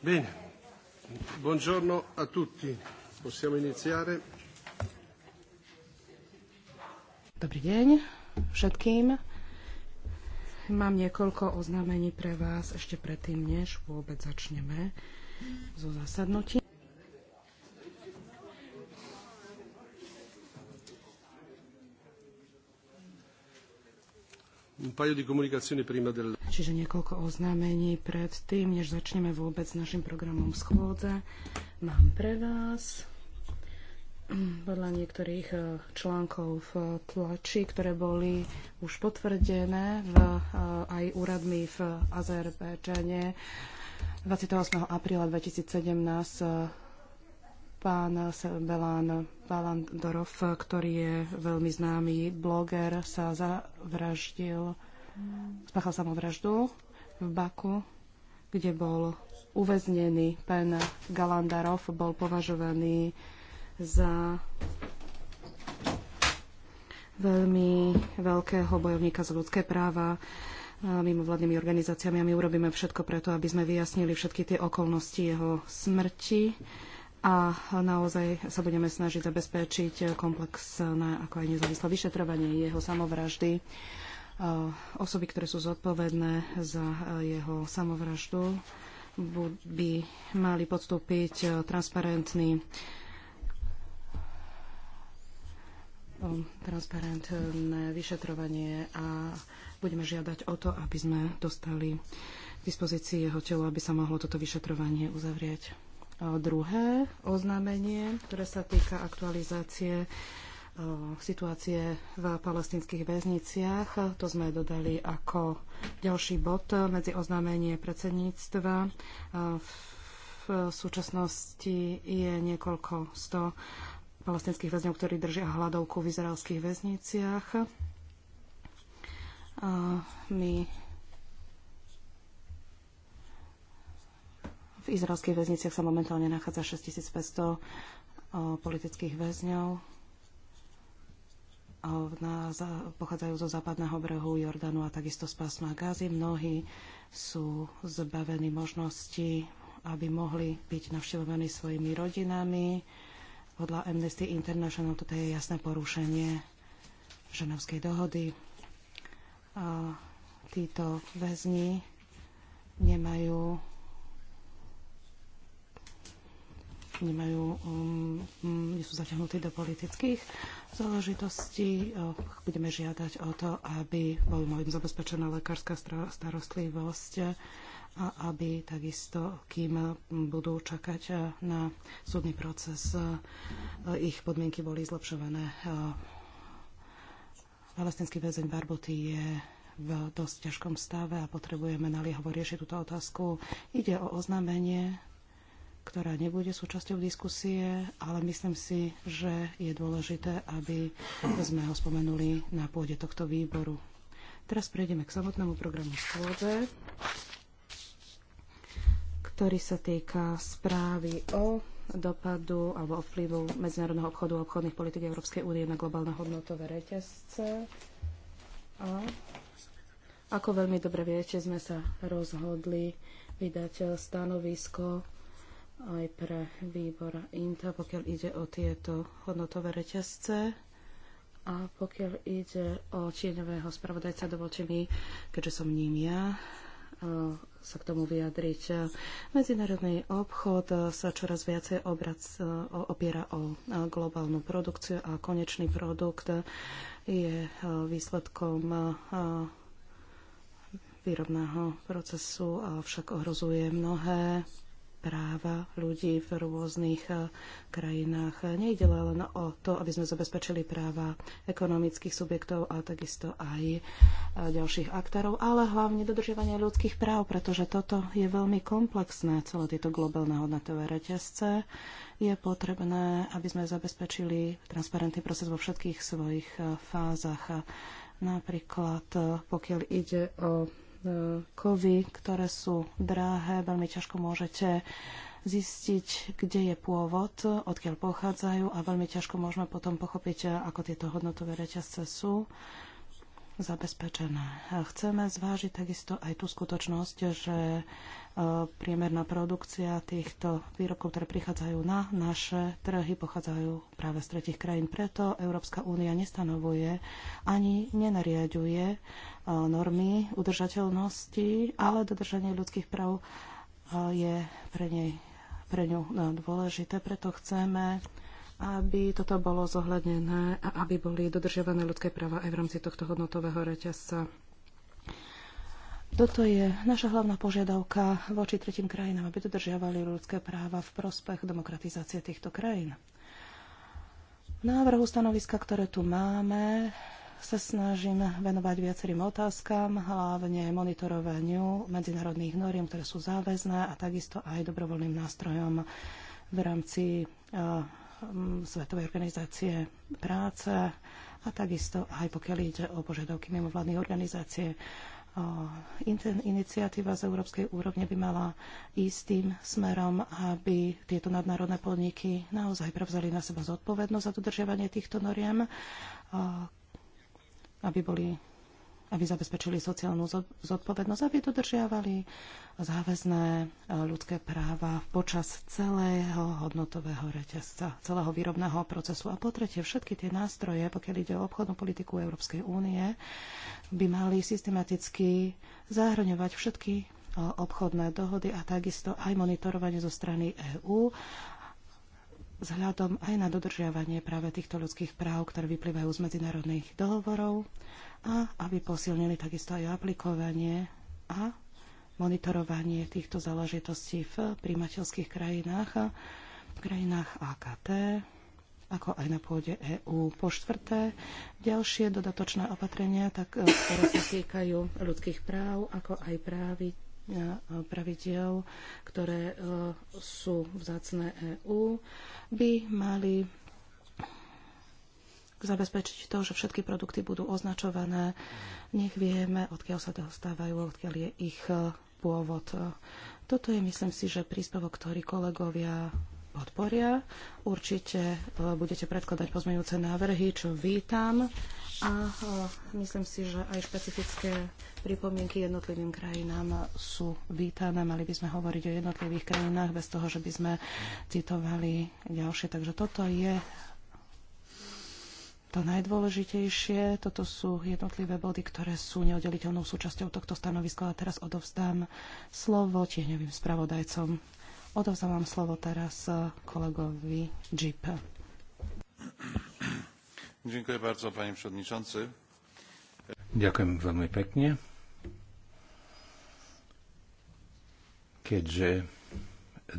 Bene, buongiorno a tutti. Possiamo iniziare. Dobrý deň všetkým. Mám niekoľko oznámení pre vás ešte predtým, než vôbec začneme so zasadnutím. Čiže niekoľko oznámení pred tým, než začneme vôbec s našim programom schôdze. Mám pre vás mm, podľa niektorých e, článkov v tlači, ktoré boli už potvrdené v, e, aj úradmi v Azerbajdžane 28. apríla 2017 e, pán Belán Balandorov, ktorý je veľmi známy bloger, sa zavraždil spáchal samovraždu v Baku, kde bol uväznený pán Galandarov, bol považovaný za veľmi veľkého bojovníka za ľudské práva mimo vládnymi organizáciami a my urobíme všetko preto, aby sme vyjasnili všetky tie okolnosti jeho smrti a naozaj sa budeme snažiť zabezpečiť komplexné ako aj nezávislé vyšetrovanie jeho samovraždy osoby, ktoré sú zodpovedné za e, jeho samovraždu, by mali podstúpiť e, transparentný e, transparentné vyšetrovanie a budeme žiadať o to, aby sme dostali k dispozícii jeho telo, aby sa mohlo toto vyšetrovanie uzavrieť. A druhé oznámenie, ktoré sa týka aktualizácie situácie v palestinských väzniciach. To sme dodali ako ďalší bod medzi oznámenie predsedníctva. V súčasnosti je niekoľko sto palestinských väzňov, ktorí držia hľadovku v izraelských väzniciach. My v izraelských väzniciach sa momentálne nachádza 6500 politických väzňov na, pochádzajú zo západného brehu Jordanu a takisto z pásma Gázy. Mnohí sú zbavení možnosti, aby mohli byť navštevovaní svojimi rodinami. Podľa Amnesty International toto je jasné porušenie ženovskej dohody. A títo väzni nemajú nemajú, um, um, nie sú zaťahnutí do politických záležitosti. Budeme žiadať o to, aby bol môjim zabezpečená lekárska starostlivosť a aby takisto, kým budú čakať e, na súdny proces, e, ich podmienky boli zlepšované. E, palestinský väzeň Barbuty je v dosť ťažkom stave a potrebujeme naliehavo riešiť túto otázku. Ide o oznámenie ktorá nebude súčasťou diskusie, ale myslím si, že je dôležité, aby sme ho spomenuli na pôde tohto výboru. Teraz prejdeme k samotnému programu schôdze, ktorý sa týka správy o dopadu alebo o vplyvu medzinárodného obchodu a obchodných politik Európskej únie na globálne hodnotové reťazce. A ako veľmi dobre viete, sme sa rozhodli vydať stanovisko aj pre výbor INTA, pokiaľ ide o tieto hodnotové reťazce. A pokiaľ ide o čieňového spravodajca, dovolte mi, keďže som ním ja, e, sa k tomu vyjadriť. Medzinárodný obchod sa čoraz viacej obrac, e, opiera o e, globálnu produkciu a konečný produkt je výsledkom výrobného procesu, avšak ohrozuje mnohé práva ľudí v rôznych e, krajinách. Nejde len o to, aby sme zabezpečili práva ekonomických subjektov a takisto aj e, ďalších aktárov, ale hlavne dodržiavanie ľudských práv, pretože toto je veľmi komplexné, celé tieto globálne hodnotové reťazce. Je potrebné, aby sme zabezpečili transparentný proces vo všetkých svojich e, fázach. Napríklad, pokiaľ ide o E, kovy, ktoré sú drahé, veľmi ťažko môžete zistiť, kde je pôvod, odkiaľ pochádzajú a veľmi ťažko môžeme potom pochopiť, ako tieto hodnotové reťazce sú zabezpečené. Chceme zvážiť takisto aj tú skutočnosť, že e, priemerná produkcia týchto výrobkov, ktoré prichádzajú na naše trhy, pochádzajú práve z tretich krajín. Preto Európska únia nestanovuje ani nenariaduje e, normy udržateľnosti, ale dodržanie ľudských práv e, je pre, nej, pre ňu dôležité. Preto chceme aby toto bolo zohľadnené a aby boli dodržiavané ľudské práva aj v rámci tohto hodnotového reťazca. Toto je naša hlavná požiadavka voči tretím krajinám, aby dodržiavali ľudské práva v prospech demokratizácie týchto krajín. V návrhu stanoviska, ktoré tu máme, sa snažím venovať viacerým otázkam, hlavne monitorovaniu medzinárodných noriem, ktoré sú záväzné a takisto aj dobrovoľným nástrojom v rámci eh, Svetovej organizácie práce a takisto aj pokiaľ ide o požiadavky mimovládnych organizácie. Iniciatíva z európskej úrovne by mala ísť tým smerom, aby tieto nadnárodné podniky naozaj prevzali na seba zodpovednosť za dodržiavanie týchto noriem, aby boli aby zabezpečili sociálnu zodpovednosť, aby dodržiavali záväzné e, ľudské práva počas celého hodnotového reťazca, celého výrobného procesu. A po tretie, všetky tie nástroje, pokiaľ ide o obchodnú politiku Európskej únie, by mali systematicky zahrňovať všetky e, obchodné dohody a takisto aj monitorovanie zo strany EÚ vzhľadom aj na dodržiavanie práve týchto ľudských práv, ktoré vyplývajú z medzinárodných dohovorov a aby posilnili takisto aj aplikovanie a monitorovanie týchto záležitostí v príjmateľských krajinách, v krajinách AKT, ako aj na pôde EÚ. Po štvrté, ďalšie dodatočné opatrenia, tak, eh, ktoré sa týkajú ľudských práv, ako aj právy pravidel, ktoré e, sú vzácne EÚ, by mali zabezpečiť to, že všetky produkty budú označované. Nech vieme, odkiaľ sa dostávajú, odkiaľ je ich e, pôvod. Toto je, myslím si, že príspevok, ktorý kolegovia podporia. Určite e, budete predkladať pozmeňujúce návrhy, čo vítam. A e, myslím si, že aj špecifické pripomienky jednotlivým krajinám sú vítané. Mali by sme hovoriť o jednotlivých krajinách bez toho, že by sme citovali ďalšie. Takže toto je to najdôležitejšie. Toto sú jednotlivé body, ktoré sú neoddeliteľnou súčasťou tohto stanoviska. A teraz odovzdám slovo tieňovým spravodajcom. Odovzávam slovo teraz eh, kolegovi Jeep. Dziękuję bardzo, panie przewodniczący. Ďakujem veľmi pekne. Keďže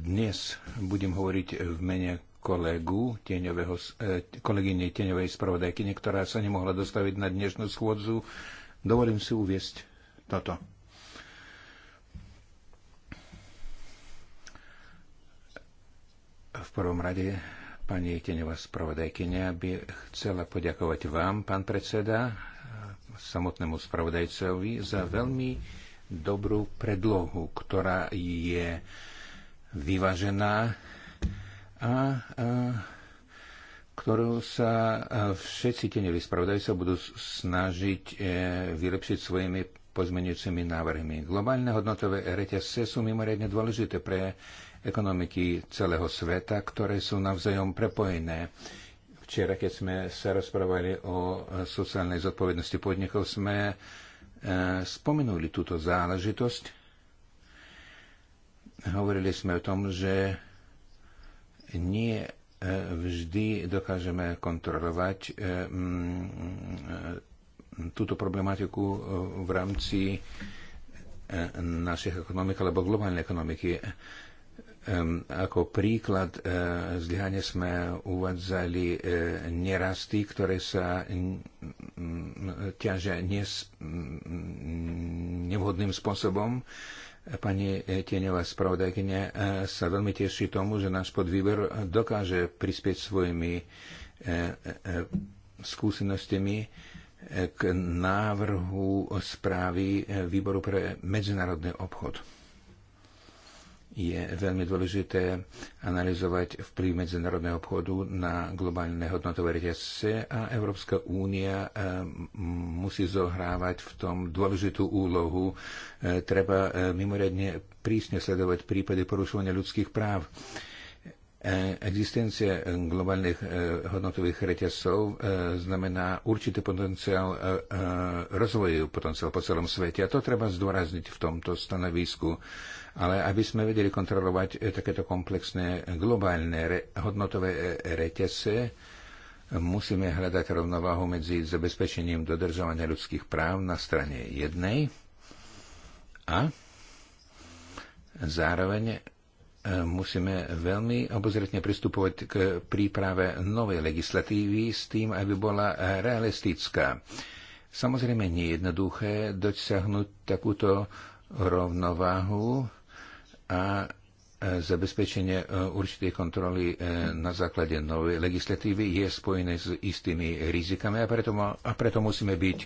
dnes budem hovoriť v mene kolegu, tieňového, eh, kolegyne tieňovej spravodajky, ktorá sa nemohla dostaviť na dnešnú schôdzu, dovolím si uviesť toto. V prvom rade pani Teňová spravodajkynia by chcela poďakovať vám, pán predseda, samotnému spravodajcovi za veľmi dobrú predlohu, ktorá je vyvážená a, a ktorú sa všetci teňoví spravodajcov budú snažiť e, vylepšiť svojimi pozmenujúcimi návrhmi. Globálne hodnotové reťazce sú mimoriadne dôležité pre ekonomiky celého sveta, ktoré sú navzájom prepojené. Včera, keď sme sa rozprávali o sociálnej zodpovednosti podnikov, sme e, spomenuli túto záležitosť. Hovorili sme o tom, že nie e, vždy dokážeme kontrolovať e, túto problematiku v rámci našich ekonomik alebo globálnej ekonomiky. Ako príklad eh, zlyhania sme uvádzali eh, nerasty, ktoré sa ťažia nevhodným spôsobom. Pani eh, Tieňová spravodajkynia sa veľmi teší tomu, že náš podvýber dokáže prispieť svojimi skúsenostiami k návrhu správy Výboru pre medzinárodný obchod je veľmi dôležité analyzovať vplyv medzinárodného obchodu na globálne hodnotové reťazce a Európska únia eh, musí zohrávať v tom dôležitú úlohu. Eh, treba eh, mimoriadne prísne sledovať prípady porušovania ľudských práv. Existencia globálnych hodnotových reťazcov znamená určitý potenciál rozvoju, potenciál po celom svete. A to treba zdôrazniť v tomto stanovisku. Ale aby sme vedeli kontrolovať eh, takéto komplexné eh, globálne re, hodnotové eh, reťase, musíme hľadať rovnováhu medzi zabezpečením dodržovania ľudských práv na strane jednej a zároveň musíme veľmi obozretne pristupovať k príprave novej legislatívy s tým, aby bola realistická. Samozrejme, nie je jednoduché dosiahnuť takúto rovnováhu a e, zabezpečenie e, určitej kontroly e, na základe novej legislatívy je spojené s istými rizikami a preto, a preto musíme byť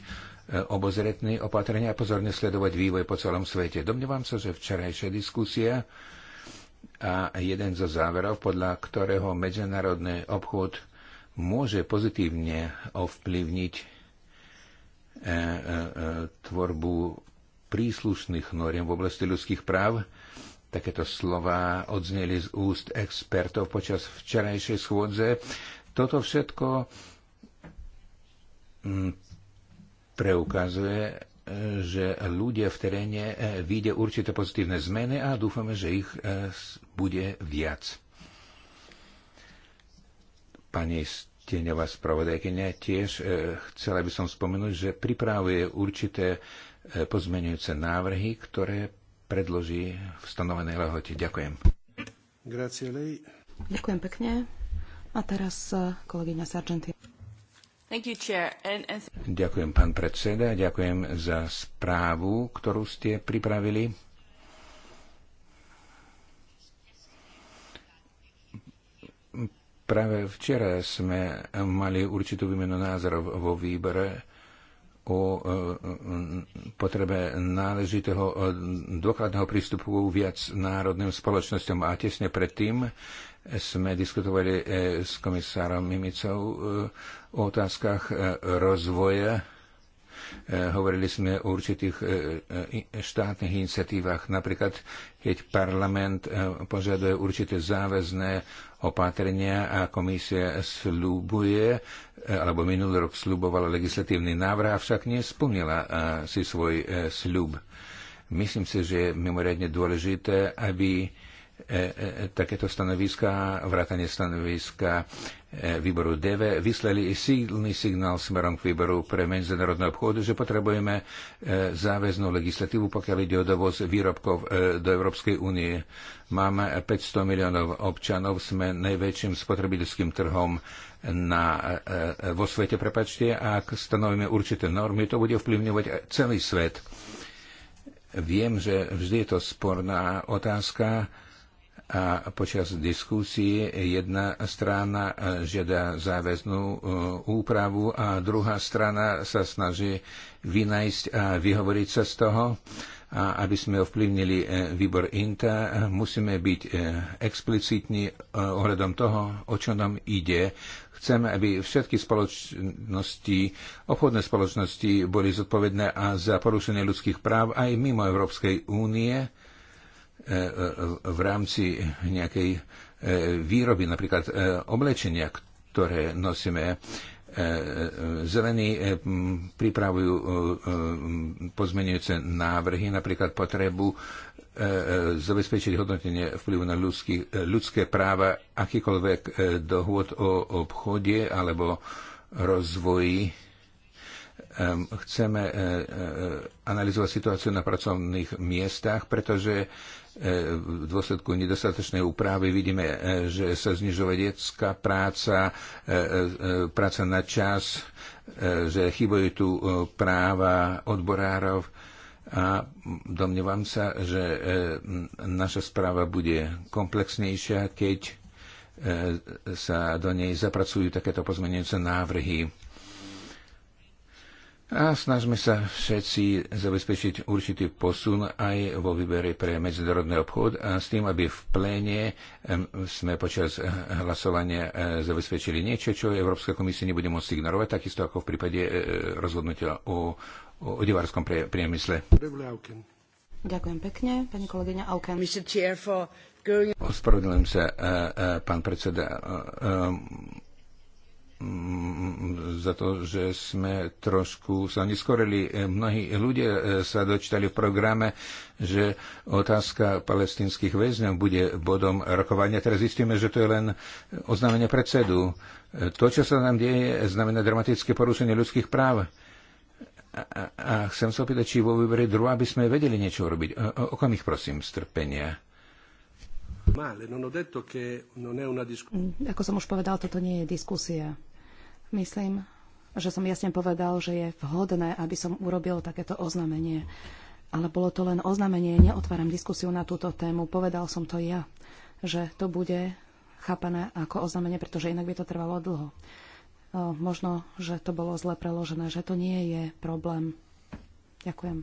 obozretní, opatrenia a pozorne sledovať vývoj po celom svete. Domnievam sa, že včerajšia diskusia a jeden zo záverov, podľa ktorého medzinárodný obchod môže pozitívne ovplyvniť tvorbu príslušných noriem v oblasti ľudských práv, Takéto slova odzneli z úst expertov počas včerajšej schôdze. Toto všetko mm, preukazuje, že ľudia v teréne eh, vidia určité pozitívne zmeny a dúfame, že ich eh, bude viac. Pani Steňová spravodajkynia tiež eh, chcela by som spomenúť, že pripravuje určité pozmeňujúce návrhy, ktoré predloží v stanovenej lehote. Ďakujem. Grazie lei. Ďakujem pekne. A teraz e, kolegyňa Sargenti. You, and, and... Ďakujem, pán predseda. Ďakujem za správu, ktorú ste pripravili. Práve včera sme mali určitú výmenu názorov vo výbore o e, e, potrebe náležitého e, dôkladného prístupu viac národným spoločnosťom a tesne predtým sme diskutovali s komisárom Mimicou o otázkach rozvoja E, hovorili sme o určitých e, e, štátnych iniciatívach. Napríklad, keď parlament požaduje určité záväzné opatrenia a komisia slúbuje, alebo minulý rok slúbovala legislatívny návrh, avšak nesplnila si svoj slúb. Myslím si, že je mimoriadne dôležité, aby E, e, e, takéto stanoviska, vrátanie stanoviska výboru DV, vyslali silný signál smerom k výboru pre medzinárodné obchody, že potrebujeme záväznú legislatívu, pokiaľ ide o dovoz výrobkov do Európskej únie. Máme 500 miliónov občanov, sme najväčším spotrebiteľským trhom na, vo svete, prepačte, a ak stanovíme určité normy, to bude vplyvňovať celý svet. Viem, že vždy je to sporná otázka, a počas diskusie jedna strana e, žiada záväznú e, úpravu a druhá strana sa snaží vynájsť a vyhovoriť sa z toho. A aby sme ovplyvnili e, výbor INTA, musíme byť explicitní ohľadom toho, o čo nám ide. Chceme, aby všetky spoločnosti, obchodné spoločnosti boli zodpovedné a za porušenie ľudských práv aj mimo Európskej únie E, e, v rámci nejakej e, výroby, napríklad oblečenia, ktoré nosíme, zelení pripravujú pozmenujúce návrhy, napríklad potrebu zabezpečiť hodnotenie vplyvu na ľudský, ľudské práva akýkoľvek dohôd o obchode alebo rozvoji. Chceme analyzovať situáciu na pracovných miestach, pretože E, v dôsledku nedostatočnej úpravy vidíme, e, že sa znižuje detská práca, e, práca na čas, že chybujú tu práva odborárov a domnievam sa, že naša správa bude komplexnejšia, keď sa do nej zapracujú takéto pozmenujúce návrhy a snažme sa všetci zabezpečiť určitý posun aj vo výbere pre medzinárodný obchod a s tým, aby v pléne sme počas hlasovania e, zabezpečili niečo, čo Európska komisia nebude môcť ignorovať, takisto ako v prípade e, rozhodnutia o, o divárskom priemysle. Ďakujem pekne, pani kolegyňa Auken. Ospravedlňujem sa, e, pán predseda Mm, za to, že sme trošku sa neskoreli. Mnohí ľudia e, sa dočítali v programe, že otázka palestinských väzňov bude bodom rokovania. Teraz zistíme, že to je len oznámenie predsedu. E, to, čo sa nám deje, znamená dramatické porušenie ľudských práv. A, a chcem sa opýtať, či vo výbere druhá by sme vedeli niečo robiť. O ich prosím, strpenia. Ako som už povedal, toto nie je diskusia. Myslím, že som jasne povedal, že je vhodné, aby som urobil takéto oznámenie. Ale bolo to len oznámenie, neotváram diskusiu na túto tému. Povedal som to ja, že to bude chápané ako oznámenie, pretože inak by to trvalo dlho. Ehm, možno, že to bolo zle preložené, že to nie je problém. Ďakujem.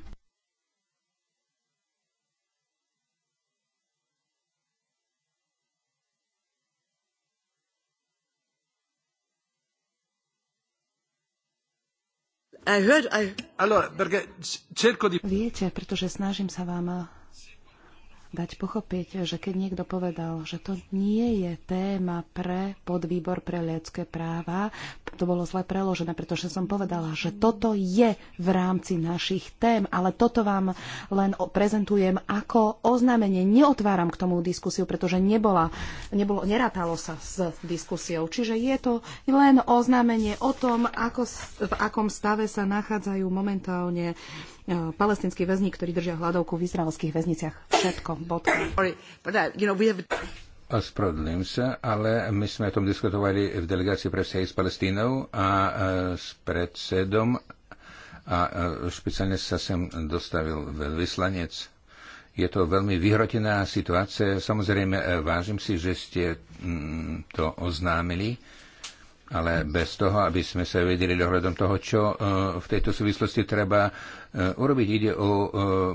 Viete, pretože snažím sa vám vysvetliť som dať pochopiť, že keď niekto povedal, že to nie je téma pre podvýbor pre ľudské práva, to bolo zle preložené, pretože som povedala, že toto je v rámci našich tém, ale toto vám len prezentujem ako oznámenie. Neotváram k tomu diskusiu, pretože nebola, nebolo, nerátalo sa s diskusiou. Čiže je to len oznámenie o tom, ako, v akom stave sa nachádzajú momentálne E, palestinskí väzni, ktorí držia hľadovku v izraelských väzniciach. Všetko, bodka. Uh, Ospravedlňujem sa, ale my sme o tom diskutovali v delegácii pre vzťahy s Palestínou a e, s predsedom a e, špeciálne sa sem dostavil veľvyslanec. Je to veľmi vyhrotená situácia. Samozrejme, vážim si, že ste mm, to oznámili, ale bez toho, aby sme sa vedeli dohľadom toho, čo v tejto súvislosti treba Eh, urobiť. Ide o eh, eh,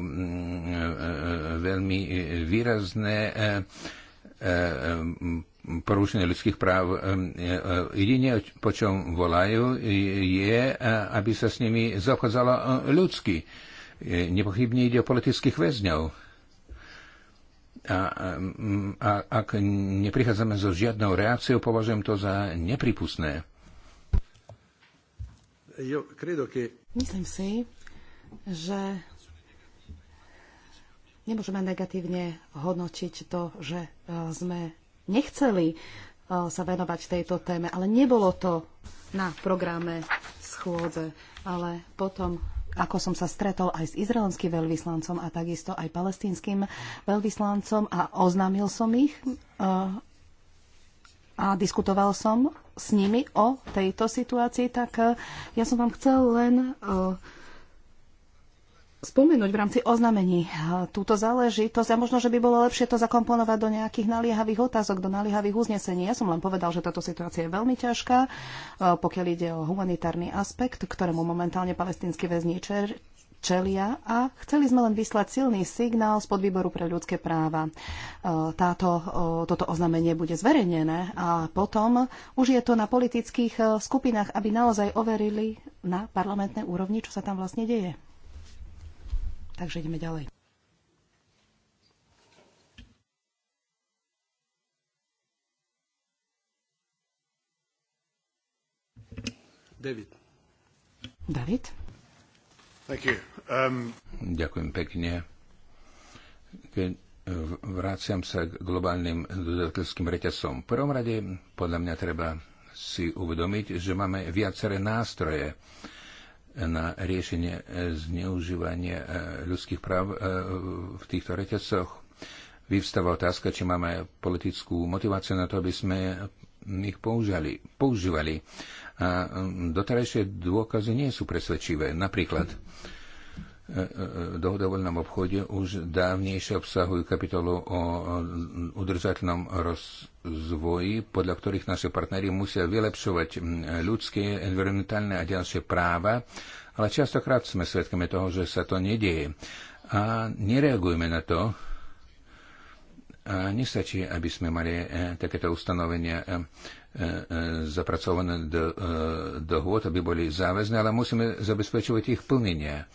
veľmi výrazné mm, porušenie ľudských práv. Jedine, po čom volajú, je, aby sa s nimi zaobchádzalo ľudsky. Nepochybne ide o politických väzňov a, mm, a ak neprichádzame so žiadnou reakciou, považujem to za nepripustné. Myslím si, že nemôžeme negatívne hodnotiť to, že e, sme nechceli e, sa venovať tejto téme, ale nebolo to na programe schôdze, ale potom ako som sa stretol aj s izraelským veľvyslancom a takisto aj palestínským veľvyslancom a oznámil som ich e, a diskutoval som s nimi o tejto situácii, tak ja som vám chcel len spomenúť v rámci oznamení eh, túto záležitosť a možno, že by bolo lepšie to zakomponovať do nejakých naliehavých otázok, do naliehavých uznesení. Ja som len povedal, že táto situácia je veľmi ťažká, eh, pokiaľ ide o humanitárny aspekt, ktorému momentálne palestínsky väzni čelia a chceli sme len vyslať silný signál z podvýboru pre ľudské práva. Eh, táto, toto oznamenie bude zverejnené a potom už je to na politických skupinách, aby naozaj overili na parlamentnej úrovni, čo sa tam vlastne deje. Takže ideme ďalej. David. David? Thank you. Um... Ďakujem pekne. Keď vráciam sa k globálnym dodateľským reťazom. V prvom rade podľa mňa treba si uvedomiť, že máme viaceré nástroje, na riešenie e, zneužívania e, ľudských práv e, v týchto reťazcoch. Vyvstáva otázka, či máme politickú motiváciu na to, aby sme ich používali. používali. A doterajšie dôkazy nie sú presvedčivé. Napríklad, mm E, e, e, dohoda o voľnom obchode už dávnejšie obsahujú kapitolu o udržateľnom rozvoji, podľa ktorých naše partnery musia vylepšovať ľudské, environmentálne a ďalšie práva, ale častokrát sme svedkami toho, že sa to nedieje. A nereagujeme na to. A nestačí, aby sme mali takéto ustanovenia zapracované do dohôd, aby boli záväzné, ale musíme zabezpečovať ich plnenie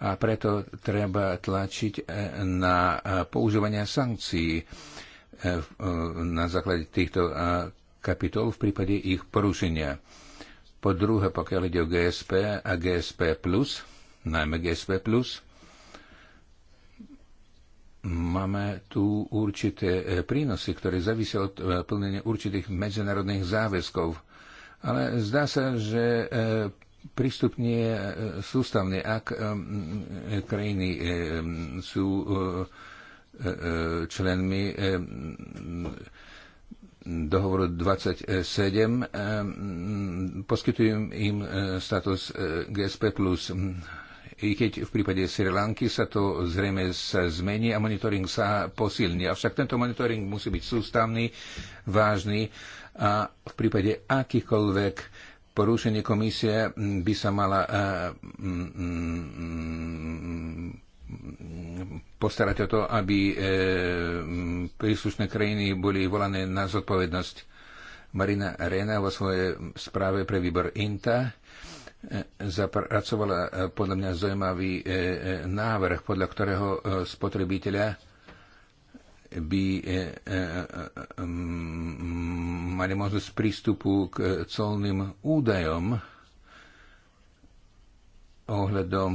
a preto treba tlačiť e, na e, používanie sankcií e, na základe týchto kapitol v prípade ich porušenia. Po druhé, pokiaľ ide o GSP a GSP+, najmä GSP+, máme tu určité prínosy, ktoré zavisia od plnenia určitých medzinárodných záväzkov. Ale zdá sa, že prístupne sústavne. Ak e, e, krajiny e, sú členmi dohovoru 27, poskytujem im status GSP+. I keď v prípade Sri Lanky sa to zrejme sa zmení a monitoring sa posilní. Avšak tento monitoring musí byť sústavný, vážny a v prípade akýchkoľvek Porušenie komisie mm, by sa mala eh, mm, mm, postarať o to, aby eh, príslušné krajiny boli volané na zodpovednosť. Marina Rena vo svojej správe pre výbor INTA eh, zapracovala podľa mňa zaujímavý návrh, podľa ktorého spotrebiteľa by e, e, e, mali možnosť prístupu k colným údajom ohľadom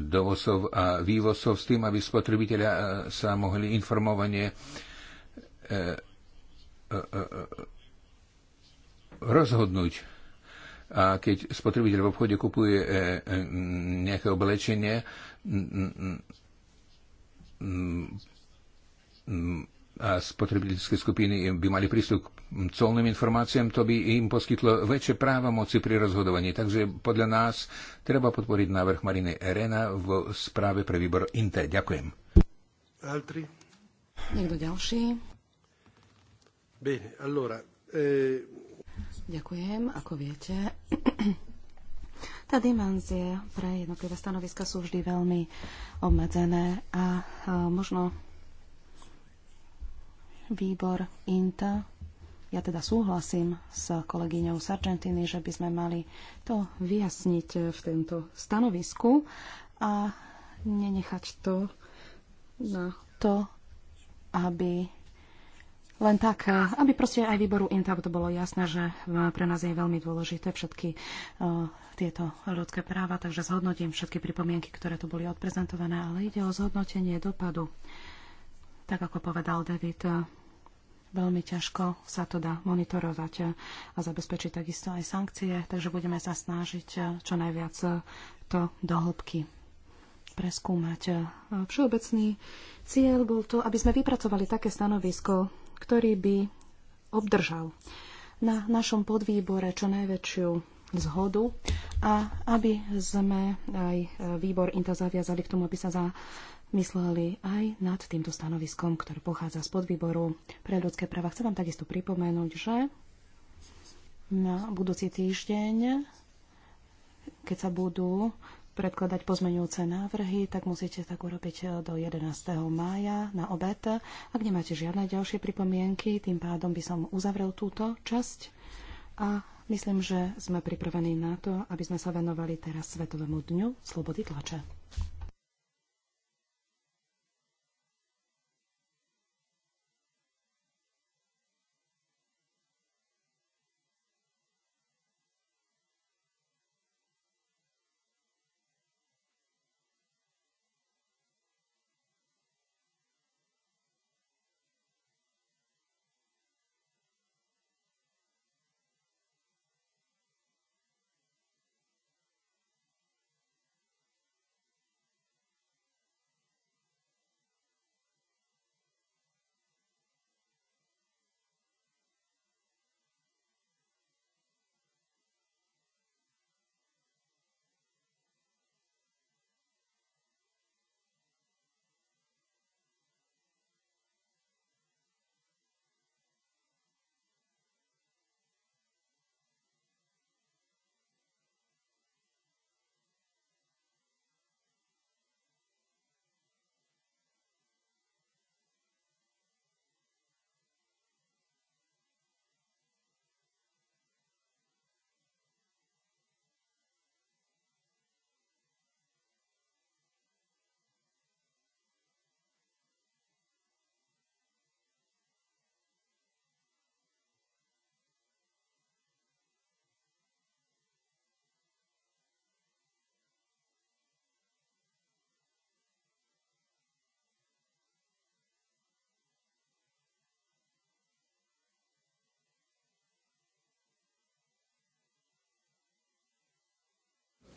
dovozov a vývozov s tým, aby spotrebitelia sa mohli informovanie rozhodnúť. A keď spotrebiteľ v obchode kupuje nejaké oblečenie, a spotrebiteľské skupiny by mali prístup k colným informáciám, to by im poskytlo väčšie práva moci pri rozhodovaní. Takže podľa nás treba podporiť návrh Mariny Erena v správe pre výbor INTE. Ďakujem. Altri? Niekto ďalší? Bene, allora, e... Ďakujem, ako viete. Tá dimenzie pre jednotlivé stanoviska sú vždy veľmi obmedzené a eh, možno Výbor INTA. Ja teda súhlasím s kolegyňou Sargentiny, že by sme mali to vyjasniť v tento stanovisku a nenechať to na to, aby len tak, aby proste aj výboru INTA to bolo jasné, že pre nás je veľmi dôležité všetky e, tieto ľudské práva, takže zhodnotím všetky pripomienky, ktoré tu boli odprezentované, ale ide o zhodnotenie dopadu. Tak ako povedal David, veľmi ťažko sa to dá monitorovať a zabezpečiť takisto aj sankcie, takže budeme sa snažiť čo najviac to do hĺbky preskúmať. Všeobecný cieľ bol to, aby sme vypracovali také stanovisko, ktorý by obdržal na našom podvýbore čo najväčšiu zhodu a aby sme aj výbor INTA zaviazali k tomu, aby sa za mysleli aj nad týmto stanoviskom, ktoré pochádza z podvýboru pre ľudské práva. Chcem vám takisto pripomenúť, že na budúci týždeň, keď sa budú predkladať pozmeňujúce návrhy, tak musíte tak urobiť do 11. mája na obed. Ak nemáte žiadne ďalšie pripomienky, tým pádom by som uzavrel túto časť a myslím, že sme pripravení na to, aby sme sa venovali teraz Svetovému dňu slobody tlače.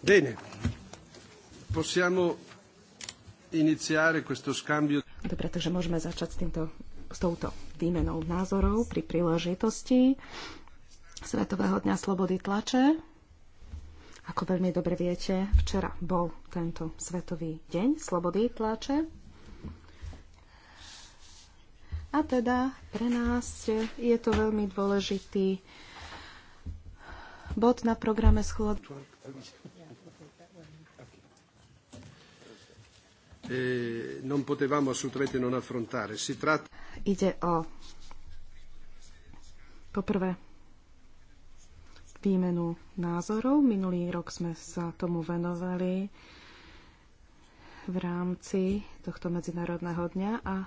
Bene, possiamo iniziare questo scambio. Dobre, takže môžeme začať s, týmto, s touto výmenou názorov pri príležitosti Svetového dňa slobody tlače. Ako veľmi dobre viete, včera bol tento Svetový deň slobody tlače. A teda pre nás je to veľmi dôležitý bod na programe schôdze. E, non potevamo assolutamente non affrontare. Si tratta... Ide o poprvé výmenu názorov. Minulý rok sme sa tomu venovali v rámci tohto medzinárodného dňa a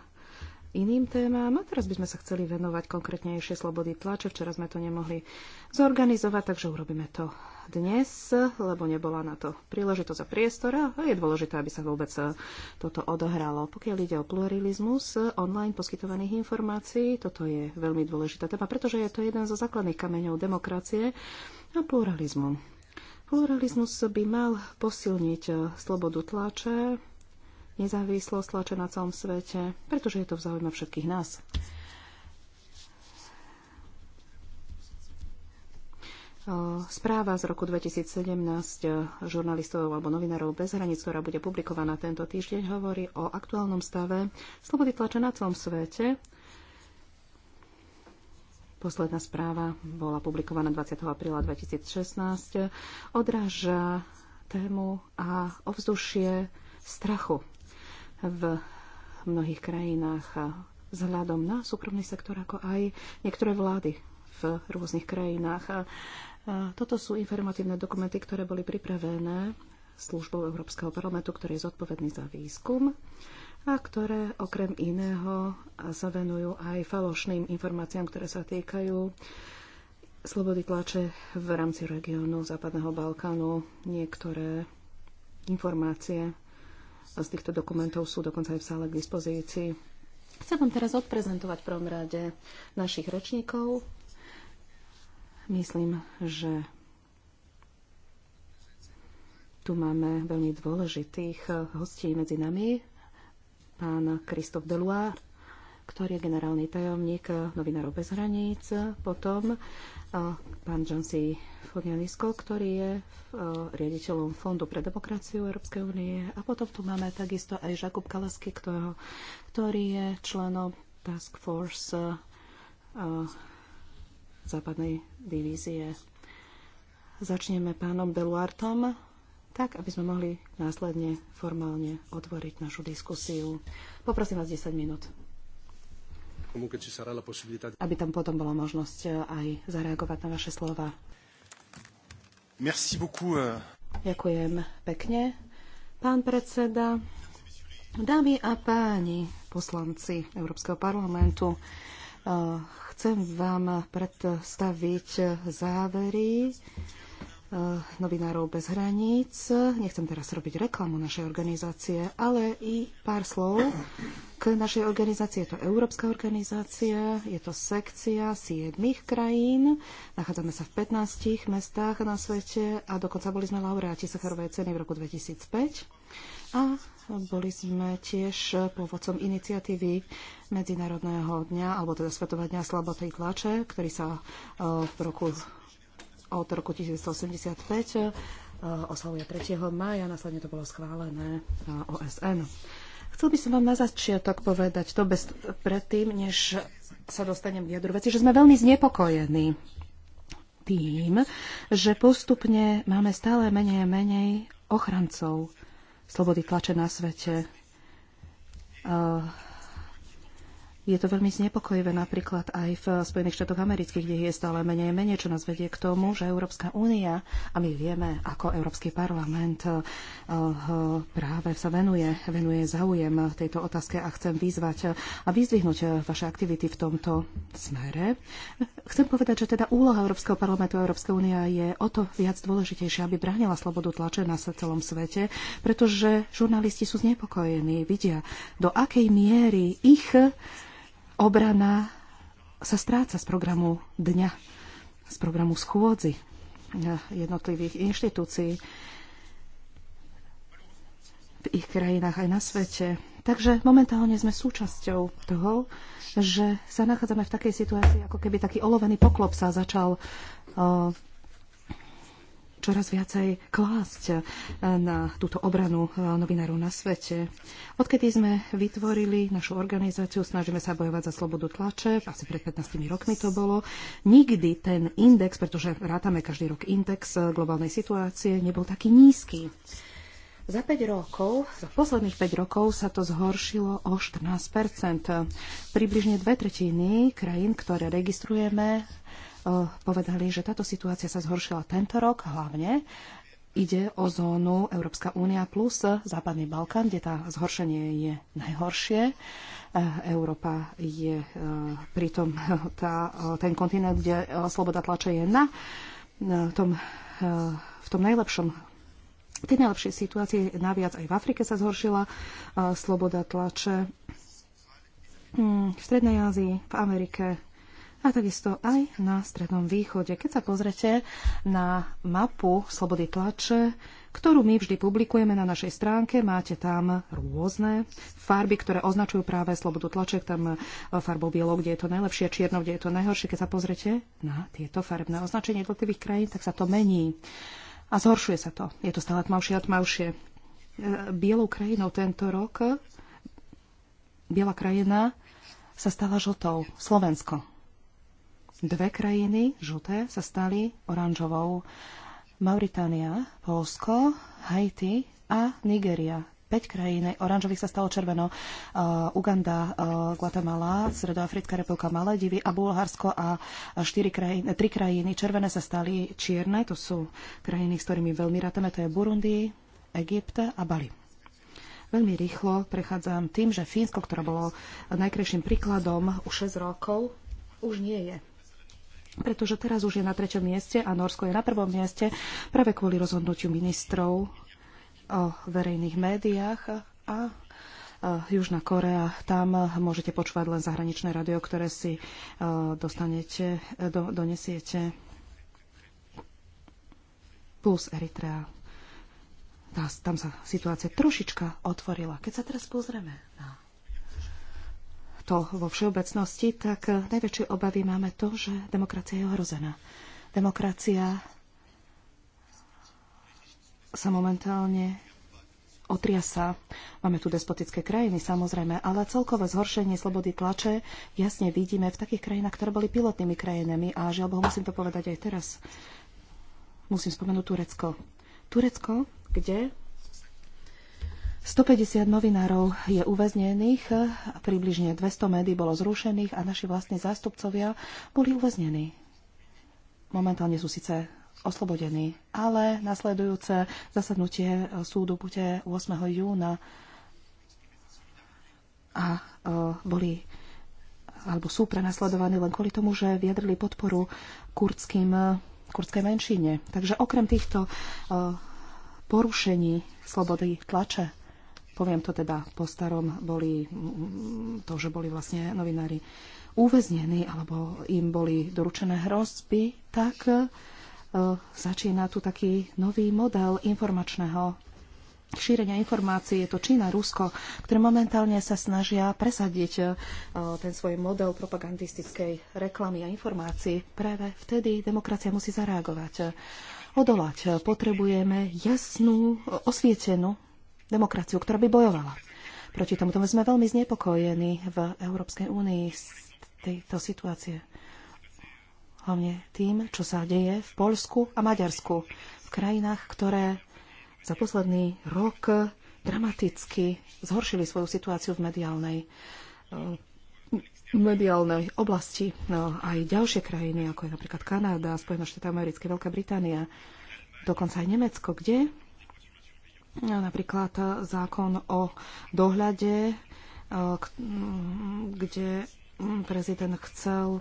iným témam. A teraz by sme sa chceli venovať konkrétnejšie slobody tlače. Včera sme to nemohli zorganizovať, takže urobíme to dnes, lebo nebola na to príležitosť a priestor a je dôležité, aby sa vôbec toto odohralo. Pokiaľ ide o pluralizmus online poskytovaných informácií, toto je veľmi dôležitá téma, pretože je to jeden zo základných kameňov demokracie a pluralizmu. Pluralizmus by mal posilniť slobodu tlače, nezávislosť tlače na celom svete, pretože je to v záujme všetkých nás. Správa z roku 2017 eh, žurnalistov alebo novinárov bez hraníc, ktorá bude publikovaná tento týždeň, hovorí o aktuálnom stave slobody tlače na celom svete. Posledná správa bola publikovaná 20. apríla 2016. Odráža tému a ovzdušie strachu v mnohých krajinách vzhľadom na súkromný sektor, ako aj niektoré vlády v rôznych krajinách. A toto sú informatívne dokumenty, ktoré boli pripravené službou Európskeho parlamentu, ktorý je zodpovedný za výskum a ktoré okrem iného sa venujú aj falošným informáciám, ktoré sa týkajú slobody tlače v rámci regiónu Západného Balkánu. Niektoré informácie a z týchto dokumentov sú dokonca aj v sále k dispozícii. Chcem vám teraz odprezentovať v prvom rade našich rečníkov. Myslím, že tu máme veľmi dôležitých hostí medzi nami. Pán Kristof Deluart, ktorý je generálny tajomník eh, novinárov bez hraníc, potom eh, pán John C. Fonianisko, ktorý je eh, riaditeľom Fondu pre demokraciu Európskej únie a potom tu máme takisto aj Žakub Kalasky, ktorého, ktorý je členom Task Force západnej divízie. Začneme pánom Beluartom, tak aby sme mohli následne formálne otvoriť našu diskusiu. Poprosím vás 10 minút aby tam potom bola možnosť e, aj zareagovať na vaše slova. E. Ďakujem pekne. Pán predseda, dámy a páni poslanci Európskeho parlamentu, e, chcem vám predstaviť závery Eh, novinárov bez hraníc. Nechcem teraz robiť reklamu našej organizácie, ale i pár slov k našej organizácii. Je to európska organizácia, je to sekcia 7 krajín. Nachádzame sa v 15 mestách na svete a dokonca boli sme laureáti Sacharovej ceny v roku 2005. A boli sme tiež pôvodcom iniciatívy Medzinárodného dňa, alebo teda Svetového dňa slaboty tlače, ktorý sa eh, v roku od roku 1985 e, oslavuje 3. maja, následne to bolo schválené e, OSN. Chcel by som vám na začiatok povedať to bez, predtým, než sa dostanem k jadru veci, že sme veľmi znepokojení tým, že postupne máme stále menej a menej ochrancov slobody tlače na svete. Uh, je to veľmi znepokojivé napríklad aj v Spojených štátoch amerických, kde je stále menej menej, čo nás vedie k tomu, že Európska únia, a my vieme, ako Európsky parlament eh, práve sa venuje, venuje záujem tejto otázke a chcem vyzvať eh, a vyzdvihnúť eh, vaše aktivity v tomto smere. Chcem povedať, že teda úloha Európskeho parlamentu a Európskej únia je o to viac dôležitejšia, aby bránila slobodu tlače na celom svete, pretože žurnalisti sú znepokojení, vidia, do akej miery ich obrana sa stráca z programu dňa, z programu schôdzy eh, jednotlivých inštitúcií v ich krajinách aj na svete. Takže momentálne sme súčasťou toho, že sa nachádzame v takej situácii, ako keby taký olovený poklop sa začal uh, čoraz viacej klásť eh, na túto obranu eh, novinárov na svete. Odkedy sme vytvorili našu organizáciu, snažíme sa bojovať za slobodu tlače, asi pred 15 rokmi to bolo, nikdy ten index, pretože rátame každý rok index eh, globálnej situácie, nebol taký nízky. Za 5 rokov, za posledných 5 rokov sa to zhoršilo o 14 Približne dve tretiny krajín, ktoré registrujeme, povedali, že táto situácia sa zhoršila tento rok hlavne. Ide o zónu Európska únia plus Západný Balkán, kde tá zhoršenie je najhoršie. E, Európa je e, pritom tá, ten kontinent, kde e, sloboda tlače je na, na tom, v tom najlepšom v tej najlepšej situácii naviac aj v Afrike sa zhoršila sloboda tlače mm, v Strednej Ázii, v Amerike a takisto aj na Strednom východe. Keď sa pozrete na mapu slobody tlače, ktorú my vždy publikujeme na našej stránke. Máte tam rôzne farby, ktoré označujú práve slobodu tlaček, tam farbou bielou, kde je to najlepšie, čierno, kde je to najhoršie. Keď sa pozrete na tieto farebné označenie jednotlivých krajín, tak sa to mení. A zhoršuje sa to. Je to stále tmavšie a tmavšie. E, bielou krajinou tento rok, biela krajina sa stala žltou. Slovensko. Dve krajiny, žuté, sa stali oranžovou. Mauritania, Polsko, Haiti a Nigeria. 5 krajín oranžových sa stalo červeno. Uh, Uganda, uh, Guatemala, Sredoafrická republika Maledivy a Bulharsko a 4 krajiny, 3 krajiny červené sa stali čierne. To sú krajiny, s ktorými veľmi rátame. To je Burundi, Egypt a Bali. Veľmi rýchlo prechádzam tým, že Fínsko, ktoré bolo najkrajším príkladom už 6 rokov, už nie je pretože teraz už je na treťom mieste a Norsko je na prvom mieste práve kvôli rozhodnutiu ministrov o verejných médiách a Južná Korea. Tam môžete počúvať len zahraničné radio, ktoré si e, dostanete, do, donesiete. Plus Eritrea. Tam sa situácia trošička otvorila. Keď sa teraz pozrieme na takto vo všeobecnosti, tak eh, najväčšie obavy máme to, že demokracia je ohrozená. Demokracia sa momentálne otriasa. Máme tu despotické krajiny, samozrejme, ale celkové zhoršenie slobody tlače jasne vidíme v takých krajinách, ktoré boli pilotnými krajinami a žiaľ Bohu, musím to povedať aj teraz. Musím spomenúť Turecko. Turecko, kde 150 novinárov je uväznených, približne 200 médií bolo zrušených a naši vlastní zástupcovia boli uväznení. Momentálne sú síce oslobodení, ale nasledujúce zasadnutie súdu bude 8. júna a e, boli alebo sú prenasledovaní len kvôli tomu, že vyjadrili podporu kurdským, kurdskej menšine. Takže okrem týchto e, porušení slobody tlače poviem to teda po starom, boli mm, to, že boli vlastne novinári uväznení alebo im boli doručené hrozby, tak e, začína tu taký nový model informačného šírenia informácií. Je to Čína, Rusko, ktoré momentálne sa snažia presadiť e, ten svoj model propagandistickej reklamy a informácií. Práve vtedy demokracia musí zareagovať odolať. Potrebujeme jasnú, osvietenú demokraciu, ktorá by bojovala. Proti tomuto sme veľmi znepokojení v Európskej únii z tejto situácie. Hlavne tým, čo sa deje v Polsku a Maďarsku, v krajinách, ktoré za posledný rok dramaticky zhoršili svoju situáciu v mediálnej eh, mediálnej oblasti. No, aj ďalšie krajiny, ako je napríklad Kanáda, Spojené štáty americké, Veľká Británia, dokonca aj Nemecko, kde Napríklad zákon o dohľade, e, kde prezident chcel e,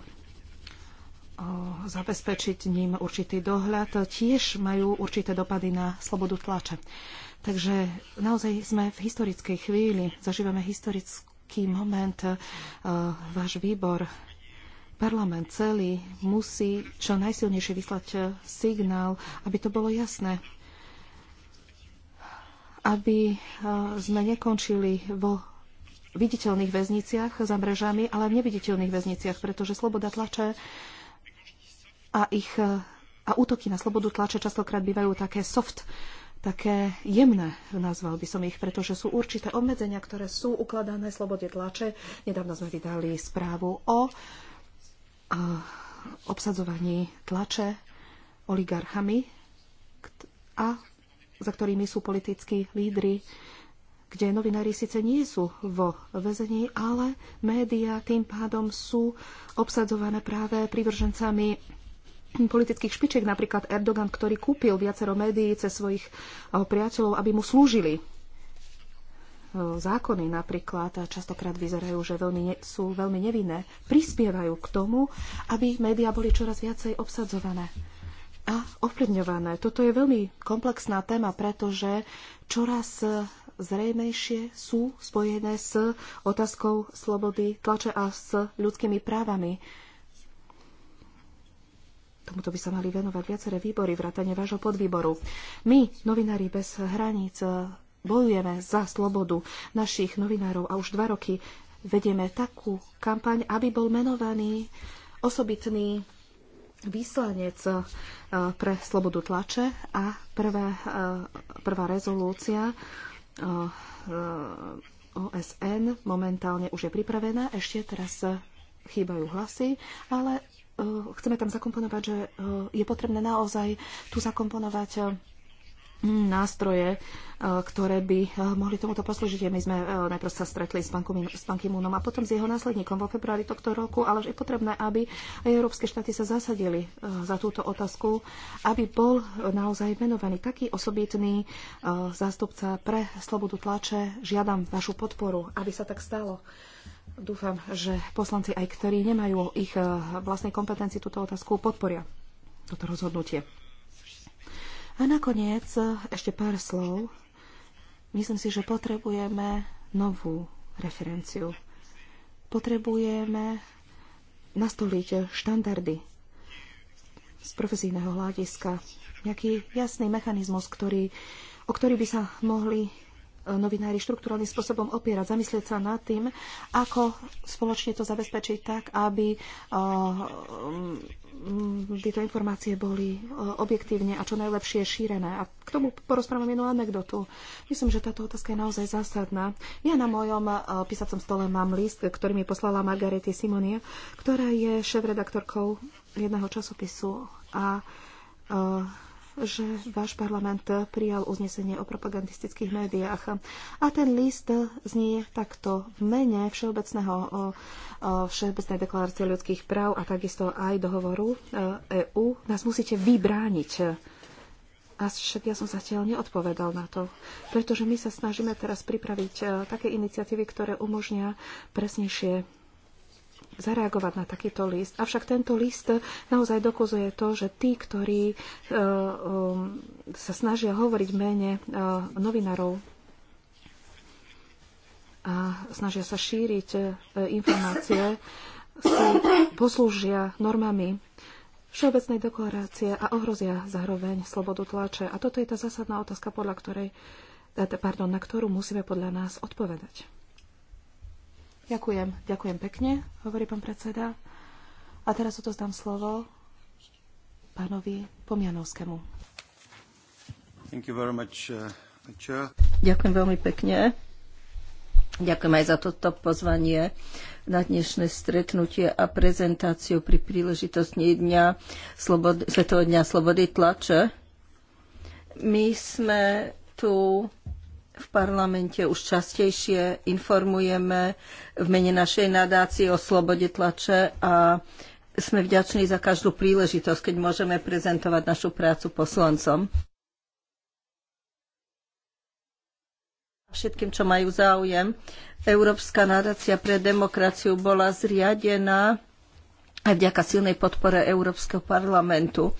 zabezpečiť ním určitý dohľad, tiež majú určité dopady na slobodu tlače. Takže naozaj sme v historickej chvíli, zažívame historický moment. E, váš výbor, parlament celý musí čo najsilnejšie vyslať signál, aby to bolo jasné aby e, sme nekončili vo viditeľných väzniciach za mrežami, ale v neviditeľných väzniciach, pretože sloboda tlače a ich e, a útoky na slobodu tlače častokrát bývajú také soft, také jemné, nazval by som ich, pretože sú určité obmedzenia, ktoré sú ukladané slobode tlače. Nedávno sme vydali správu o e, obsadzovaní tlače oligarchami a za ktorými sú politickí lídry, kde novinári síce nie sú vo väzení, ale médiá tým pádom sú obsadzované práve privržencami politických špičiek, napríklad Erdogan, ktorý kúpil viacero médií cez svojich eh, priateľov, aby mu slúžili. Eh, zákony napríklad častokrát vyzerajú, že veľmi ne, sú veľmi nevinné, prispievajú k tomu, aby médiá boli čoraz viacej obsadzované a ovplyvňované. Toto je veľmi komplexná téma, pretože čoraz zrejmejšie sú spojené s otázkou slobody tlače a s ľudskými právami. Tomuto by sa mali venovať viaceré výbory, vrátane vášho podvýboru. My, novinári bez hraníc, bojujeme za slobodu našich novinárov a už dva roky vedieme takú kampaň, aby bol menovaný osobitný vyslanec eh, pre slobodu tlače a prvé, eh, prvá rezolúcia eh, OSN momentálne už je pripravená. Ešte teraz chýbajú hlasy, ale chceme tam zakomponovať, že je potrebné naozaj tu zakomponovať nástroje, e, ktoré by e, mohli tomuto poslúžiť. My sme e, najprv sa stretli s, s pán Kimúnom a potom s jeho následníkom vo februári tohto roku, ale je potrebné, aby aj európske štáty sa zasadili za túto otázku, aby bol naozaj venovaný taký osobitný zástupca pre slobodu tlače. Žiadam vašu podporu, aby sa tak stalo. Dúfam, že poslanci, aj ktorí nemajú ich vlastnej kompetencii, túto otázku podporia toto rozhodnutie. A nakoniec e, ešte pár slov. Myslím si, že potrebujeme novú referenciu. Potrebujeme nastoliť štandardy z profesijného hľadiska. Nejaký jasný mechanizmus, ktorý, o ktorý by sa mohli e, novinári štruktúrálnym spôsobom opierať, zamyslieť sa nad tým, ako spoločne to zabezpečiť tak, aby e, tieto informácie boli e, objektívne a čo najlepšie šírené. A k tomu porozprávam jednu anekdotu. Myslím, že táto otázka je naozaj zásadná. Ja na mojom e, písacom stole mám list, ktorý mi poslala Margarety Simonia, ktorá je šéf-redaktorkou jedného časopisu a uh, že váš parlament prijal uznesenie o propagandistických médiách. A ten list znie takto v mene Všeobecného, o, o Všeobecnej deklarácie ľudských práv a takisto aj dohovoru EÚ. E Nás musíte vybrániť. A však ja som zatiaľ neodpovedal na to, pretože my sa snažíme teraz pripraviť e, také iniciatívy, ktoré umožnia presnejšie zareagovať na takýto list. Avšak tento list naozaj dokazuje to, že tí, ktorí e, e, sa snažia hovoriť mene e, novinárov a snažia sa šíriť informácie, si poslúžia normami Všeobecnej deklarácie a ohrozia zároveň slobodu tlače. A toto je tá zásadná otázka, podľa ktorej, pardon, na ktorú musíme podľa nás odpovedať. Ďakujem, ďakujem pekne, hovorí pán predseda. A teraz odozdám slovo pánovi Pomianovskému. Thank you very much, uh, Ďakujem veľmi pekne. Ďakujem aj za toto pozvanie na dnešné stretnutie a prezentáciu pri príležitosti dňa Slobody, Svetového dňa slobody tlače. My sme tu v parlamente už častejšie informujeme v mene našej nadácie o slobode tlače a sme vďační za každú príležitosť, keď môžeme prezentovať našu prácu poslancom. Všetkým, čo majú záujem, Európska nadácia pre demokraciu bola zriadená aj vďaka silnej podpore Európskeho parlamentu.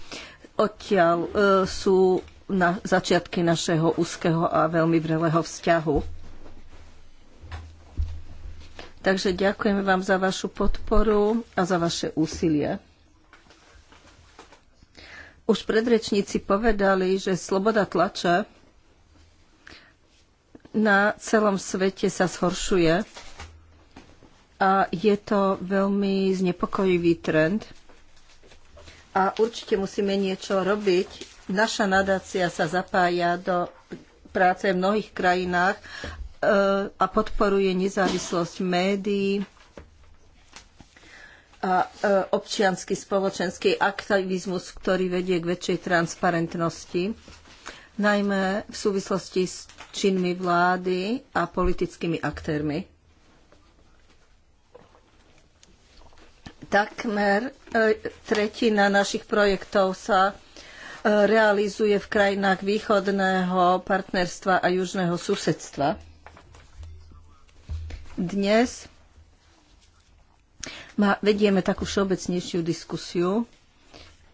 Odtiaľ e, sú na začiatky našeho úzkeho a veľmi vrelého vzťahu. Takže ďakujeme vám za vašu podporu a za vaše úsilie. Už predrečníci povedali, že sloboda tlače na celom svete sa zhoršuje a je to veľmi znepokojivý trend. A určite musíme niečo robiť Naša nadácia sa zapája do práce v mnohých krajinách eh, a podporuje nezávislosť médií a eh, občiansky spoločenský aktivizmus, ktorý vedie k väčšej transparentnosti, najmä v súvislosti s činmi vlády a politickými aktérmi. Takmer eh, tretina našich projektov sa realizuje v krajinách východného partnerstva a južného susedstva. Dnes má, vedieme takú všeobecnejšiu diskusiu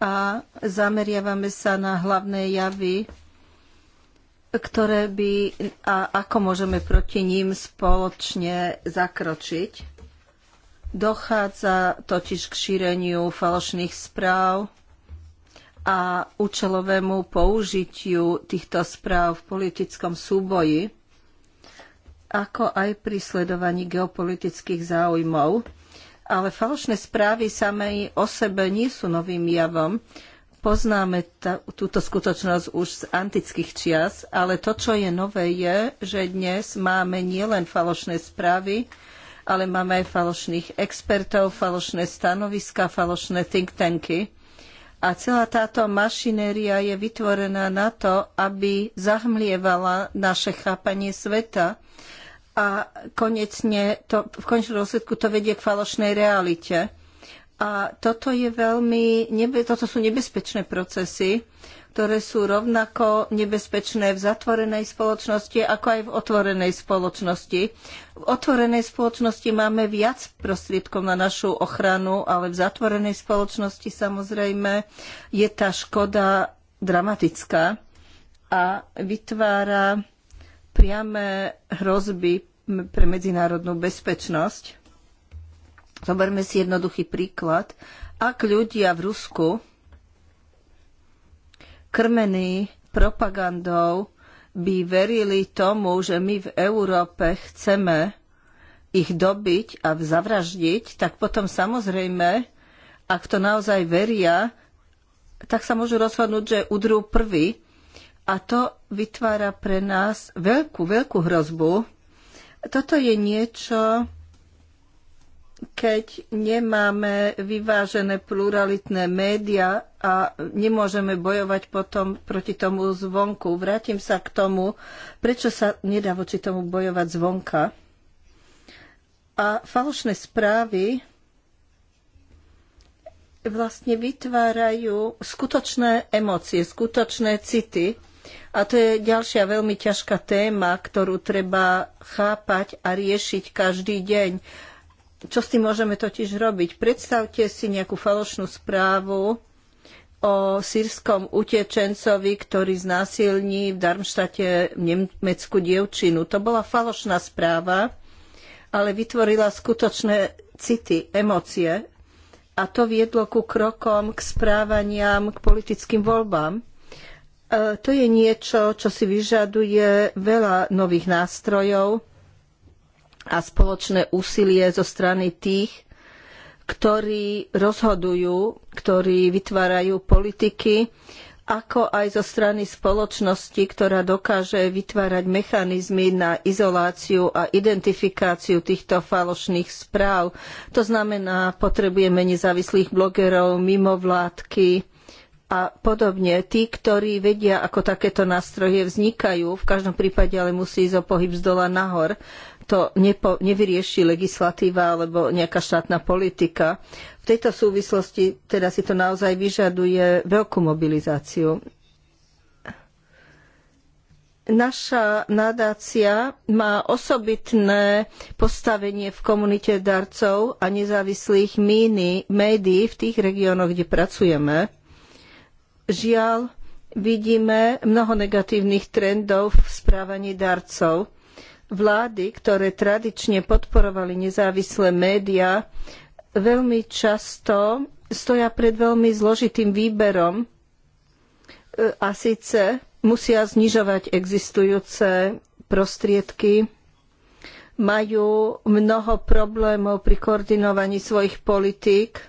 a zameriavame sa na hlavné javy, ktoré by a ako môžeme proti ním spoločne zakročiť. Dochádza totiž k šíreniu falošných správ, a účelovému použitiu týchto správ v politickom súboji, ako aj pri sledovaní geopolitických záujmov. Ale falošné správy samej o sebe nie sú novým javom. Poznáme túto skutočnosť už z antických čias, ale to, čo je nové, je, že dnes máme nielen falošné správy, ale máme aj falošných expertov, falošné stanoviska, falošné think tanky a celá táto mašinéria je vytvorená na to, aby zahmlievala naše chápanie sveta a konečne to, v končnom dôsledku to vedie k falošnej realite. A toto, je veľmi, toto sú nebezpečné procesy, ktoré sú rovnako nebezpečné v zatvorenej spoločnosti, ako aj v otvorenej spoločnosti. V otvorenej spoločnosti máme viac prostriedkov na našu ochranu, ale v zatvorenej spoločnosti samozrejme je tá škoda dramatická a vytvára priame hrozby pre medzinárodnú bezpečnosť. Zoberme si jednoduchý príklad. Ak ľudia v Rusku krmení propagandou, by verili tomu, že my v Európe chceme ich dobiť a zavraždiť, tak potom samozrejme, ak to naozaj veria, tak sa môžu rozhodnúť, že udrú prvý. A to vytvára pre nás veľkú, veľkú hrozbu. Toto je niečo, keď nemáme vyvážené pluralitné média a nemôžeme bojovať potom proti tomu zvonku. Vrátim sa k tomu, prečo sa nedá voči tomu bojovať zvonka. A falošné správy vlastne vytvárajú skutočné emócie, skutočné city. A to je ďalšia veľmi ťažká téma, ktorú treba chápať a riešiť každý deň čo s tým môžeme totiž robiť? Predstavte si nejakú falošnú správu o sírskom utečencovi, ktorý znásilní v Darmštate nemeckú dievčinu. To bola falošná správa, ale vytvorila skutočné city, emócie a to viedlo ku krokom, k správaniam, k politickým voľbám. E, to je niečo, čo si vyžaduje veľa nových nástrojov, a spoločné úsilie zo strany tých, ktorí rozhodujú, ktorí vytvárajú politiky, ako aj zo strany spoločnosti, ktorá dokáže vytvárať mechanizmy na izoláciu a identifikáciu týchto falošných správ. To znamená, potrebujeme nezávislých blogerov, mimovládky, a podobne. Tí, ktorí vedia, ako takéto nástroje vznikajú, v každom prípade ale musí ísť o pohyb z dola nahor. To nepo, nevyrieši legislatíva alebo nejaká štátna politika. V tejto súvislosti teda si to naozaj vyžaduje veľkú mobilizáciu. Naša nadácia má osobitné postavenie v komunite darcov a nezávislých médií v tých regiónoch, kde pracujeme Žiaľ, vidíme mnoho negatívnych trendov v správaní darcov. Vlády, ktoré tradične podporovali nezávislé médiá, veľmi často stoja pred veľmi zložitým výberom e, a síce musia znižovať existujúce prostriedky, majú mnoho problémov pri koordinovaní svojich politík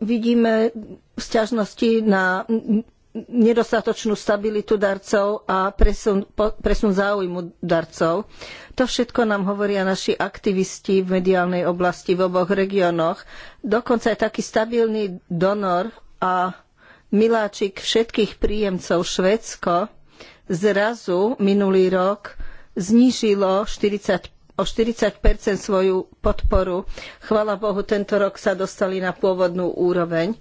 vidíme sťažnosti na nedostatočnú stabilitu darcov a presun, presun, záujmu darcov. To všetko nám hovoria naši aktivisti v mediálnej oblasti v oboch regiónoch. Dokonca aj taký stabilný donor a miláčik všetkých príjemcov Švédsko zrazu minulý rok znížilo 45 o 40 svoju podporu. Chvala Bohu, tento rok sa dostali na pôvodnú úroveň.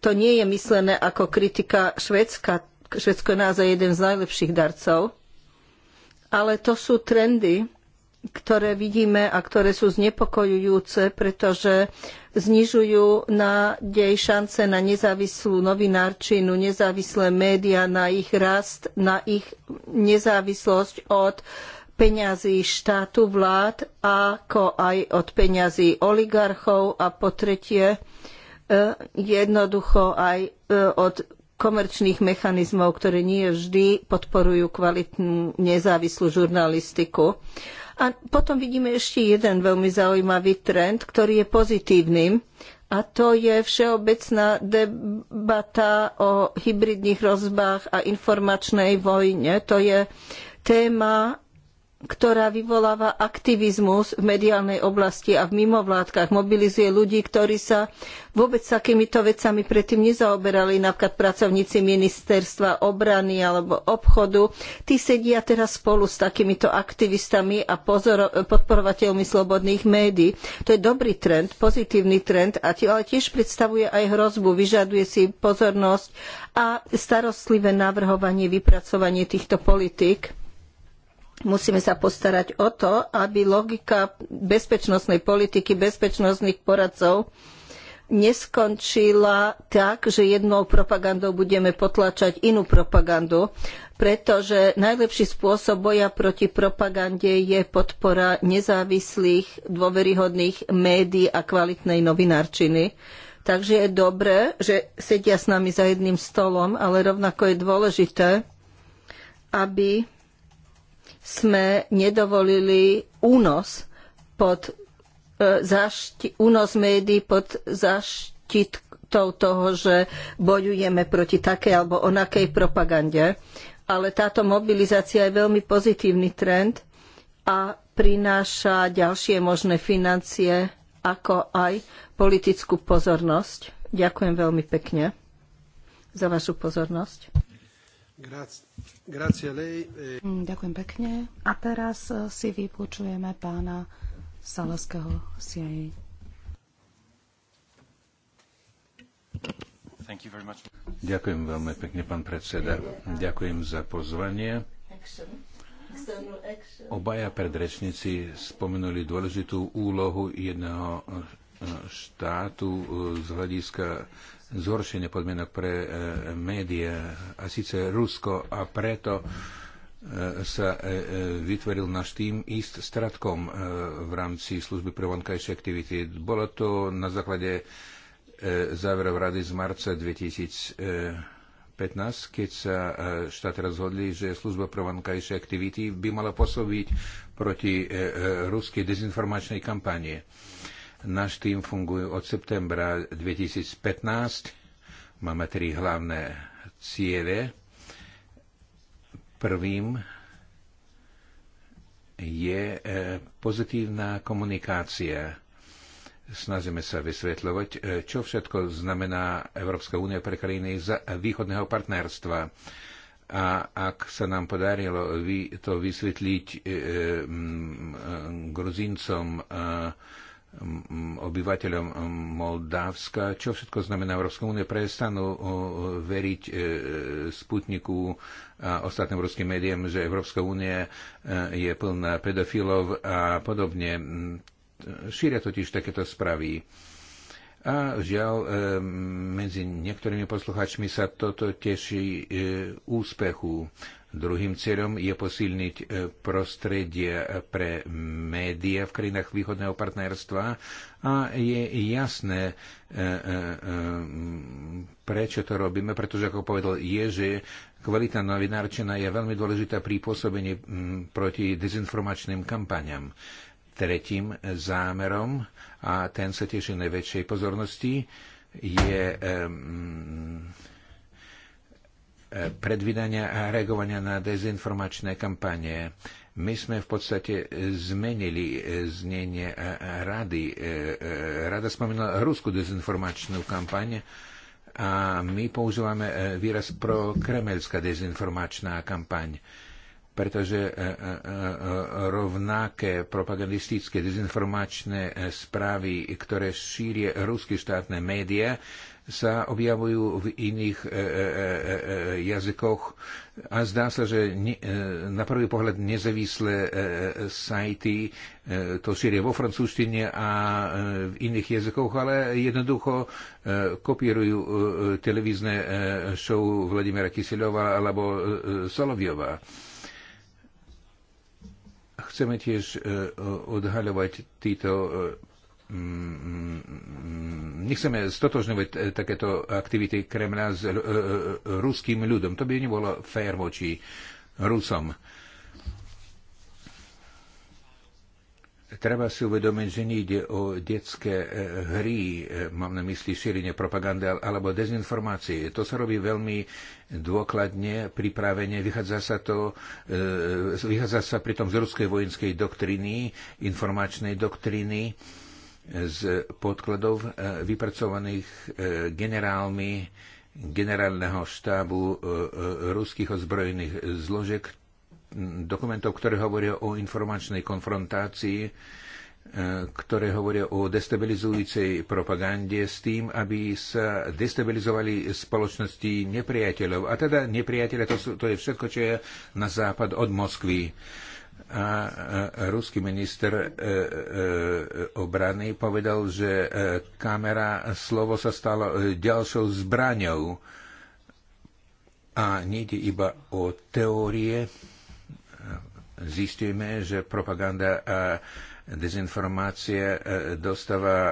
To nie je myslené ako kritika Švédska. Švédsko je naozaj jeden z najlepších darcov. Ale to sú trendy, ktoré vidíme a ktoré sú znepokojujúce, pretože znižujú nádej šance na nezávislú novinárčinu, nezávislé médiá, na ich rast, na ich nezávislosť od peňazí štátu vlád, ako aj od peňazí oligarchov a po tretie e, jednoducho aj e, od komerčných mechanizmov, ktoré nie vždy podporujú kvalitnú nezávislú žurnalistiku. A potom vidíme ešte jeden veľmi zaujímavý trend, ktorý je pozitívnym a to je všeobecná debata o hybridných rozbách a informačnej vojne. To je téma, ktorá vyvoláva aktivizmus v mediálnej oblasti a v mimovládkach, mobilizuje ľudí, ktorí sa vôbec takýmito vecami predtým nezaoberali, napríklad pracovníci ministerstva obrany alebo obchodu. Tí sedia teraz spolu s takýmito aktivistami a podporovateľmi slobodných médií. To je dobrý trend, pozitívny trend, ale tiež predstavuje aj hrozbu, vyžaduje si pozornosť a starostlivé navrhovanie, vypracovanie týchto politík musíme sa postarať o to, aby logika bezpečnostnej politiky, bezpečnostných poradcov neskončila tak, že jednou propagandou budeme potlačať inú propagandu, pretože najlepší spôsob boja proti propagande je podpora nezávislých, dôveryhodných médií a kvalitnej novinárčiny. Takže je dobré, že sedia s nami za jedným stolom, ale rovnako je dôležité, aby sme nedovolili únos pod e, zašti- únos médií pod zaštitkou toho, že bojujeme proti takej alebo onakej propagande. Ale táto mobilizácia je veľmi pozitívny trend a prináša ďalšie možné financie, ako aj politickú pozornosť. Ďakujem veľmi pekne za vašu pozornosť. Eh. Mm, ďakujem pekne. A teraz eh, si vypočujeme pána Salaského CIA. Ďakujem veľmi pekne, pán predseda. Ďakujem za pozvanie. Obaja predrečníci spomenuli dôležitú úlohu jedného eh, štátu z hľadiska zhoršenie podmienok pre e, médiá, a síce Rusko, a preto e, sa e, e, vytvoril náš tým ísť stratkom e, v rámci služby pre vonkajšie aktivity. Bolo to na základe e, záverov rady z marca 2015, keď sa e, štáty rozhodli, že služba pre vonkajšie aktivity by mala pôsobiť proti e, e, ruskej dezinformačnej kampanii. Náš tým funguje od septembra 2015. Máme tri hlavné ciele. Prvým je e, pozitívna komunikácia. Snažíme sa vysvetľovať, e, čo všetko znamená Európska únia pre krajiny z východného partnerstva. A ak sa nám podarilo to vysvetliť e, e Gruzincom, obyvateľom Moldávska, čo všetko znamená Európska únia, prestanú veriť e, Sputniku a ostatným ruským médiám, že Európska únia e, je plná pedofilov a podobne. Šíria totiž takéto spravy. A žiaľ, e, medzi niektorými poslucháčmi sa toto teší úspechu. Druhým cieľom je posilniť e, prostredie e, pre médiá v krajinách východného partnerstva a je jasné, e, prečo to robíme, pretože, ako povedal, je, že kvalita novinárčina je veľmi dôležitá pri pôsobení proti dezinformačným kampaniam. Tretím zámerom, a ten sa teší najväčšej pozornosti, je E, predvídania a reagovania na dezinformačné kampanie. My sme v podstate zmenili e, znenie e, rady. Rada spomínala ruskú dezinformačnú kampaň a my používame výraz pro kremelská dezinformačná kampaň pretože rovnaké propagandistické dezinformačné správy, ktoré šírie ruské štátne médiá, sa objavujú v iných e e, e, e, e, jazykoch a zdá sa, že ne, e, na prvý pohľad nezávislé e, e, sajty e, to šíria vo francúzštine a e, v iných jazykoch, ale jednoducho e, kopírujú e, televízne e, show Vladimira Kisilova alebo e, Soloviova. Chceme tiež e, odhaľovať títo e, Mm, mm, mm, nechceme stotožňovať eh, takéto aktivity Kremľa s eh, eh, ruským ľudom. To by nebolo fér voči Rusom. Treba si uvedomiť, že nejde o detské hry, mám na mysli šírenie propagandy alebo dezinformácie. To sa robí veľmi dôkladne, pripravene, vychádza sa, to, vychádza sa pritom z ruskej vojenskej doktriny, informačnej doktriny z podkladov e, vypracovaných e, generálmi generálneho štábu e, ruských ozbrojených zložiek, dokumentov, ktoré hovoria o informačnej konfrontácii, ktoré hovoria o destabilizujúcej propagande s tým, aby sa destabilizovali spoločnosti nepriateľov. A teda nepriateľe, to, sú, to je všetko, čo je na západ od Moskvy a ruský minister e, e, e, obrany povedal, že kamera slovo sa stalo ďalšou zbraňou a nejde iba o teórie. Zistujeme, že propaganda a dezinformácie dostáva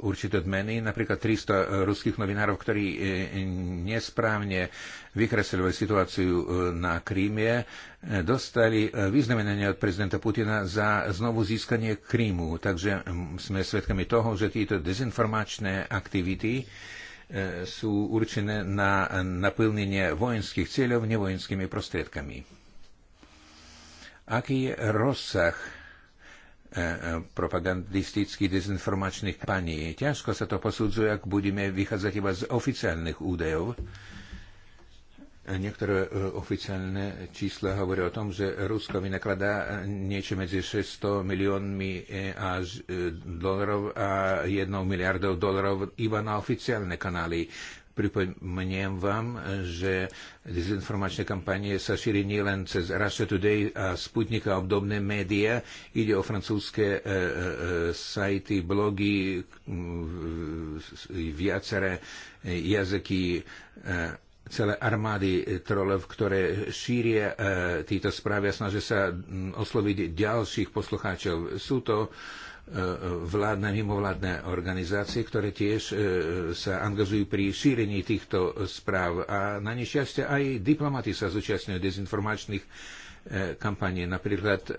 určité odmeny. Napríklad 300 ruských novinárov, ktorí nesprávne vykreslili situáciu na Krímie, dostali e, vyznamenanie od prezidenta Putina za znovu získanie Krímu. Takže sme svedkami toho, že tieto dezinformačné aktivity e, sú určené na naplnenie vojenských cieľov nevojenskými prostriedkami. Aký je rozsah e, propagandistických dezinformačných paní? Ťažko sa to posudzuje, ak budeme vychádzať iba z oficiálnych údajov. Niektoré e, oficiálne čísla hovoria o tom, že Rusko vynakladá niečo medzi 600 miliónmi e, až e, dolarov a 1 miliardou dolarov iba na oficiálne kanály. Pripomeniem vám, že dezinformačné kampanie sa šíri nielen cez Russia Today a Sputnika a obdobné médiá. Ide o francúzske e, e, sajty, blogy, viaceré jazyky e, celé armády trolov, ktoré šíria e, títo správy a snažia sa osloviť ďalších poslucháčov. Sú to e, vládne, mimovládne organizácie, ktoré tiež e, sa angažujú pri šírení týchto správ. A na nešťastie aj diplomati sa zúčastňujú dezinformačných e, kampaní. Napríklad e,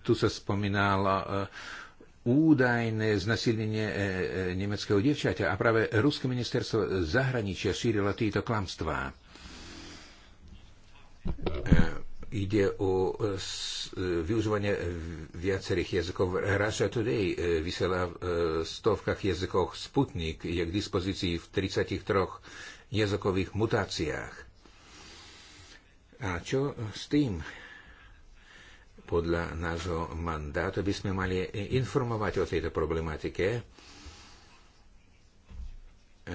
tu sa spomínala e, údajné znasilnenie e, e, nemeckého dievčaťa a práve Ruské ministerstvo zahraničia šírilo tieto klamstvá. E, ide o využívanie viacerých jazykov. Russia Today vysiela v stovkách jazykoch. Sputnik je k dispozícii v 33 jazykových mutáciách. A čo s tým? podľa nášho mandátu by sme mali informovať o tejto problematike Eh,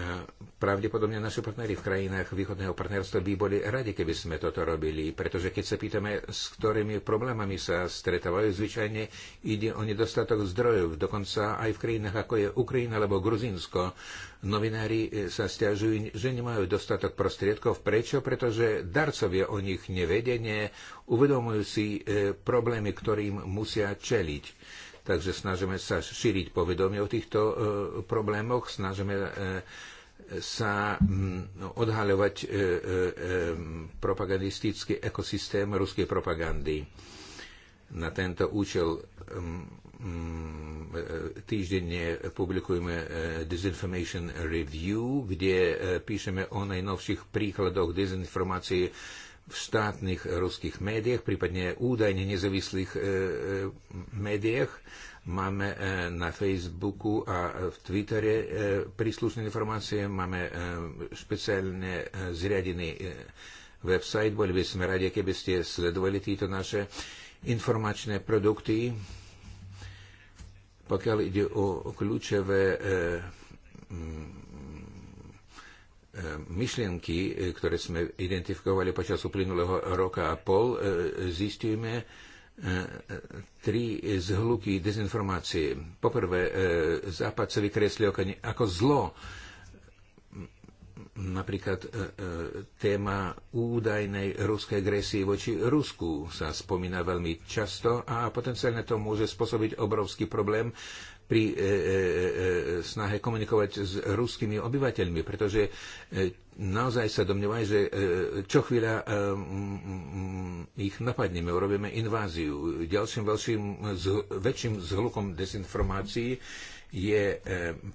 pravdepodobne naši partnery v krajinách východného partnerstva by boli radi, keby sme toto robili, pretože keď sa pýtame, s ktorými problémami sa stretávajú, zvyčajne ide o nedostatok zdrojov, dokonca aj v krajinách ako je Ukrajina alebo Gruzínsko. Novinári eh, sa stiažujú, že nemajú dostatok prostriedkov. Prečo? Pretože darcovia o nich nevedenie uvedomujú si eh, problémy, ktorým musia čeliť Takže snažíme sa šíriť povedomie o týchto e, problémoch, snažíme e, sa mm, odhaľovať e, propagandistický ekosystém ruskej propagandy. Na tento účel mm, týždenne publikujeme Disinformation Review, kde píšeme o najnovších príkladoch dezinformácie v štátnych ruských médiách, prípadne údajne nezávislých e, e, médiách. Máme e, na Facebooku a v Twittere e, príslušné informácie, máme e, špeciálne e, zriadený e, website. Boli by sme radi, keby ste sledovali tieto naše informačné produkty. Pokiaľ ide o kľúčové e, E, myšlienky, e, ktoré sme identifikovali počas uplynulého roka a pol, e, zistíme tri zhluky dezinformácie. Poprvé, Západ sa vykreslí ako zlo. Napríklad téma údajnej ruskej agresie voči Rusku sa spomína veľmi často a potenciálne to môže spôsobiť obrovský problém pri e e, e, e, snahe komunikovať s ruskými obyvateľmi, pretože e, naozaj sa domnievajú, že čo chvíľa ich napadneme, urobíme inváziu. Ďalším veľším, väčším zhlukom dezinformácií je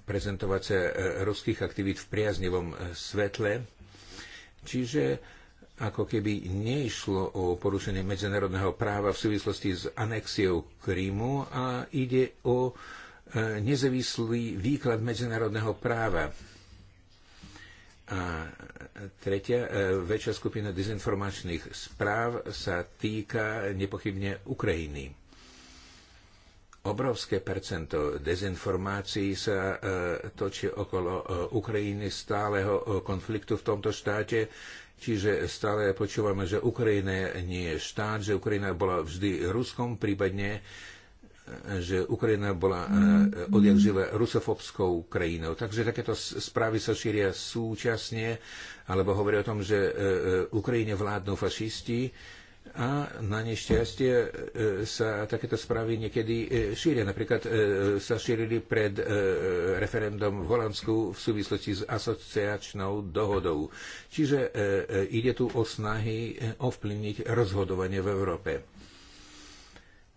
prezentovať sa ruských aktivít v priaznivom svetle, čiže ako keby neišlo o porušenie medzinárodného práva v súvislosti s anexiou Krímu a ide o e, E, nezávislý výklad medzinárodného práva. A tretia, e, väčšia skupina dezinformačných správ sa týka nepochybne Ukrajiny. Obrovské percento dezinformácií sa e, točí okolo Ukrajiny stáleho konfliktu v tomto štáte, Čiže stále počúvame, že Ukrajina nie je štát, že Ukrajina bola vždy Ruskom, prípadne že Ukrajina bola e, odjak živa rusofobskou krajinou. Takže takéto správy sa šíria súčasne, alebo hovoria o tom, že e, e, Ukrajine vládnu fašisti a na nešťastie sa takéto správy niekedy šíria. Napríklad sa šírili pred referendum v Holandsku v súvislosti s asociačnou dohodou. Čiže ide tu o snahy ovplyvniť rozhodovanie v Európe.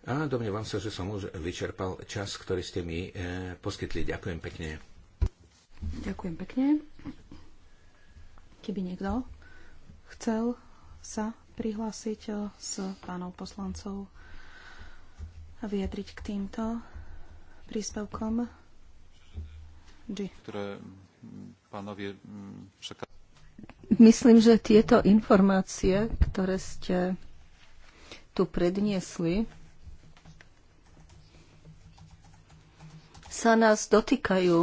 A domnievam sa, že som už vyčerpal čas, ktorý ste mi eh, poskytli. Ďakujem pekne. Ďakujem pekne. Keby niekto chcel sa prihlásiť eh, s pánov poslancov a vyjadriť k týmto príspevkom. G. Ktoré pánovie všaká... Myslím, že tieto informácie, ktoré ste tu predniesli, sa nás dotýkajú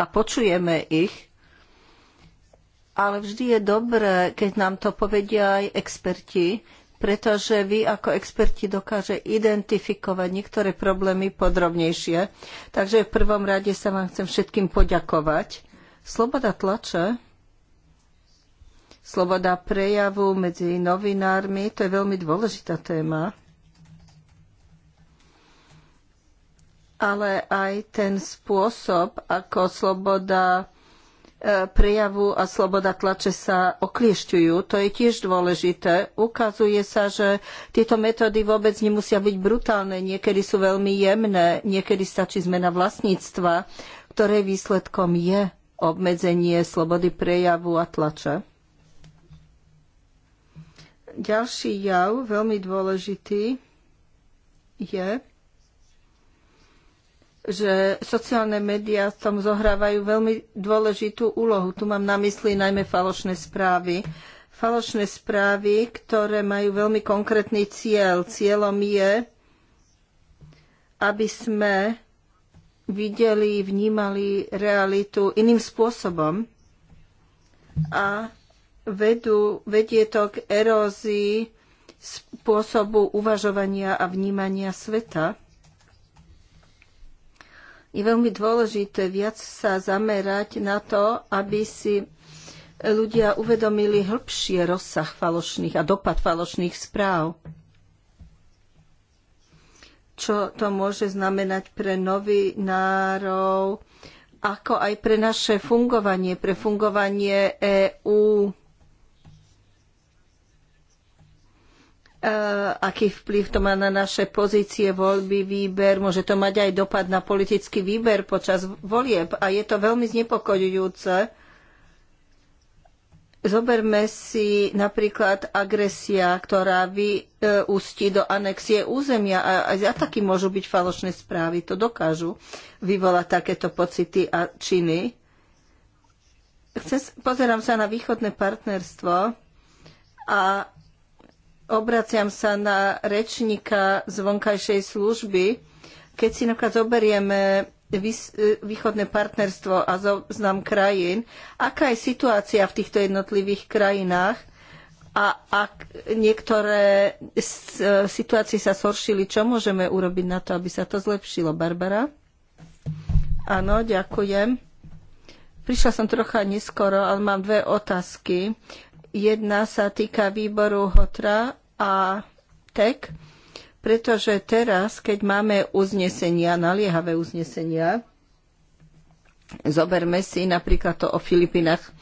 a počujeme ich, ale vždy je dobré, keď nám to povedia aj experti, pretože vy ako experti dokáže identifikovať niektoré problémy podrobnejšie. Takže v prvom rade sa vám chcem všetkým poďakovať. Sloboda tlače, sloboda prejavu medzi novinármi, to je veľmi dôležitá téma. ale aj ten spôsob, ako sloboda e, prejavu a sloboda tlače sa okliešťujú. To je tiež dôležité. Ukazuje sa, že tieto metódy vôbec nemusia byť brutálne. Niekedy sú veľmi jemné, niekedy stačí zmena vlastníctva, ktoré výsledkom je obmedzenie slobody prejavu a tlače. Ďalší jav, veľmi dôležitý, je že sociálne médiá v tom zohrávajú veľmi dôležitú úlohu. Tu mám na mysli najmä falošné správy. Falošné správy, ktoré majú veľmi konkrétny cieľ. Cieľom je, aby sme videli, vnímali realitu iným spôsobom a vedú, vedie to k erózii spôsobu uvažovania a vnímania sveta je veľmi dôležité viac sa zamerať na to, aby si ľudia uvedomili hĺbšie rozsah falošných a dopad falošných správ. Čo to môže znamenať pre novinárov, ako aj pre naše fungovanie, pre fungovanie EÚ E, aký vplyv to má na naše pozície, voľby, výber. Môže to mať aj dopad na politický výber počas volieb a je to veľmi znepokojujúce. Zoberme si napríklad agresia, ktorá vyústí do anexie územia a aj za taky môžu byť falošné správy. To dokážu vyvolať takéto pocity a činy. Chcem, pozerám sa na východné partnerstvo a obraciam sa na rečníka z vonkajšej služby. Keď si napríklad zoberieme východné partnerstvo a zoznam krajín, aká je situácia v týchto jednotlivých krajinách a ak niektoré situácie sa zhoršili, čo môžeme urobiť na to, aby sa to zlepšilo? Barbara? Áno, ďakujem. Prišla som trocha neskoro, ale mám dve otázky. Jedna sa týka výboru Hotra a TEK, pretože teraz, keď máme uznesenia, naliehavé uznesenia, zoberme si napríklad to o Filipinách,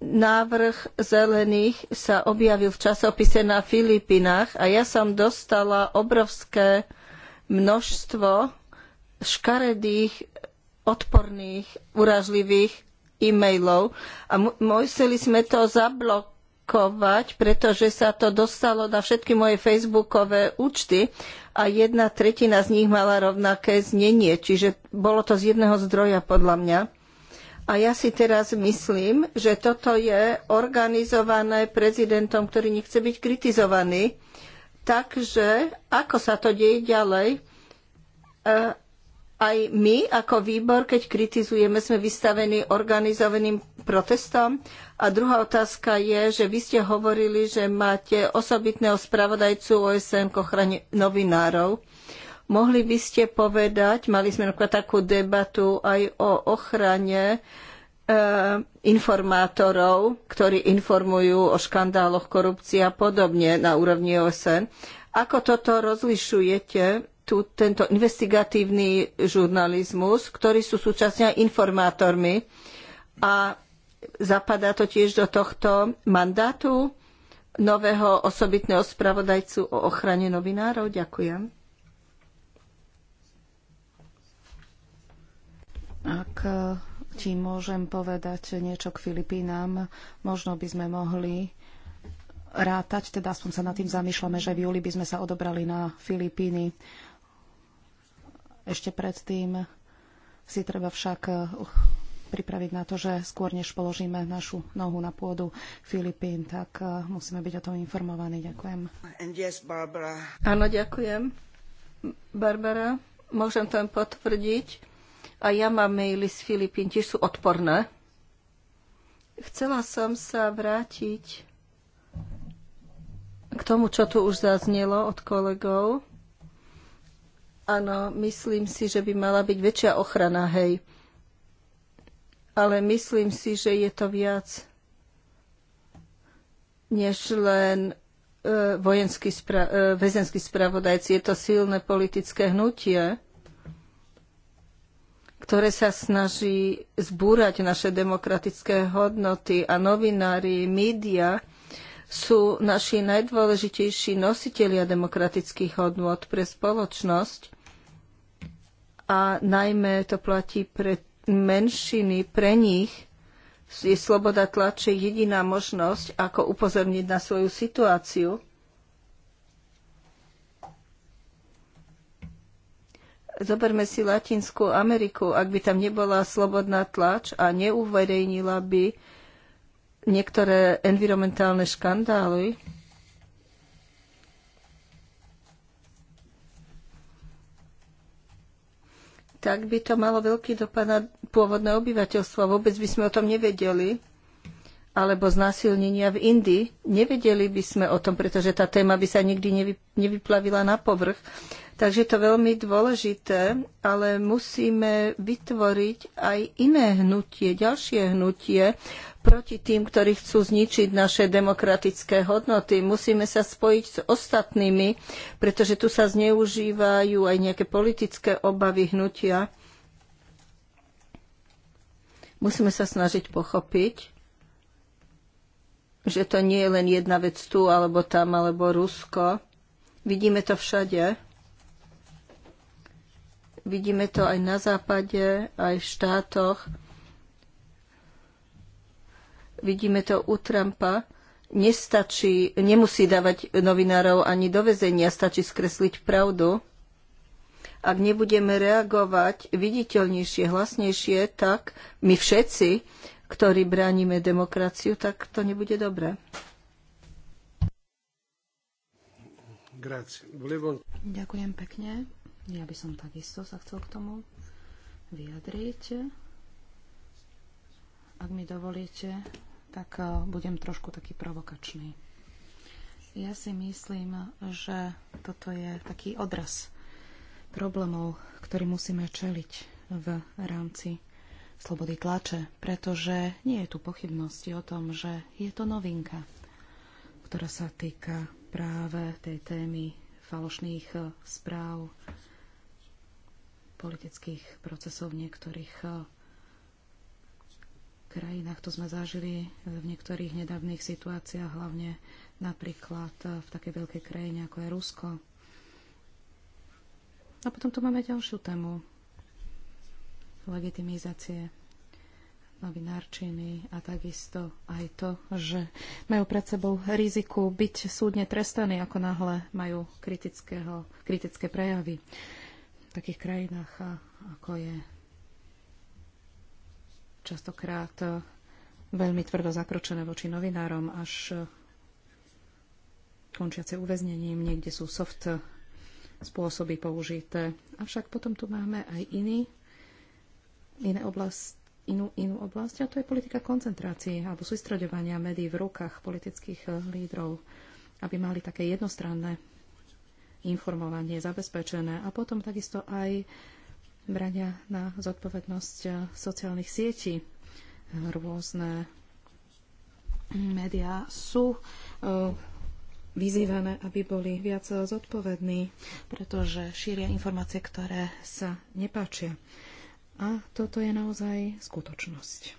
návrh zelených sa objavil v časopise na Filipinách a ja som dostala obrovské množstvo škaredých, odporných, uražlivých e-mailov a museli sme to zablokovať, pretože sa to dostalo na všetky moje facebookové účty a jedna tretina z nich mala rovnaké znenie, čiže bolo to z jedného zdroja podľa mňa. A ja si teraz myslím, že toto je organizované prezidentom, ktorý nechce byť kritizovaný. Takže ako sa to deje ďalej? E, aj my ako výbor, keď kritizujeme, sme vystavení organizovaným protestom? A druhá otázka je, že vy ste hovorili, že máte osobitného spravodajcu OSN k ochrane novinárov. Mohli by ste povedať, mali sme napríklad takú debatu aj o ochrane eh, informátorov, ktorí informujú o škandáloch korupcii a podobne na úrovni OSN. Ako toto rozlišujete tu, tento investigatívny žurnalizmus, ktorí sú súčasne aj informátormi. A zapadá to tiež do tohto mandátu nového osobitného spravodajcu o ochrane novinárov. Ďakujem. Ak eh, ti môžem povedať niečo k Filipínám, možno by sme mohli rátať, teda aspoň sa nad tým zamýšľame, že v júli by sme sa odobrali na Filipíny. Ešte predtým si treba však eh, pripraviť na to, že skôr než položíme našu nohu na pôdu Filipín, tak eh, musíme byť o tom informovaní. Ďakujem. Yes, Áno, ďakujem. Barbara, môžem to potvrdiť. A ja mám maily z Filipín, tiež sú odporné. Chcela som sa vrátiť k tomu, čo tu už zaznelo od kolegov. Áno, myslím si, že by mala byť väčšia ochrana, hej. Ale myslím si, že je to viac než len e, vojenský spra- e, väzenský spravodajci. Je to silné politické hnutie, ktoré sa snaží zbúrať naše demokratické hodnoty a novinári, média, sú naši najdôležitejší nositelia demokratických hodnot pre spoločnosť a najmä to platí pre menšiny, pre nich je sloboda tlače jediná možnosť, ako upozorniť na svoju situáciu. Zoberme si Latinskú Ameriku. Ak by tam nebola slobodná tlač a neuverejnila by niektoré environmentálne škandály, tak by to malo veľký dopad na pôvodné obyvateľstvo. Vôbec by sme o tom nevedeli. Alebo znásilnenia v Indii. Nevedeli by sme o tom, pretože tá téma by sa nikdy nevy, nevyplavila na povrch. Takže je to veľmi dôležité, ale musíme vytvoriť aj iné hnutie, ďalšie hnutie proti tým, ktorí chcú zničiť naše demokratické hodnoty. Musíme sa spojiť s ostatnými, pretože tu sa zneužívajú aj nejaké politické obavy hnutia. Musíme sa snažiť pochopiť, že to nie je len jedna vec tu, alebo tam, alebo Rusko. Vidíme to všade. Vidíme to aj na západe, aj v štátoch. Vidíme to u Trumpa. Nestačí, nemusí dávať novinárov ani do vezenia, stačí skresliť pravdu. Ak nebudeme reagovať viditeľnejšie, hlasnejšie, tak my všetci, ktorí bránime demokraciu, tak to nebude dobré. Ďakujem pekne. Ja by som takisto sa chcel k tomu vyjadriť. Ak mi dovolíte, tak e, budem trošku taký provokačný. Ja si myslím, že toto je taký odraz problémov, ktorý musíme čeliť v rámci slobody tlače, pretože nie je tu pochybnosti o tom, že je to novinka, ktorá sa týka práve tej témy falošných e, správ politických procesov v niektorých eh, krajinách. To sme zažili v niektorých nedávnych situáciách, hlavne napríklad eh, v takej veľkej krajine ako je Rusko. A potom tu máme ďalšiu tému legitimizácie novinárčiny a takisto aj to, že majú pred sebou riziku byť súdne trestaní, ako náhle majú kritického, kritické prejavy. Uh, takých krajinách, ako je častokrát e, veľmi tvrdo zakročené voči novinárom, až e, končiace uväznením, niekde sú soft e, spôsoby použité. Avšak potom tu máme aj iný, iné oblast, inú, inú oblasť a to je politika koncentrácie alebo sústredovania médií v rukách politických lídrov, aby mali také jednostranné informovanie zabezpečené a potom takisto aj brania na zodpovednosť sociálnych sietí. Rôzne médiá sú e, vyzývané, aby boli viac zodpovední, pretože šíria informácie, ktoré sa nepáčia. A toto je naozaj skutočnosť.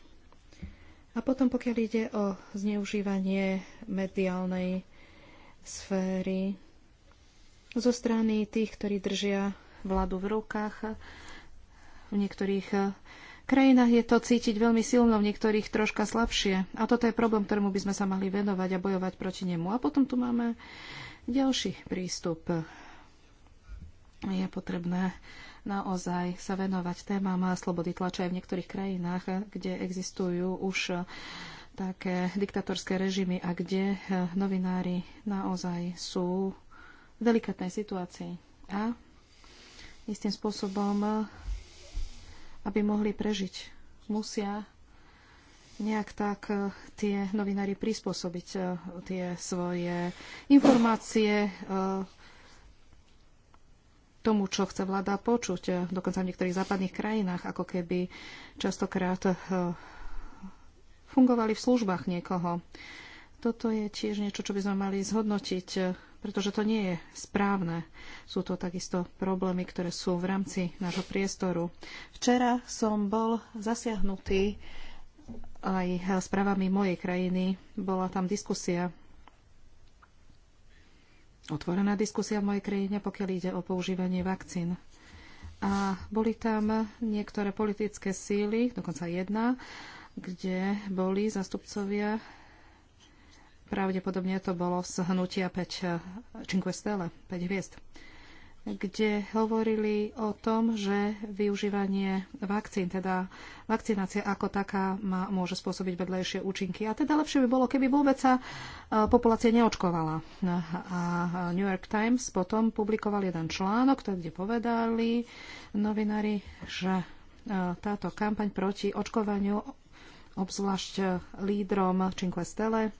A potom, pokiaľ ide o zneužívanie mediálnej sféry, zo strany tých, ktorí držia vládu v rukách. V niektorých eh, krajinách je to cítiť veľmi silno, v niektorých troška slabšie. A toto je problém, ktorému by sme sa mali venovať a bojovať proti nemu. A potom tu máme ďalší prístup. Je potrebné naozaj sa venovať témam slobody tlače aj v niektorých krajinách, kde existujú už také diktatorské režimy a kde eh, novinári naozaj sú delikatnej situácii a istým spôsobom, aby mohli prežiť, musia nejak tak eh, tie novinári prispôsobiť eh, tie svoje informácie eh, tomu, čo chce vláda počuť. Dokonca v niektorých západných krajinách, ako keby častokrát fungovali v službách niekoho. Toto je tiež niečo, čo by sme mali zhodnotiť, eh, pretože to nie je správne. Sú to takisto problémy, ktoré sú v rámci nášho priestoru. Včera som bol zasiahnutý aj eh, správami mojej krajiny. Bola tam diskusia, otvorená diskusia v mojej krajine, pokiaľ ide o používanie vakcín a boli tam niektoré politické síly, dokonca jedna, kde boli zastupcovia pravdepodobne to bolo z hnutia 5 eh, Cinque Stelle, 5 hviezd, kde hovorili o tom, že využívanie vakcín, teda vakcinácia ako taká má, môže spôsobiť vedlejšie účinky. A teda lepšie by bolo, keby vôbec sa eh, populácia neočkovala. A New York Times potom publikoval jeden článok, kde povedali novinári, že eh, táto kampaň proti očkovaniu obzvlášť lídrom Cinque Stelle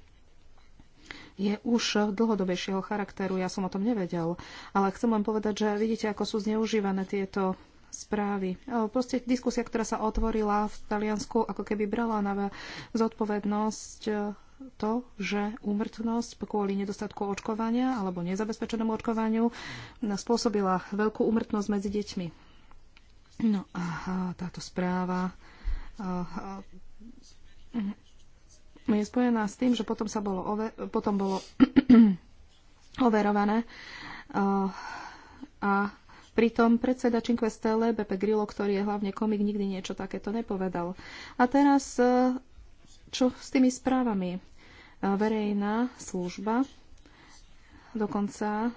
je už dlhodobejšieho charakteru. Ja som o tom nevedel. Ale chcem len povedať, že vidíte, ako sú zneužívané tieto správy. E, proste diskusia, ktorá sa otvorila v Taliansku, ako keby brala na zodpovednosť e, to, že úmrtnosť kvôli nedostatku očkovania alebo nezabezpečenému očkovaniu spôsobila veľkú úmrtnosť medzi deťmi. No a táto správa je spojená s tým, že potom, sa bolo, over, potom bolo overované eh, a Pritom predseda Cinque Stelle, Beppe Grillo, ktorý je hlavne komik, nikdy niečo takéto nepovedal. A teraz, eh, čo s tými správami? Eh, verejná služba dokonca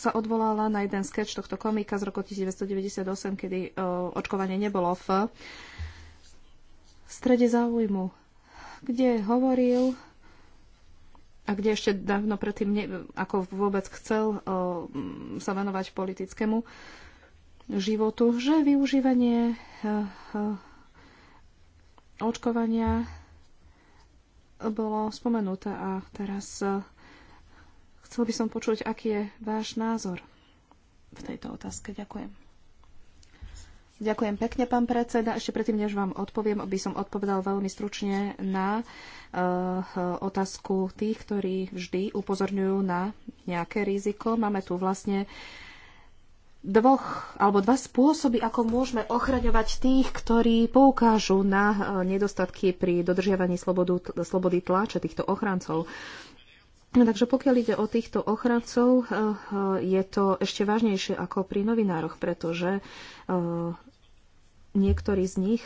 sa odvolala na jeden sketch tohto komika z roku 1998, kedy e, očkovanie nebolo v strede záujmu, kde hovoril a kde ešte dávno predtým, ne, ako vôbec chcel o, e, sa venovať politickému životu, že využívanie o, e, o, očkovania bolo spomenuté a teraz o, Chcel by som počuť, aký je váš názor v tejto otázke. Ďakujem. Ďakujem pekne, pán predseda. Ešte predtým, než vám odpoviem, by som odpovedal veľmi stručne na uh, otázku tých, ktorí vždy upozorňujú na nejaké riziko. Máme tu vlastne dvoch alebo dva spôsoby, ako môžeme ochraňovať tých, ktorí poukážu na eh, nedostatky pri dodržiavaní slobodu, slobody tlače týchto ochrancov. Uh, No, takže pokiaľ ide o týchto ochrancov, eh, eh, je to ešte vážnejšie ako pri novinároch, pretože eh, niektorí z nich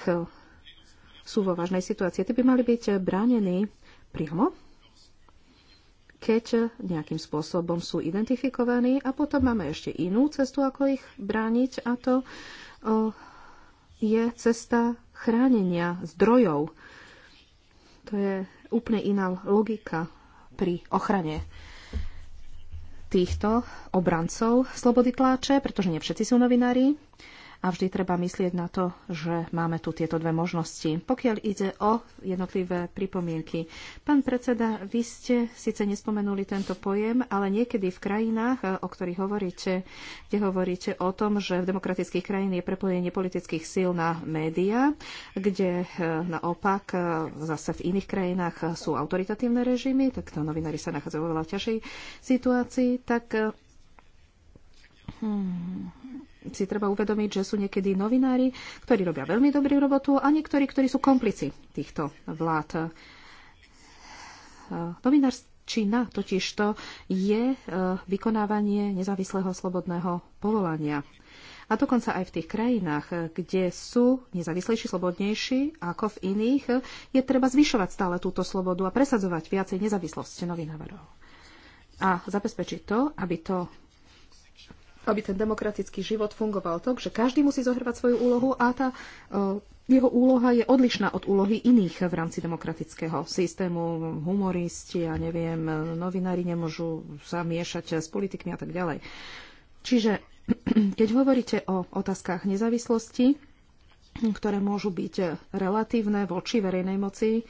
sú vo vážnej situácii. Tí by mali byť bránení priamo, keď nejakým spôsobom sú identifikovaní a potom máme ešte inú cestu, ako ich brániť a to je cesta chránenia zdrojov. To je úplne iná logika pri ochrane týchto obrancov slobody tláče, pretože nie všetci sú novinári a vždy treba myslieť na to, že máme tu tieto dve možnosti. Pokiaľ ide o jednotlivé pripomienky. Pán predseda, vy ste síce nespomenuli tento pojem, ale niekedy v krajinách, e, o ktorých hovoríte, kde hovoríte o tom, že v demokratických krajín je prepojenie politických síl na médiá, kde e, naopak e, zase v iných krajinách sú autoritatívne režimy, tak to novinári sa nachádzajú vo veľa ťažšej situácii, tak hmm, si treba uvedomiť, že sú niekedy novinári, ktorí robia veľmi dobrú robotu a niektorí, ktorí sú komplici týchto vlád. E, novinárčina totiž to je e, vykonávanie nezávislého slobodného povolania. A dokonca aj v tých krajinách, kde sú nezávislejší, slobodnejší ako v iných, je treba zvyšovať stále túto slobodu a presadzovať viacej nezávislosť novinárov. A zabezpečiť to, aby to aby ten demokratický život fungoval tak, že každý musí zohrávať svoju úlohu a tá e, jeho úloha je odlišná od úlohy iných v rámci demokratického systému. Humoristi, ja neviem, novinári nemôžu sa miešať s politikmi a tak ďalej. Čiže keď hovoríte o otázkach nezávislosti, ktoré môžu byť relatívne voči verejnej moci,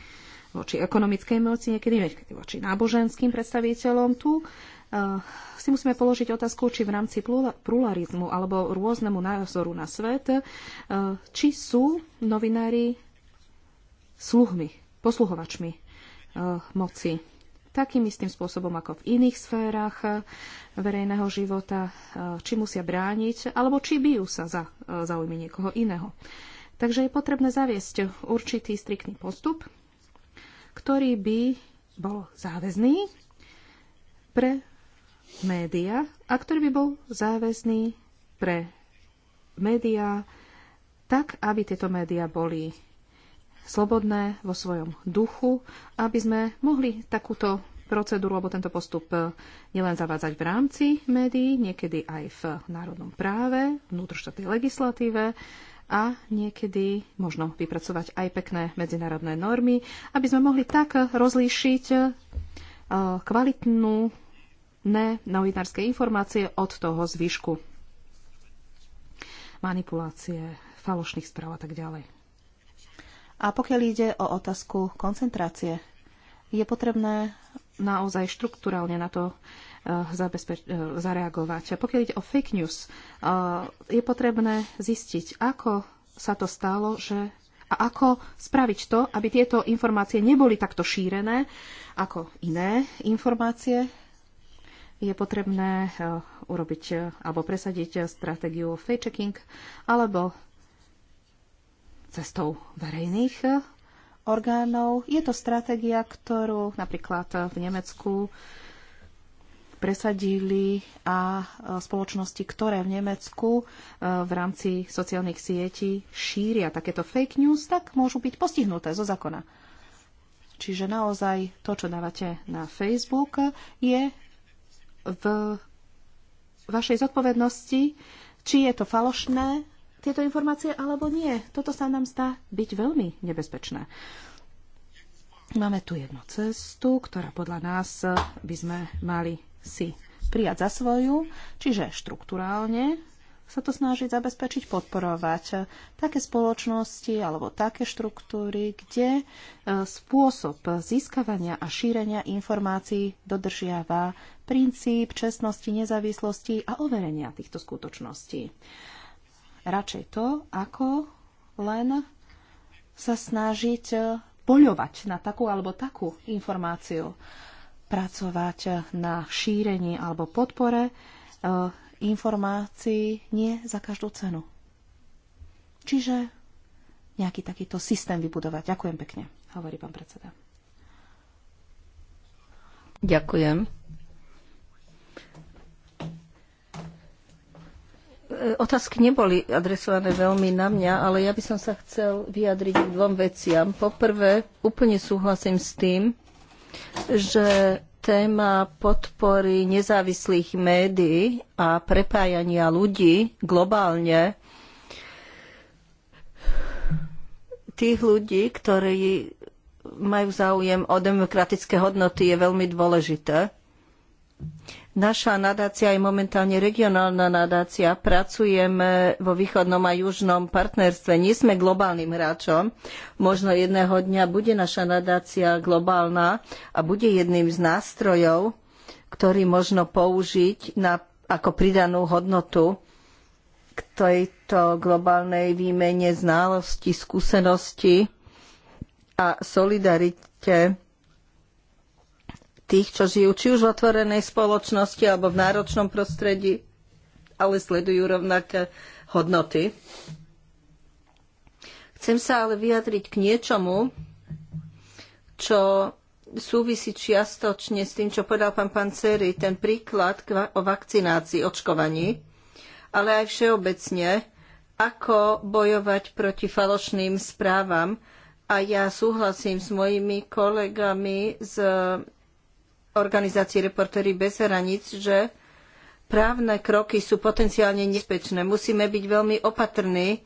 voči ekonomickej moci, niekedy voči náboženským predstaviteľom, tu Eh, si musíme položiť otázku, či v rámci pluralizmu alebo rôznemu názoru na svet, eh, či sú novinári sluhmi, posluhovačmi eh, moci. Takým istým spôsobom ako v iných sférach verejného života, či musia brániť, alebo či bijú sa za záujmy niekoho iného. Takže je potrebné zaviesť určitý striktný postup, ktorý by bol záväzný pre média a ktorý by bol záväzný pre médiá tak, aby tieto médiá boli slobodné vo svojom duchu, aby sme mohli takúto procedúru alebo tento postup eh, nielen zavádzať v rámci médií, niekedy aj v národnom práve, vnútroštátnej legislatíve a niekedy možno vypracovať aj pekné medzinárodné normy, aby sme mohli tak rozlíšiť eh, kvalitnú ne novinárske informácie od toho zvyšku. Manipulácie, falošných správ a tak ďalej. A pokiaľ ide o otázku koncentrácie, je potrebné naozaj štruktúralne na to eh, zabezpeč- eh, zareagovať. A pokiaľ ide o fake news, eh, je potrebné zistiť, ako sa to stalo, že a ako spraviť to, aby tieto informácie neboli takto šírené ako iné informácie, je potrebné eh, urobiť eh, alebo presadiť eh, stratégiu fake checking alebo cestou verejných orgánov. Je to stratégia, ktorú napríklad v Nemecku presadili a spoločnosti, ktoré v Nemecku v rámci sociálnych sietí šíria takéto fake news, tak môžu byť postihnuté zo zákona. Čiže naozaj to, čo dávate na Facebook, je v vašej zodpovednosti, či je to falošné, tieto informácie, alebo nie. Toto sa nám zdá byť veľmi nebezpečné. Máme tu jednu cestu, ktorá podľa nás by sme mali si prijať za svoju, čiže štruktúrálne sa to snažiť zabezpečiť, podporovať také spoločnosti alebo také štruktúry, kde e, spôsob získavania a šírenia informácií dodržiava princíp čestnosti, nezávislosti a overenia týchto skutočností. Radšej to, ako len sa snažiť poľovať na takú alebo takú informáciu, pracovať na šírení alebo podpore e, informácií nie za každú cenu. Čiže nejaký takýto systém vybudovať. Ďakujem pekne, hovorí pán predseda. Ďakujem. otázky neboli adresované veľmi na mňa, ale ja by som sa chcel vyjadriť k dvom veciam. Poprvé, úplne súhlasím s tým, že téma podpory nezávislých médií a prepájania ľudí globálne, tých ľudí, ktorí majú záujem o demokratické hodnoty, je veľmi dôležité. Naša nadácia je momentálne regionálna nadácia. Pracujeme vo východnom a južnom partnerstve. Nie sme globálnym hráčom. Možno jedného dňa bude naša nadácia globálna a bude jedným z nástrojov, ktorý možno použiť na, ako pridanú hodnotu k tejto globálnej výmene znalostí, skúseností a solidarite tých, čo žijú či už v otvorenej spoločnosti alebo v náročnom prostredí, ale sledujú rovnaké hodnoty. Chcem sa ale vyjadriť k niečomu, čo súvisí čiastočne s tým, čo povedal pán Panceri, ten príklad o vakcinácii, očkovaní, ale aj všeobecne, ako bojovať proti falošným správam. A ja súhlasím s mojimi kolegami z organizácii Reportéry bez hraníc, že právne kroky sú potenciálne nebezpečné. Musíme byť veľmi opatrní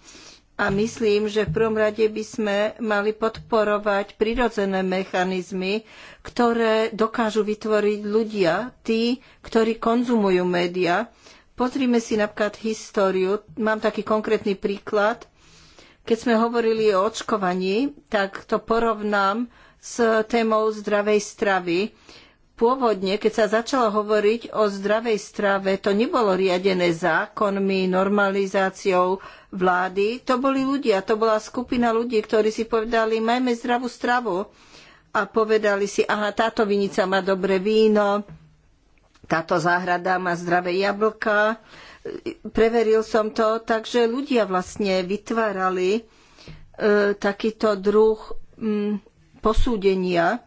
a myslím, že v prvom rade by sme mali podporovať prirodzené mechanizmy, ktoré dokážu vytvoriť ľudia, tí, ktorí konzumujú média. Pozrime si napríklad históriu. Mám taký konkrétny príklad. Keď sme hovorili o očkovaní, tak to porovnám s témou zdravej stravy. Pôvodne, keď sa začalo hovoriť o zdravej strave, to nebolo riadené zákonmi, normalizáciou vlády. To boli ľudia, to bola skupina ľudí, ktorí si povedali, majme zdravú stravu. A povedali si, aha, táto vinica má dobré víno, táto záhrada má zdravé jablka. Preveril som to, takže ľudia vlastne vytvárali e, takýto druh m, mm, posúdenia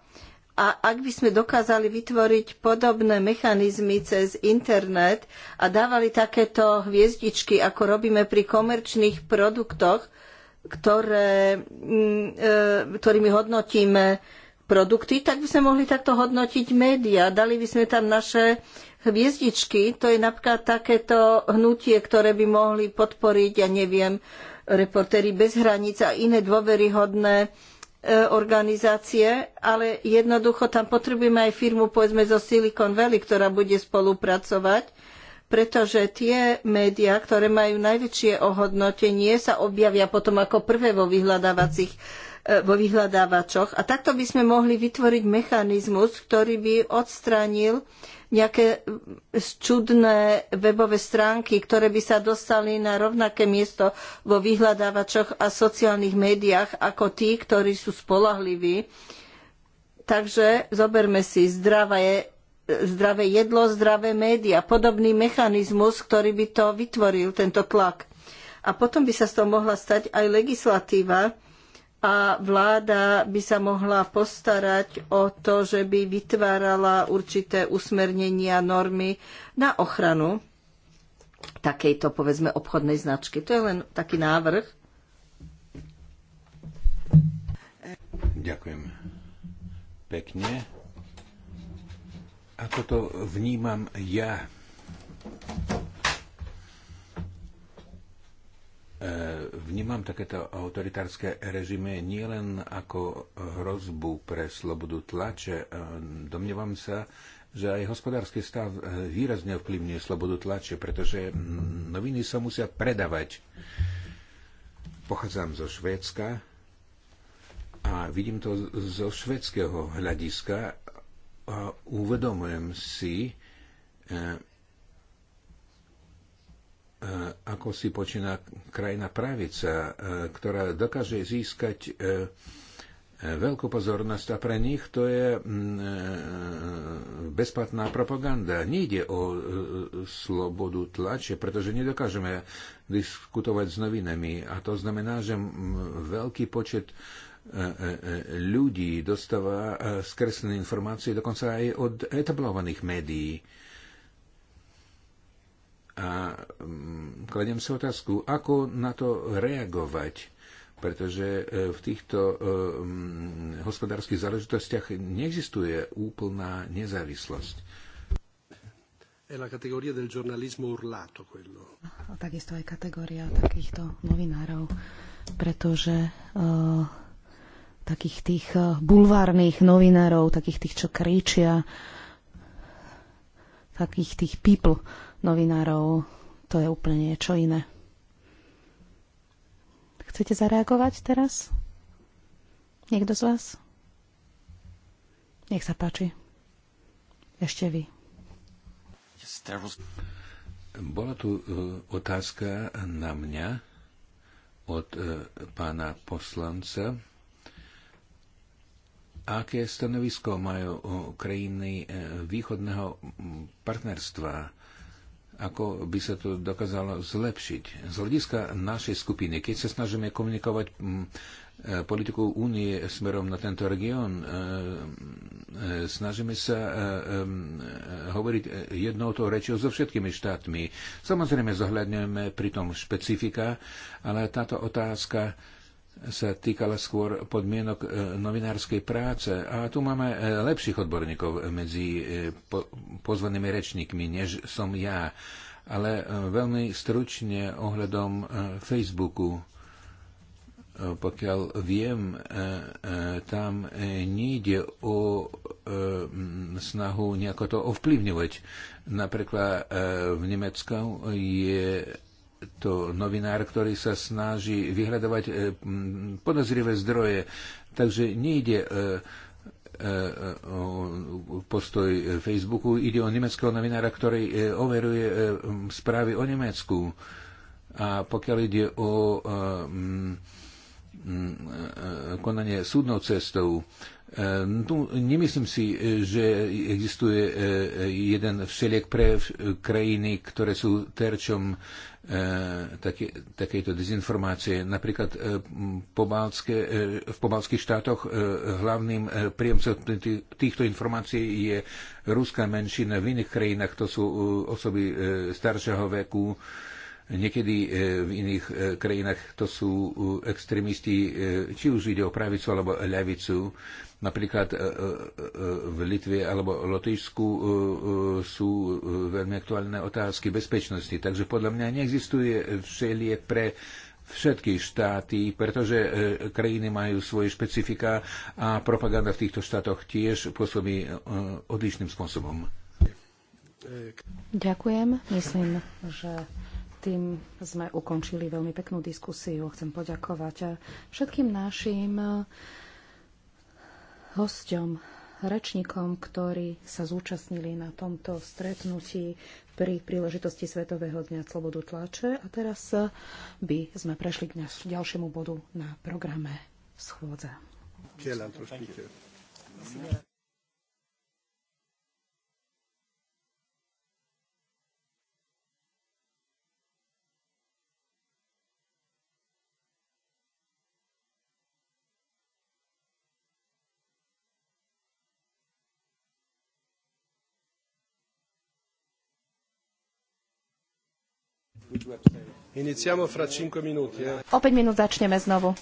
a ak by sme dokázali vytvoriť podobné mechanizmy cez internet a dávali takéto hviezdičky, ako robíme pri komerčných produktoch, ktoré, mm, e, ktorými hodnotíme produkty, tak by sme mohli takto hodnotiť médiá. Dali by sme tam naše hviezdičky. To je napríklad takéto hnutie, ktoré by mohli podporiť, ja neviem, reportéry bez hraníc a iné dôveryhodné E, organizácie, ale jednoducho tam potrebujeme aj firmu povedzme zo Silicon Valley, ktorá bude spolupracovať, pretože tie médiá, ktoré majú najväčšie ohodnotenie, sa objavia potom ako prvé vo vyhľadávacích E, vo vyhľadávačoch. A takto by sme mohli vytvoriť mechanizmus, ktorý by odstránil nejaké e, čudné webové stránky, ktoré by sa dostali na rovnaké miesto vo vyhľadávačoch a sociálnych médiách ako tí, ktorí sú spolahliví. Takže zoberme si zdravé, e, zdravé jedlo, zdravé médiá, podobný mechanizmus, ktorý by to vytvoril, tento tlak. A potom by sa z toho mohla stať aj legislatíva, a vláda by sa mohla postarať o to, že by vytvárala určité usmernenia, normy na ochranu takejto, povedzme, obchodnej značky. To je len taký návrh. Ďakujem pekne. Ako to vnímam ja? E, vnímam takéto autoritárske režimy nielen ako hrozbu pre slobodu tlače. E, domnievam sa, že aj hospodársky stav e, výrazne ovplyvňuje slobodu tlače, pretože noviny sa musia predávať. Pochádzam zo Švédska a vidím to zo švedského hľadiska a uvedomujem si, E, ako si počína krajina pravica, e, ktorá dokáže získať e, veľkú pozornosť a pre nich to je mm, bezplatná propaganda. Nejde o slobodu tlače, pretože nedokážeme diskutovať s novinami a to znamená, že veľký počet ľudí dostáva skreslené informácie dokonca aj od etablovaných médií. A mm, kladem si otázku, ako na to reagovať, pretože e, v týchto e, mm, hospodárskych záležitostiach neexistuje úplná nezávislosť. È la categoria del giornalismo urlato quello. A takisto aj kategória takýchto novinárov, pretože uh, takých tých bulvárnych novinárov, takých tých, čo kričia, takých tých people, novinárov, to je úplne niečo iné. Chcete zareagovať teraz? Niekto z vás? Nech sa páči. Ešte vy. Bola tu e, otázka na mňa od e, pána poslanca. Aké stanovisko majú e, krajiny východného partnerstva? ako by sa to dokázalo zlepšiť. Z hľadiska našej skupiny, keď sa snažíme komunikovať mm, e, politiku únie smerom na tento región, e, e, snažíme sa hovoriť jednou tou rečou so všetkými štátmi. Samozrejme, zohľadňujeme pritom špecifika, ale táto otázka sa týkala skôr podmienok e, novinárskej práce. A tu máme e, lepších odborníkov medzi e, pozvanými rečníkmi, než som ja. Ale veľmi stručne ohľadom Facebooku. Pokiaľ viem, tam nejde o snahu nejako to ovplyvňovať. Napríklad v Nemecku je to novinár, ktorý sa snaží vyhľadovať e, podozrivé zdroje. Takže nejde e, e, postoj Facebooku, ide o nemeckého novinára, ktorý overuje správy o Nemecku. A pokiaľ ide o konanie súdnou cestou, tu nemyslím si, že existuje jeden všeliek pre krajiny, ktoré sú terčom E, také, takejto dezinformácie. Napríklad e, po e, v pobalských štátoch hlavným príjemcom týchto informácií je ruská menšina. V iných krajinách to sú osoby staršieho veku. Niekedy v iných krajinách to sú extrémisti, či už ide o pravicu alebo ľavicu Napríklad e, e, e, v Litve alebo Lotyšsku sú veľmi aktuálne otázky bezpečnosti. Takže podľa mňa neexistuje všelie pre všetky štáty, pretože krajiny majú svoje špecifika a propaganda v týchto štátoch tiež pôsobí odlišným spôsobom. Ďakujem. Myslím, že tým sme ukončili veľmi peknú diskusiu. Chcem poďakovať všetkým našim hosťom, rečníkom, ktorí sa zúčastnili na tomto stretnutí pri príležitosti Svetového dňa slobodu tlače. A teraz eh, by sme prešli k ďalšiemu bodu na programe schôdze. Iniziamo fra 5 minuti. Eh. O 5 minút začneme znovu.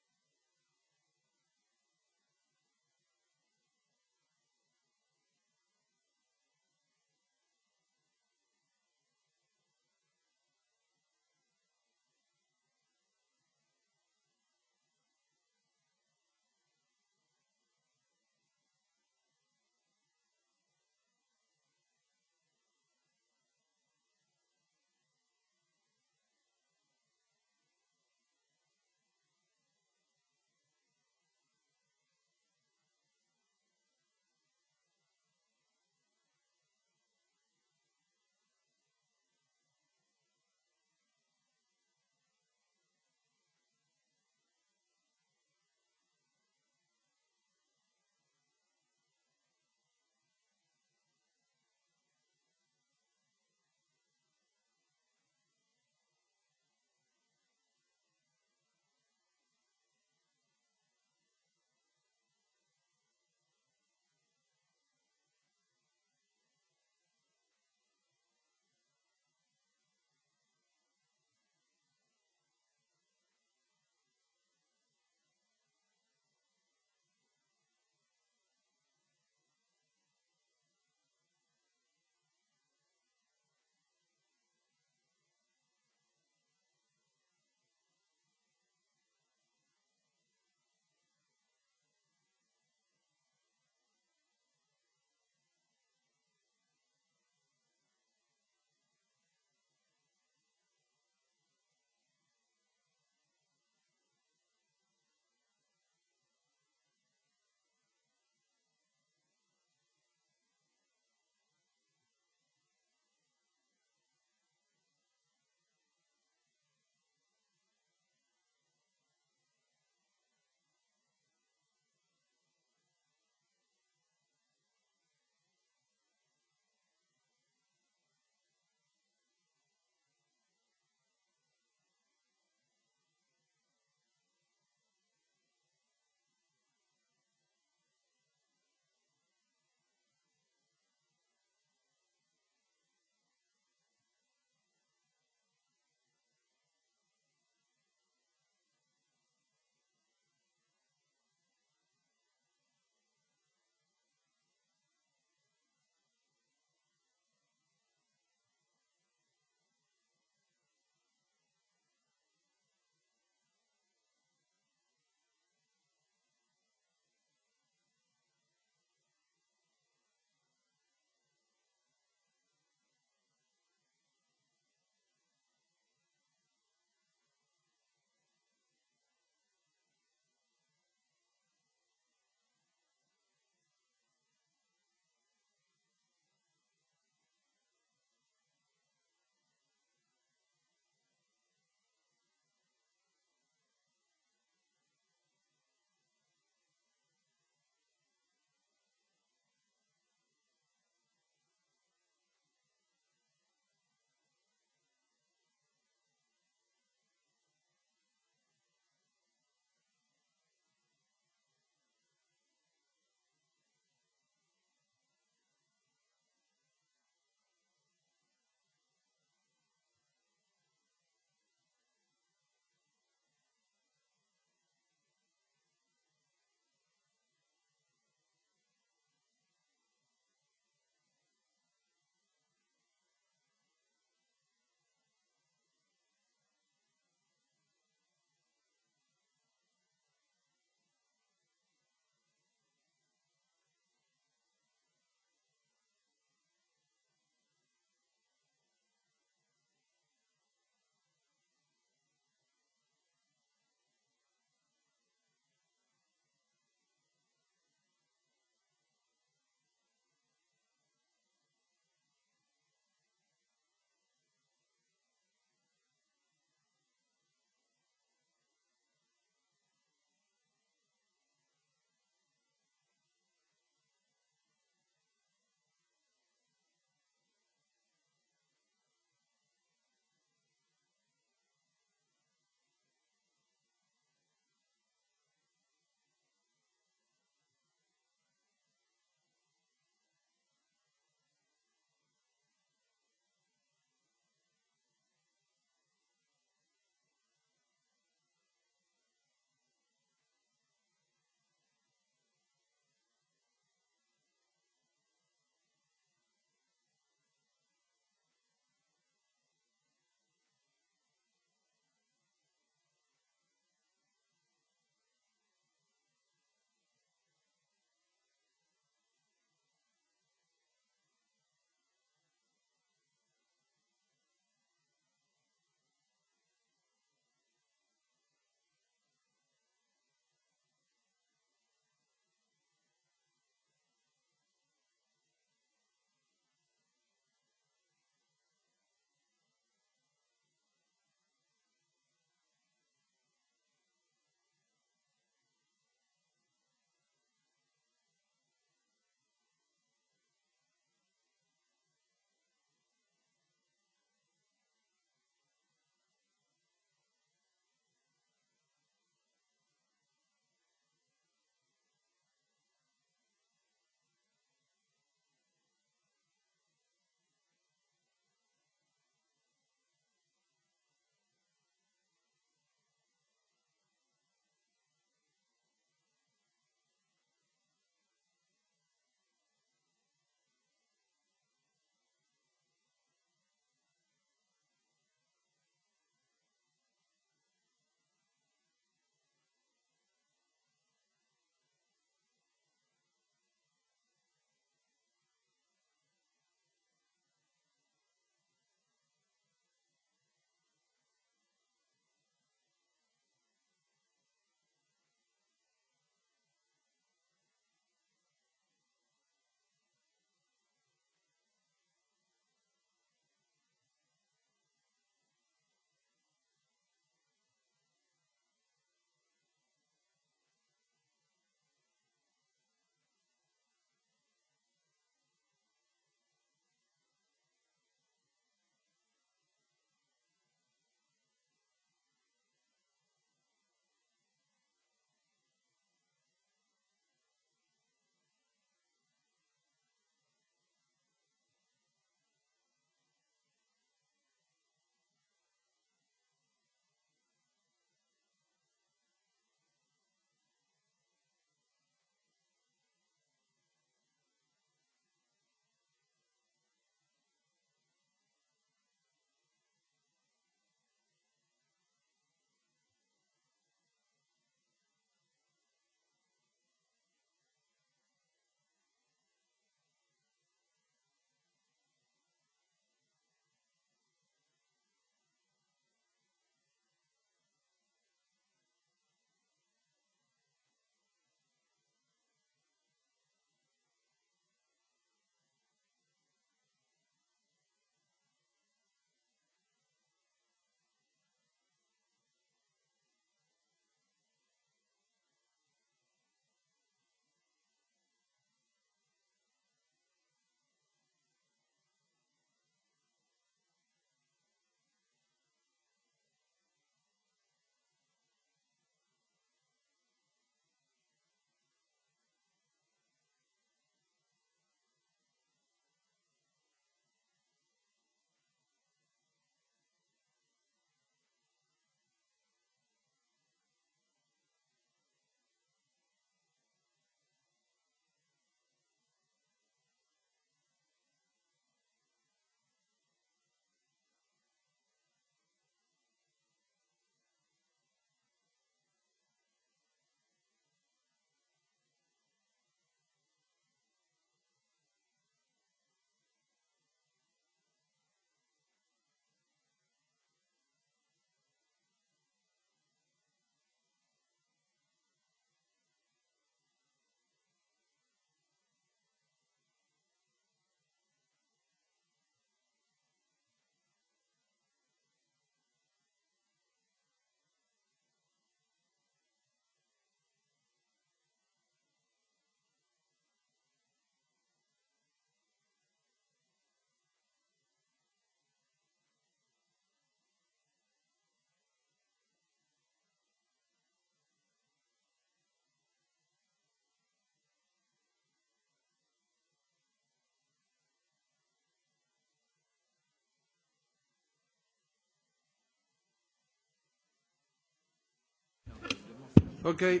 Okay.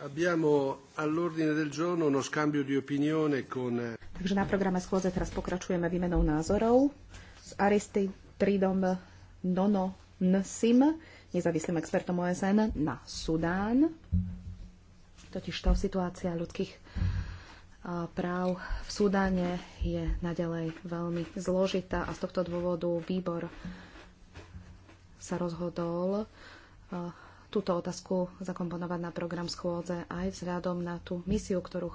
Abbiamo all'ordine del giorno uno scambio di opinione con... Eh, Takže na programe schôdze teraz pokračujeme výmenou názorov s Aristy Aristidom Nono Nsim, nezávislým expertom OSN na Sudán, totiž to situácia ľudských práv v Súdane je naďalej veľmi zložitá a z tohto dôvodu výbor sa rozhodol túto otázku zakomponovať na program schôdze aj vzhľadom na tú misiu, ktorú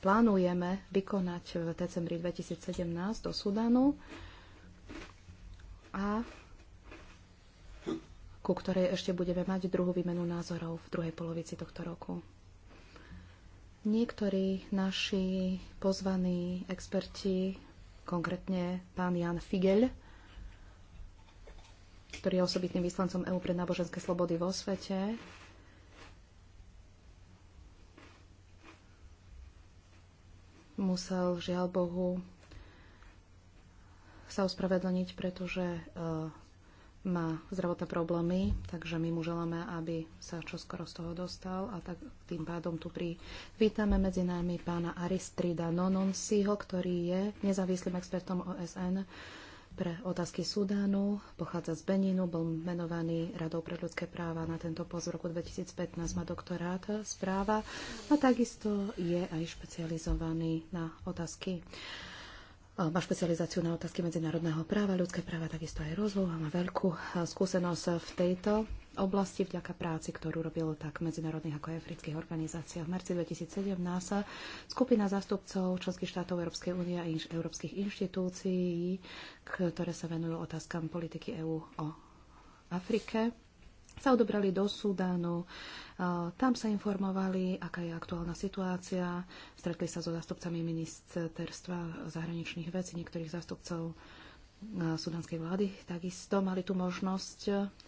plánujeme vykonať v decembri 2017 do Sudanu a ku ktorej ešte budeme mať druhú výmenu názorov v druhej polovici tohto roku. Niektorí naši pozvaní experti, konkrétne pán Jan Figel, ktorý je osobitným vyslancom EÚ pre náboženské slobody vo svete, musel žiaľ Bohu sa ospravedlniť, pretože eh, má zdravotné problémy, takže my mu želáme, aby sa čoskoro z toho dostal a tak tým pádom tu pri vítame medzi nami pána Aristrida Nononsiho, ktorý je nezávislým expertom OSN pre otázky Sudánu, pochádza z Beninu, bol menovaný Radou pre ľudské práva na tento post v roku 2015, má doktorát z práva a takisto je aj špecializovaný na otázky má špecializáciu na otázky medzinárodného práva, ľudské práva, takisto aj rozvoj a má veľkú skúsenosť v tejto oblasti vďaka práci, ktorú robil tak medzinárodných ako aj afrických organizáciách. V marci 2017 skupina zástupcov členských štátov Európskej únie a inš, európskych inštitúcií, ktoré sa venujú otázkam politiky EÚ o Afrike, sa odobrali do Sudánu. Tam sa informovali, aká je aktuálna situácia. Stretli sa so zástupcami ministerstva zahraničných vecí, niektorých zástupcov sudanskej vlády. Takisto mali tu možnosť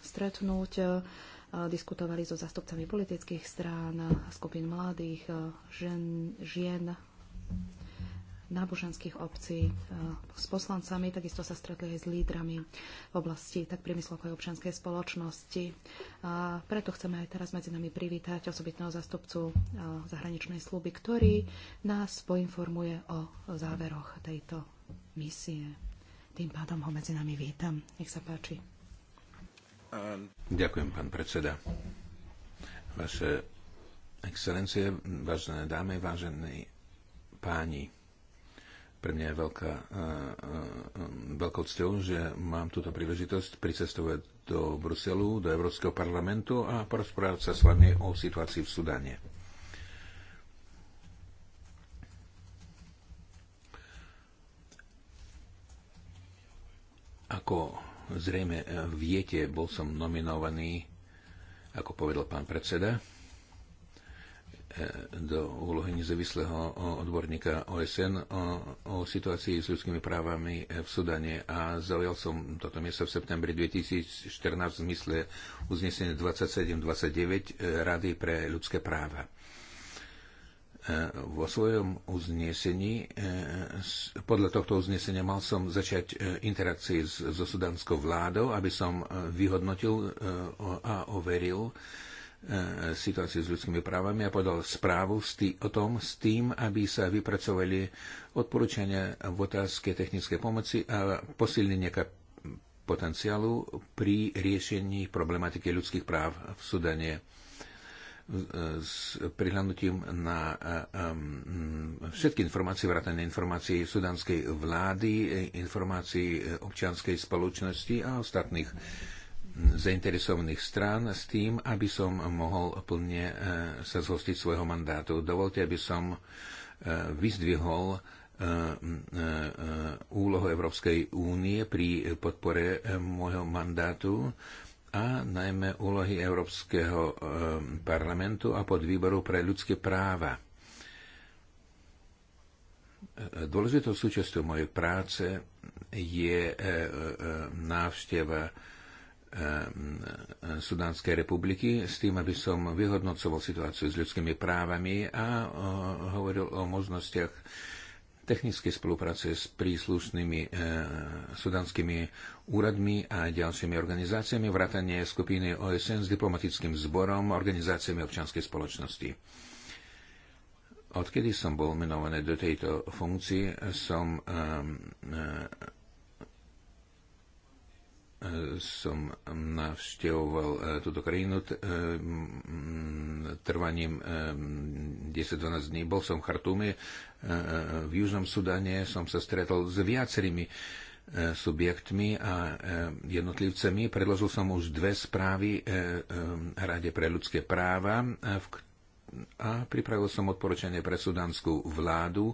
stretnúť diskutovali so zastupcami politických strán, skupín mladých, žen, žien, náboženských obcí eh, s poslancami, takisto sa stretli aj s lídrami v oblasti tak priemyslovkoj aj občianskej spoločnosti. A preto chceme aj teraz medzi nami privítať osobitného zastupcu eh, zahraničnej sluby, ktorý nás poinformuje o záveroch tejto misie. Tým pádom ho medzi nami vítam. Nech sa páči. Ďakujem, pán predseda. Vaše excelencie, vážené dámy, vážení páni, pre mňa je veľká, eh, eh, veľkou cťou, že mám túto príležitosť pricestovať do Bruselu, do Európskeho parlamentu a porozprávať sa s vami o situácii v Sudáne. Ako zrejme eh, viete, bol som nominovaný, ako povedal pán predseda, do úlohy nezávislého odborníka OSN o, o situácii s ľudskými právami v Sudane a zaujal som toto miesto v septembri 2014 v zmysle uznesenia 2729 eh, Rady pre ľudské práva. Eh, vo svojom uznesení, eh, podľa tohto uznesenia mal som začať interakcie so sudanskou vládou, aby som vyhodnotil a overil, E, situácie s ľudskými právami a podal správu tý, o tom s tým, aby sa vypracovali odporúčania v otázke technickej pomoci a posilnenie potenciálu pri riešení problematiky ľudských práv v Sudane e, s prihľadnutím na e, všetky informácie, vrátane informácií sudanskej vlády, informácií občianskej spoločnosti a ostatných zainteresovaných strán s tým, aby som mohol plne e, sa zhostiť svojho mandátu. Dovolte, aby som e, vyzdvihol e, úlohu Európskej únie pri podpore môjho mandátu a najmä úlohy Európskeho parlamentu a podvýboru pre ľudské práva. Dôležitou súčasťou mojej práce je návšteva Eh, Sudánskej republiky s tým, aby som vyhodnocoval situáciu s ľudskými právami a eh, hovoril o možnostiach technickej spolupráce s príslušnými e, sudanskými úradmi a ďalšími organizáciami, vrátanie skupiny OSN s diplomatickým zborom, organizáciami občianskej spoločnosti. Odkedy som bol menovaný do tejto funkcie, som e, som navštevoval e, túto krajinu e, trvaním 10-12 e, dní. Bol som v Chartume, v Južnom Sudane som sa stretol s viacerými subjektmi a jednotlivcami. Predložil som už dve správy Rade pre ľudské práva a pripravil som odporúčanie pre sudanskú vládu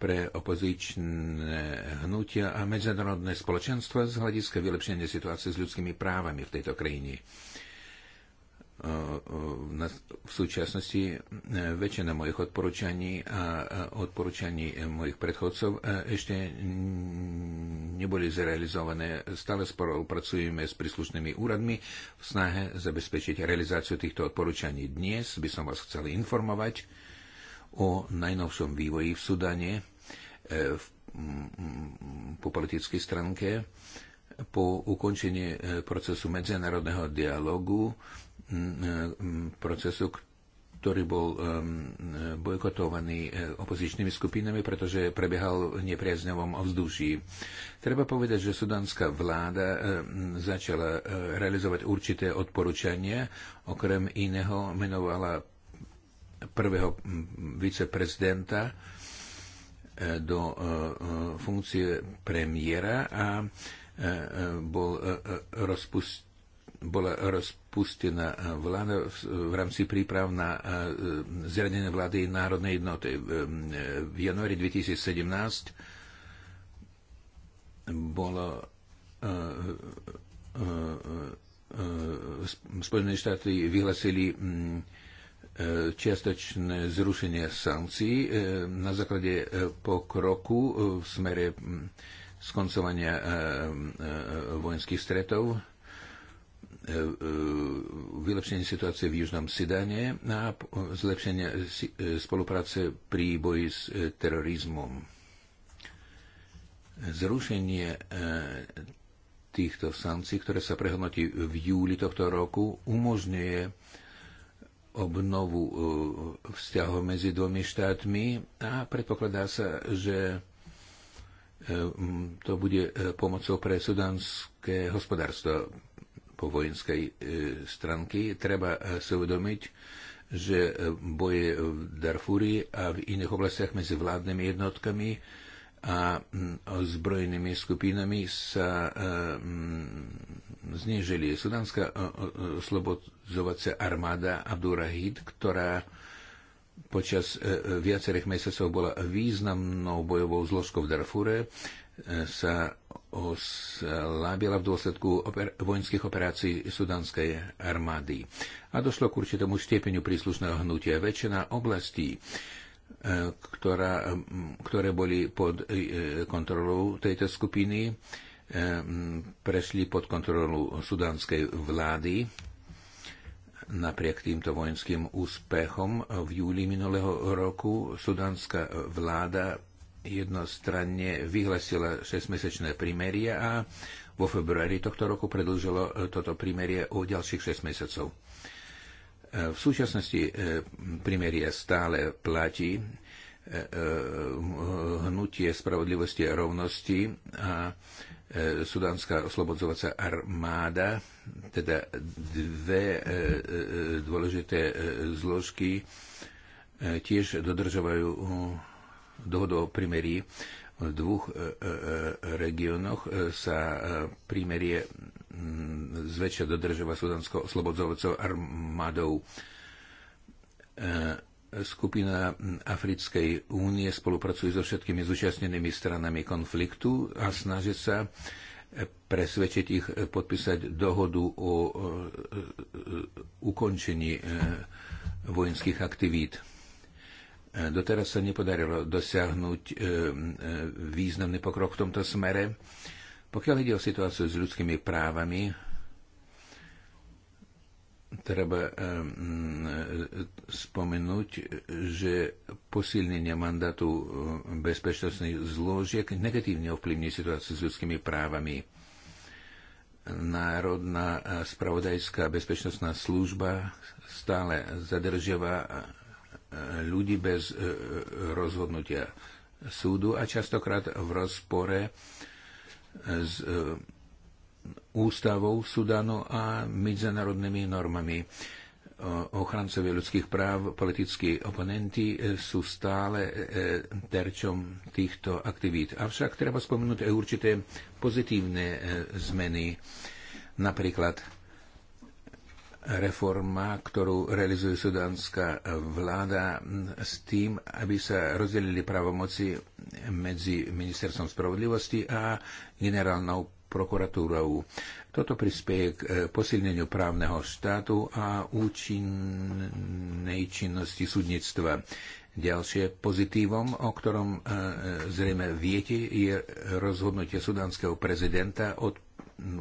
pre opozičné hnutia a medzinárodné spoločenstvo z hľadiska vylepšenia situácie s ľudskými právami v tejto krajine. V súčasnosti e, väčšina mojich odporúčaní a odporúčaní e, mojich predchodcov e, ešte neboli zrealizované. Stále spolupracujeme s príslušnými úradmi v snahe zabezpečiť realizáciu týchto odporúčaní. Dnes by som vás chcel informovať, o najnovšom vývoji v Sudane e, v, mm, po politickej stránke. Po ukončení e, procesu medzinárodného dialogu, e, procesu, ktorý bol bojkotovaný opozičnými skupinami, pretože prebiehal v nepriazňovom ovzduší. Treba povedať, že sudánska vláda začala realizovať určité odporúčania, okrem iného menovala prvého viceprezidenta e, do e, e, funkcie premiéra a bol rozpust, bola rozpustená vláda v rámci príprav na zradenie vlády národnej jednoty. V januári 2017 bolo Spojené štáty vyhlasili čiastočné zrušenie sankcií e, na základe e, pokroku e, v smere skoncovania vojenských stretov, vylepšenie situácie v Južnom Sidane a zlepšenie spolupráce pri boji s terorizmom. Zrušenie týchto sankcií, ktoré sa prehodnotí v júli tohto roku, umožňuje obnovu e, vzťahov medzi dvomi štátmi a predpokladá sa, že e, to bude e, pomocou pre Sudanské hospodárstvo po vojenskej stránke. Treba si uvedomiť, že boje v Darfúri a v iných oblastiach medzi vládnymi jednotkami a zbrojnými skupinami sa znížili. Sudanská slobod, zovace armáda Abdurahid, ktorá počas e, e, viacerých mesiacov bola významnou bojovou zložkou v Darfure, e, sa oslabila v dôsledku oper- vojenských operácií sudanskej armády. A došlo k určitému štiepeniu príslušného hnutia. Väčšina oblastí, ktorá, ktoré boli pod kontrolou tejto skupiny, prešli pod kontrolu sudanskej vlády Napriek týmto vojenským úspechom v júli minulého roku sudánska vláda jednostranne vyhlasila 6-mesečné primerie a vo februári tohto roku predlžilo e, toto primerie o ďalších 6 mesiacov. E, v súčasnosti e, primerie stále platí hnutie spravodlivosti a rovnosti a E, sudánska oslobodzovacia armáda, teda dve e, e, dôležité zložky tiež dodržovajú dohodu o primerí. V dvoch regiónoch sa primerie zväčšia dodržova sudánsko oslobodzovací armádou skupina Africkej únie spolupracuje so všetkými zúčastnenými stranami konfliktu a snaží sa presvedčiť ich podpísať dohodu o ukončení e, vojenských aktivít. E, doteraz sa nepodarilo dosiahnuť e, významný pokrok v tomto smere. Pokiaľ ide o situáciu s ľudskými právami, treba eh, mm, spomenúť, že posilnenie mandátu eh, bezpečnostných zložiek negatívne ovplyvní situáciu s ľudskými právami. Národná eh, spravodajská bezpečnostná služba stále zadržiava ľudí bez rozhodnutia súdu a častokrát v rozpore s ústavou Sudanu a medzinárodnými normami. Ochrancovia ľudských práv, politickí oponenti e, sú stále e, e, terčom týchto aktivít. Avšak treba spomenúť aj určité pozitívne zmeny. Napríklad reforma, ktorú realizuje sudánska vláda s tým, aby sa rozdelili právomoci medzi Ministerstvom spravodlivosti a generálnou prokuratúrou. Toto prispieje k e, posilneniu právneho štátu a účinnej činnosti súdnictva. Ďalšie pozitívom, o ktorom e, e, zrejme viete, je rozhodnutie sudánskeho prezidenta od 8.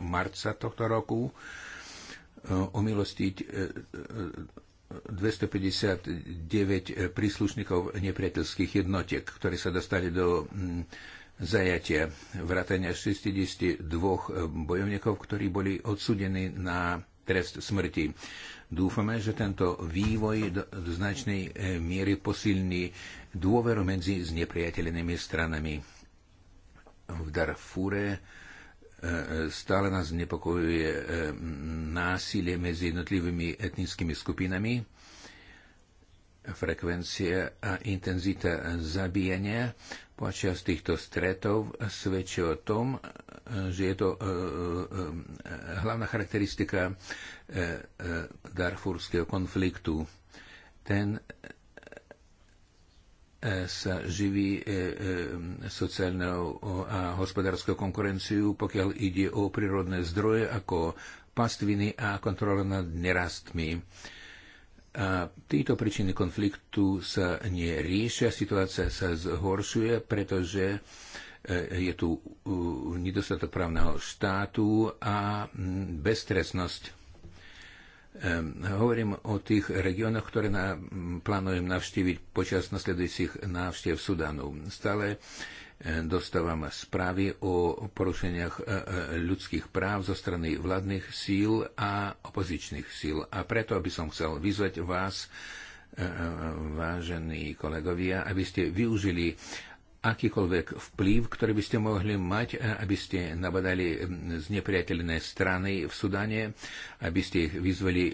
marca tohto roku omilostiť 259 príslušníkov nepriateľských jednotiek, ktorí sa dostali do zajatie, vrátania 62 bojovníkov, ktorí boli odsudení na trest smrti. Dúfame, že tento vývoj do, do značnej e, miery posilní dôveru medzi znepriateľenými stranami. V Darfúre e, stále nás znepokojuje e, násilie medzi jednotlivými etnickými skupinami frekvencia a intenzita zabíjania počas týchto stretov svedčí o tom, že je to e, e, e, hlavná charakteristika darfúrskeho konfliktu. Ten sa živí sociálnou a hospodárskou konkurenciou, pokiaľ ide o prírodné zdroje ako pastviny a kontrola nad nerastmi. A títo príčiny konfliktu sa neriešia, situácia sa zhoršuje, pretože e, je tu nedostatok právneho štátu a beztresnosť. Hovorím o tých regiónoch, ktoré na, plánujem navštíviť počas nasledujúcich návštev Sudanu. Stále dostávame správy o porušeniach e, e, ľudských práv zo strany vládnych síl a opozičných síl. A preto by som chcel vyzvať vás, e, vážení kolegovia, aby ste využili akýkoľvek vplyv, ktorý by ste mohli mať, aby ste nabadali znepriateľné strany v Sudane, aby ste ich vyzvali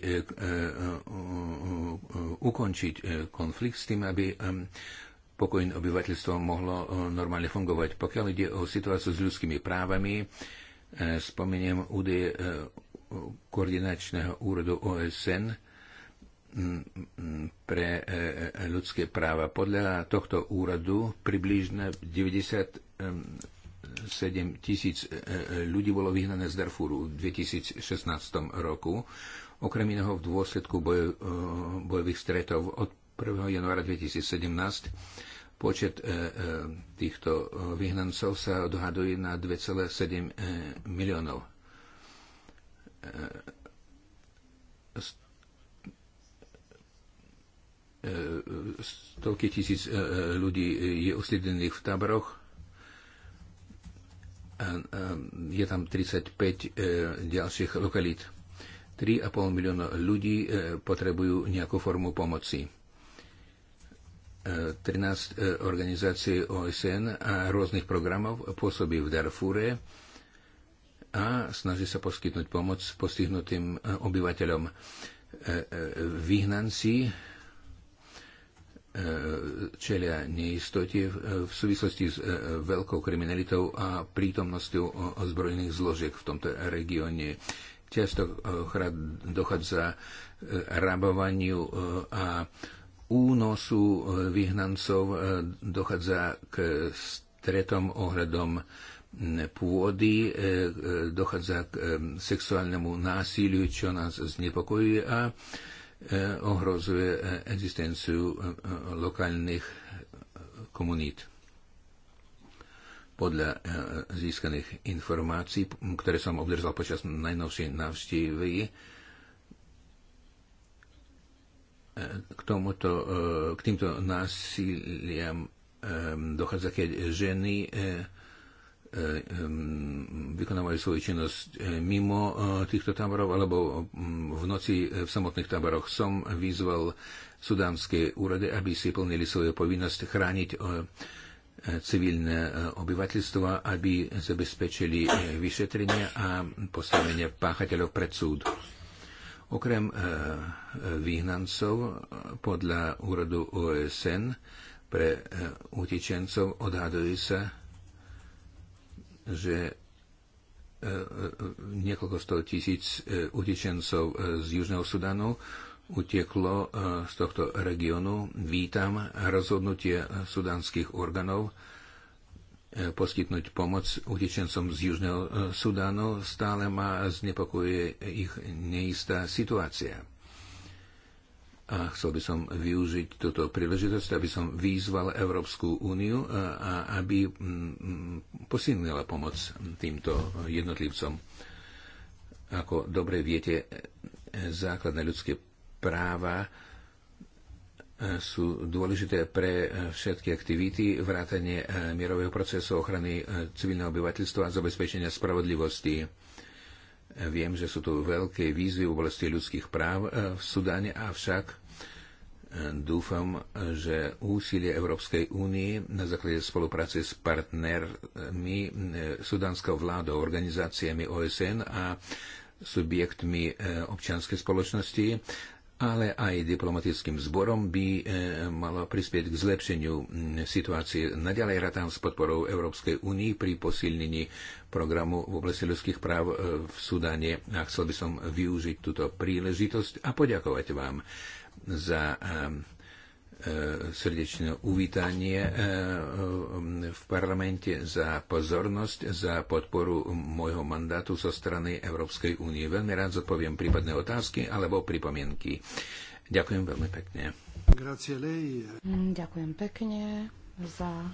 ukončiť konflikt s tým, aby pokojné obyvateľstvo mohlo e, normálne fungovať. Pokiaľ ide o situáciu s ľudskými právami, e, spomeniem údaje e, koordinačného úradu OSN pre ľudské práva. Podľa tohto úradu približne 97 tisíc ľudí bolo vyhnané z Darfúru v 2016 roku. Okrem iného v dôsledku bojo, bojových stretov od 1. januára 2017 Počet e, e, týchto e, vyhnancov sa odhaduje na 2,7 miliónov. Stovky tisíc ľudí je osídlených v táboroch. Je tam 35 ďalších lokalít. 3,5 milióna ľudí potrebujú nejakú formu pomoci 13 e, organizácií OSN a rôznych programov pôsobí v Darfúre a snaží sa poskytnúť pomoc postihnutým e, obyvateľom. E, vyhnanci čelia neistote v súvislosti s veľkou kriminalitou a prítomnosťou ozbrojených zložiek v tomto regióne. Často dochádza rabovaniu a únosu e, vyhnancov e, dochádza k stretom ohľadom pôdy, e, dochádza k sexuálnemu násiliu, čo nás znepokojuje a ohrozuje existenciu lokálnych komunít. Podľa získaných informácií, ktoré som obdržal počas najnovšej návštevy, k tomuto, e, k týmto násiliam dochádza, keď ženy e, vykonávajú svoju činnosť e, mimo týchto táborov alebo v noci v samotných táboroch. Som vyzval sudánske úrady, aby si plnili svoju povinnosť chrániť civilné obyvateľstvo, aby zabezpečili vyšetrenie a postavenie páchateľov pred súd. Okrem e, e, výhnancov e, podľa úradu OSN pre utečencov odhaduje sa, že niekoľko sto tisíc utečencov z Južného Sudanu uteklo z tohto regiónu. Vítam rozhodnutie sudanských orgánov E, poskytnúť pomoc utečencom z Južného e, Sudánu, stále ma znepokojuje ich neistá situácia. A chcel by som využiť túto príležitosť, aby som vyzval Európsku úniu, e, aby posilnila pomoc týmto jednotlivcom. Ako dobre viete, základné ľudské práva sú dôležité pre eh, všetky aktivity, vrátanie eh, mierového procesu, ochrany eh, civilného obyvateľstva a zabezpečenia spravodlivosti. Viem, že sú tu veľké výzvy v oblasti ľudských práv v Sudáne, avšak dúfam, že úsilie Európskej únie na základe spolupráce s partnermi, sudánskou vládou, organizáciami OSN a subjektmi občianskej spoločnosti ale aj diplomatickým zborom by e, malo prispieť k zlepšeniu situácie. Naďalej ratám s podporou Európskej únii pri posilnení programu v oblasti ľudských práv e, v Sudáne a chcel by som využiť túto príležitosť a poďakovať vám za e, E, srdečné uvítanie e, e, v parlamente za pozornosť, za podporu môjho mandátu zo strany Európskej únie. Veľmi rád zodpoviem prípadné otázky alebo pripomienky. Ďakujem veľmi pekne. Ďakujem pekne za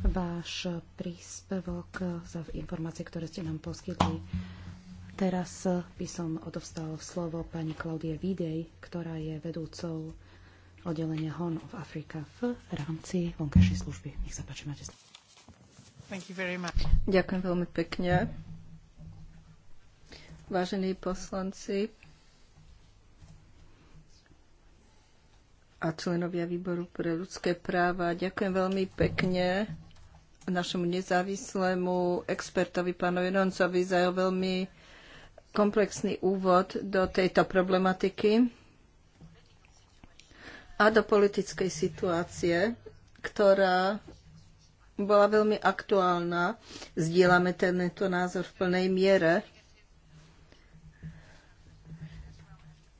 váš príspevok, za informácie, ktoré ste nám poskytli. Teraz by som odovstal slovo pani Klaudie Videj, ktorá je vedúcou oddelenia Horn of Africa v rámci vonkajšej služby. Nech sa páči, máte Ďakujem veľmi pekne. Vážení poslanci a členovia výboru pre ľudské práva, ďakujem veľmi pekne našemu nezávislému expertovi pánu Jeroncovi za jeho veľmi komplexný úvod do tejto problematiky a do politickej situácie, ktorá bola veľmi aktuálna. Zdieľame tento názor v plnej miere.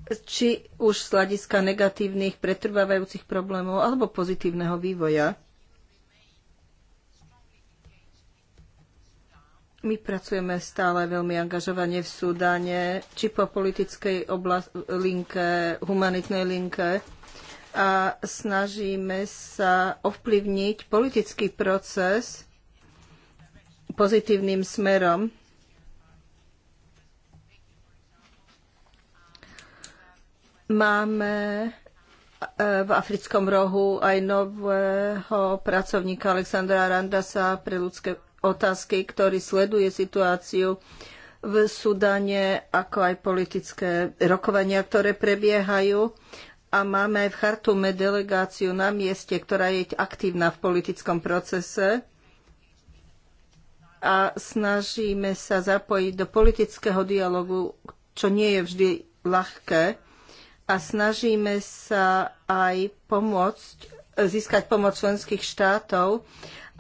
Či už z hľadiska negatívnych, pretrvávajúcich problémov alebo pozitívneho vývoja. My pracujeme stále veľmi angažovane v Súdane, či po politickej obla- linke, humanitnej linke, a snažíme sa ovplyvniť politický proces pozitívnym smerom. Máme e, v africkom rohu aj nového pracovníka Alexandra Randasa pre ľudské otázky, ktorý sleduje situáciu v Sudane, ako aj politické rokovania, ktoré prebiehajú a máme v Chartume delegáciu na mieste, ktorá je aktívna v politickom procese a snažíme sa zapojiť do politického dialogu, čo nie je vždy ľahké a snažíme sa aj pomôcť, získať pomoc členských štátov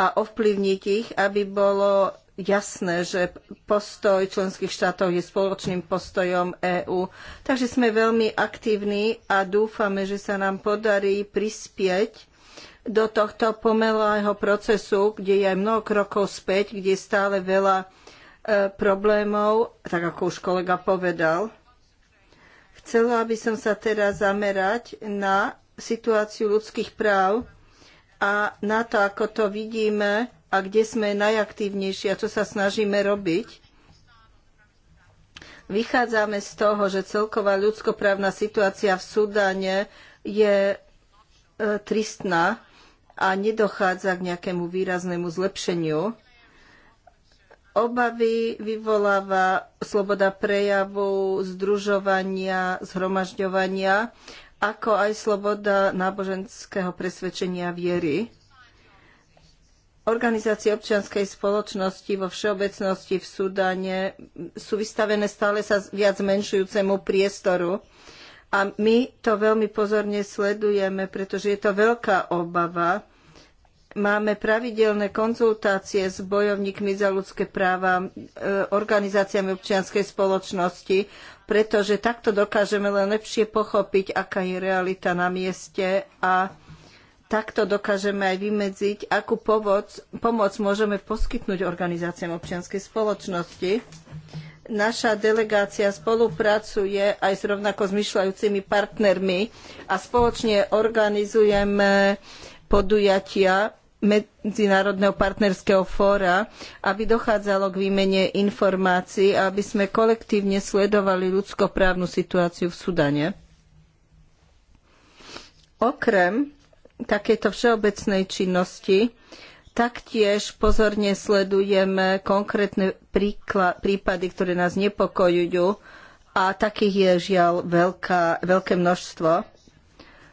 a ovplyvniť ich, aby bolo jasné, že postoj členských štátov je spoločným postojom EÚ. Takže sme veľmi aktívni a dúfame, že sa nám podarí prispieť do tohto pomelého procesu, kde je aj mnoho krokov späť, kde je stále veľa e, problémov, tak ako už kolega povedal. Chcela by som sa teraz zamerať na situáciu ľudských práv a na to, ako to vidíme a kde sme najaktívnejší a čo sa snažíme robiť. Vychádzame z toho, že celková ľudskoprávna situácia v Sudáne je e, tristná a nedochádza k nejakému výraznému zlepšeniu. Obavy vyvoláva sloboda prejavu, združovania, zhromažďovania, ako aj sloboda náboženského presvedčenia viery. Organizácie občianskej spoločnosti vo všeobecnosti v Sudane sú vystavené stále sa viac zmenšujúcemu priestoru. A my to veľmi pozorne sledujeme, pretože je to veľká obava. Máme pravidelné konzultácie s bojovníkmi za ľudské práva, e, organizáciami občianskej spoločnosti, pretože takto dokážeme len lepšie pochopiť, aká je realita na mieste a takto dokážeme aj vymedziť, akú pomoc, pomoc môžeme poskytnúť organizáciám občianskej spoločnosti. Naša delegácia spolupracuje aj s rovnako zmyšľajúcimi partnermi a spoločne organizujeme podujatia Medzinárodného partnerského fóra, aby dochádzalo k výmene informácií a aby sme kolektívne sledovali ľudskoprávnu situáciu v Sudane. Okrem takéto všeobecnej činnosti. Taktiež pozorne sledujeme konkrétne prípady, ktoré nás nepokojujú a takých je žiaľ veľká, veľké množstvo.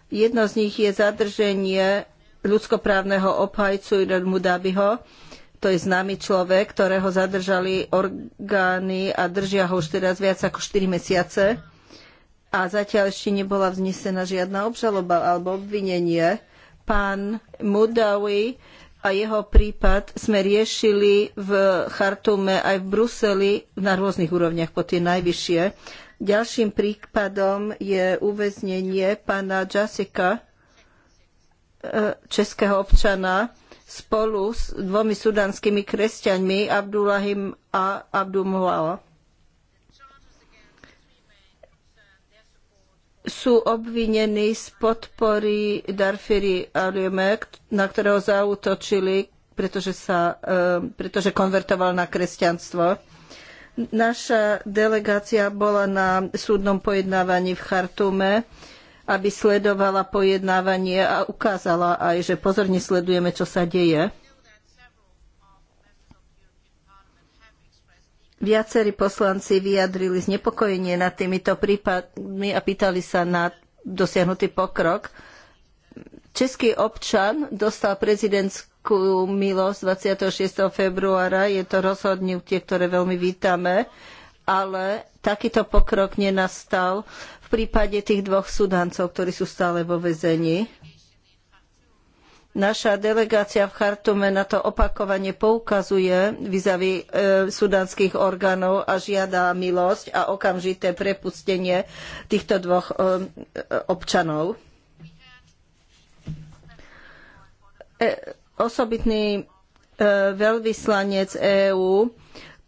Jedno z nich je zadrženie ľudskoprávneho obhajcu Iran Mudabiho. To je známy človek, ktorého zadržali orgány a držia ho už teraz viac ako 4 mesiace. A zatiaľ ešte nebola vznesená žiadna obžaloba alebo obvinenie Pán Mudawi a jeho prípad sme riešili v Chartume aj v Bruseli na rôznych úrovniach po tie najvyššie. Ďalším prípadom je uväznenie pána Jasika, e, českého občana, spolu s dvomi sudanskými kresťanmi, Abdullahim a Abdumulao sú obvinení z podpory Darfiri Aliumek, na ktorého zautočili, pretože, sa, e, pretože konvertoval na kresťanstvo. Naša delegácia bola na súdnom pojednávaní v Chartume, aby sledovala pojednávanie a ukázala aj, že pozorne sledujeme, čo sa deje. Viacerí poslanci vyjadrili znepokojenie nad týmito prípadmi a pýtali sa na dosiahnutý pokrok. Český občan dostal prezidentskú milosť 26. februára. Je to rozhodnutie, ktoré veľmi vítame, ale takýto pokrok nenastal v prípade tých dvoch sudancov, ktorí sú stále vo väzení Naša delegácia v Chartume na to opakovane poukazuje vizavi e, sudánskych orgánov a žiada milosť a okamžité prepustenie týchto dvoch e, občanov. E, osobitný e, veľvyslanec EÚ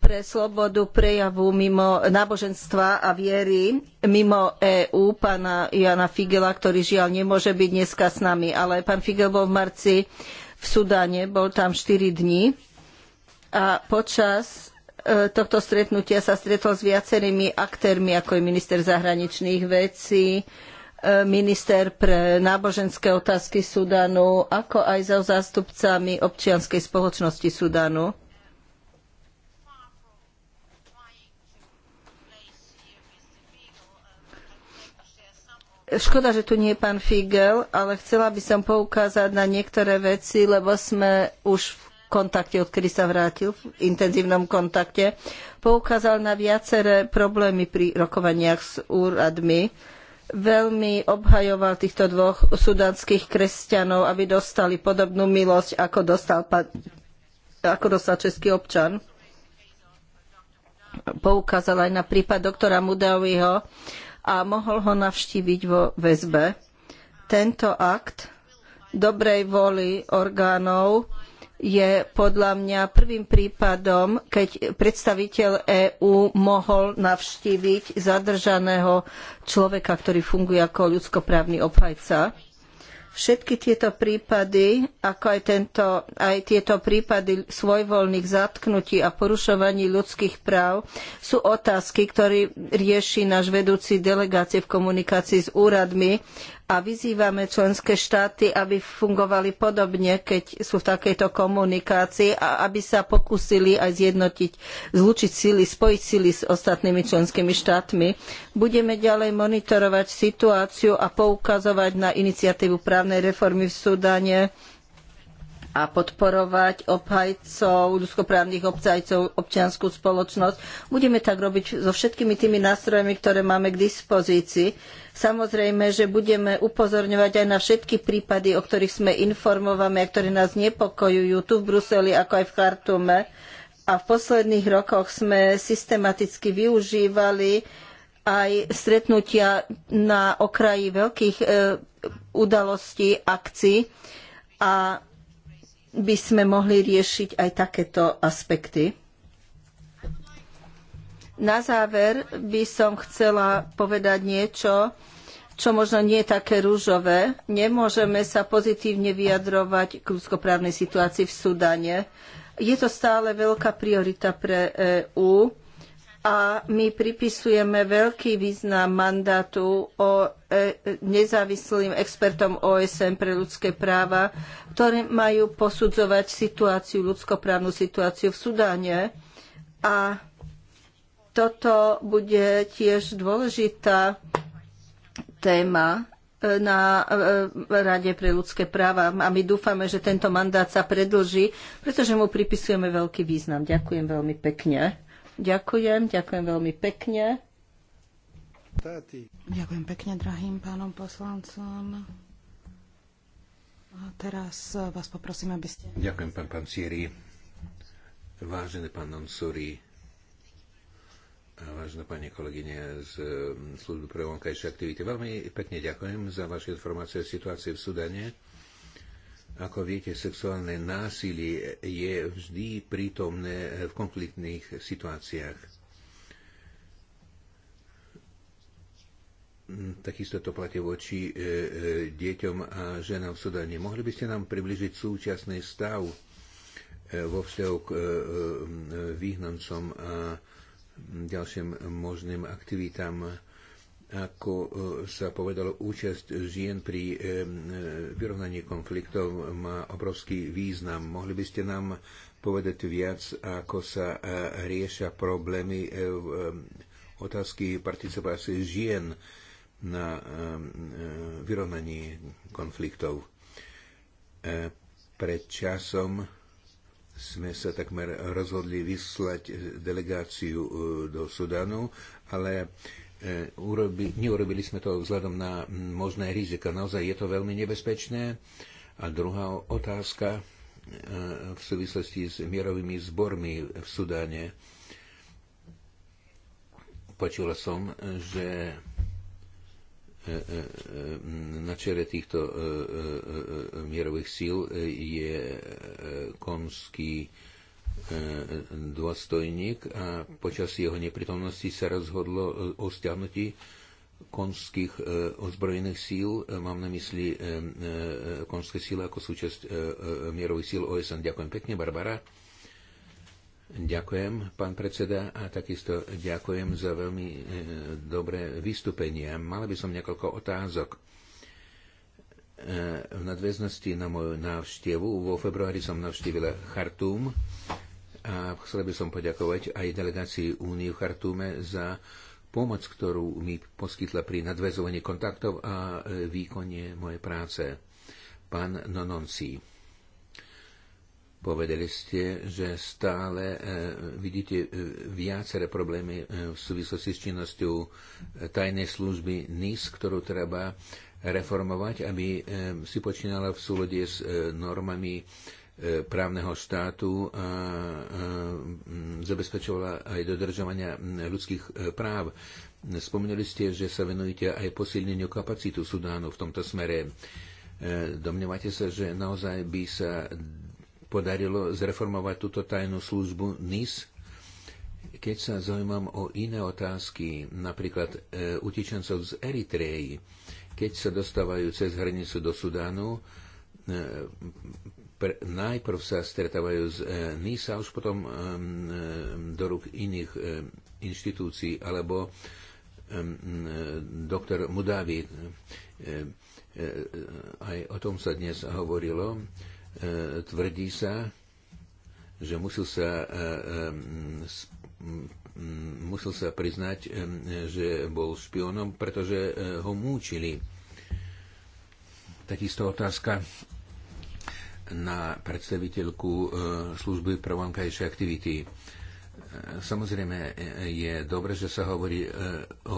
pre slobodu prejavu mimo náboženstva a viery mimo EÚ, pána Jana Figela, ktorý žiaľ nemôže byť dneska s nami. Ale pán Figel bol v marci v Sudáne, bol tam 4 dní a počas e, tohto stretnutia sa stretol s viacerými aktérmi, ako je minister zahraničných vecí, e, minister pre náboženské otázky Sudanu, ako aj so zástupcami občianskej spoločnosti Sudanu Škoda, že tu nie je pán Figel, ale chcela by som poukázať na niektoré veci, lebo sme už v kontakte, odkedy sa vrátil, v intenzívnom kontakte. Poukázal na viaceré problémy pri rokovaniach s úradmi. Veľmi obhajoval týchto dvoch sudanských kresťanov, aby dostali podobnú milosť, ako dostal, ako dostal český občan. Poukázal aj na prípad doktora Mudawiho, a mohol ho navštíviť vo väzbe. Tento akt dobrej voly orgánov je podľa mňa prvým prípadom, keď predstaviteľ EÚ mohol navštíviť zadržaného človeka, ktorý funguje ako ľudskoprávny obhajca. Všetky tieto prípady, ako aj, tento, aj tieto prípady svojvoľných zatknutí a porušovaní ľudských práv, sú otázky, ktoré rieši náš vedúci delegácie v komunikácii s úradmi a vyzývame členské štáty, aby fungovali podobne, keď sú v takejto komunikácii a aby sa pokúsili aj zjednotiť, zlučiť sily, spojiť sily s ostatnými členskými štátmi. Budeme ďalej monitorovať situáciu a poukazovať na iniciatívu právnej reformy v Sudáne, a podporovať obhajcov, ľudskoprávnych obhajcov, občianskú spoločnosť. Budeme tak robiť so všetkými tými nástrojmi, ktoré máme k dispozícii. Samozrejme, že budeme upozorňovať aj na všetky prípady, o ktorých sme informovaní a ktoré nás nepokojujú tu v Bruseli, ako aj v Chartume. A v posledných rokoch sme systematicky využívali aj stretnutia na okraji veľkých e, udalostí, akcií a by sme mohli riešiť aj takéto aspekty. Na záver by som chcela povedať niečo, čo možno nie je také rúžové. Nemôžeme sa pozitívne vyjadrovať k ľudskoprávnej situácii v Sudane. Je to stále veľká priorita pre EÚ a my pripisujeme veľký význam mandátu o e, nezávislým expertom OSN pre ľudské práva, ktorí majú posudzovať situáciu, ľudskoprávnu situáciu v Sudáne. A toto bude tiež dôležitá téma e, na e, Rade pre ľudské práva a my dúfame, že tento mandát sa predlží, pretože mu pripisujeme veľký význam. Ďakujem veľmi pekne. Ďakujem, ďakujem veľmi pekne. Ďakujem pekne, drahým pánom poslancom. A teraz vás poprosím, aby ste... Ďakujem, pán Pancieri. Vážený pán Nonsuri. vážená pani kolegyne z eh, služby pre vonkajšie aktivity, veľmi pekne ďakujem za vaše informácie o situácii v Sudane ako viete, sexuálne násilie je vždy prítomné v konfliktných situáciách. Takisto to platí voči e, e, deťom a ženám v Sudáne. Mohli by ste nám približiť súčasný stav e, vo vzťahu k výhnancom a ďalším možným aktivitám ako e, sa povedalo, účasť žien pri e, e, vyrovnaní konfliktov má obrovský význam. Mohli by ste nám povedať viac, ako sa riešia problémy otázky participácie žien na vyrovnaní konfliktov. Pred časom sme sa takmer rozhodli vyslať delegáciu do Sudanu, ale E, urobi, neurobili sme to vzhľadom na možné rizika. Naozaj je to veľmi nebezpečné. A druhá otázka e, v súvislosti s mierovými zbormi v Sudáne. Počula som, že e, na čele týchto mierových síl je konský E, dôstojník a počas jeho neprítomnosti sa rozhodlo e, o stiahnutí konských e, ozbrojených síl. Mám na mysli konské síly ako súčasť mierových síl OSN. Ďakujem pekne, Barbara. Ďakujem, pán predseda, a takisto ďakujem za veľmi dobré vystúpenie. Mala by som niekoľko otázok. V nadväznosti na moju návštevu vo februári som navštívila Chartum a chcel by som poďakovať aj delegácii Únie v Chartume za pomoc, ktorú mi poskytla pri nadväzovaní kontaktov a e, výkone mojej práce. Pán Nononci, povedali ste, že stále e, vidíte e, viaceré problémy v súvislosti s činnosťou tajnej služby NIS, ktorú treba reformovať, aby si počínala v súlode s normami E, právneho štátu a zabezpečovala aj dodržovania ľudských e, práv. Spomínali ste, že sa venujete aj posilneniu kapacitu Sudánu v tomto smere. E, domnievate sa, že naozaj by sa podarilo zreformovať túto tajnú službu NIS? Keď sa zaujímam o iné otázky, napríklad e, utečencov z Eritreji, keď sa dostávajú cez hranicu do Sudánu, pr- najprv sa stretávajú z e, NISA, už potom e, e do rúk iných e, inštitúcií, alebo e, e doktor Mudavi, e, e, e, aj o tom sa dnes hovorilo, e, tvrdí sa, že musel sa, musel sa priznať, že bol špionom, pretože ho múčili. Takisto otázka na predstaviteľku e, služby pre vonkajšie aktivity. E, samozrejme, e, je dobre, že sa hovorí o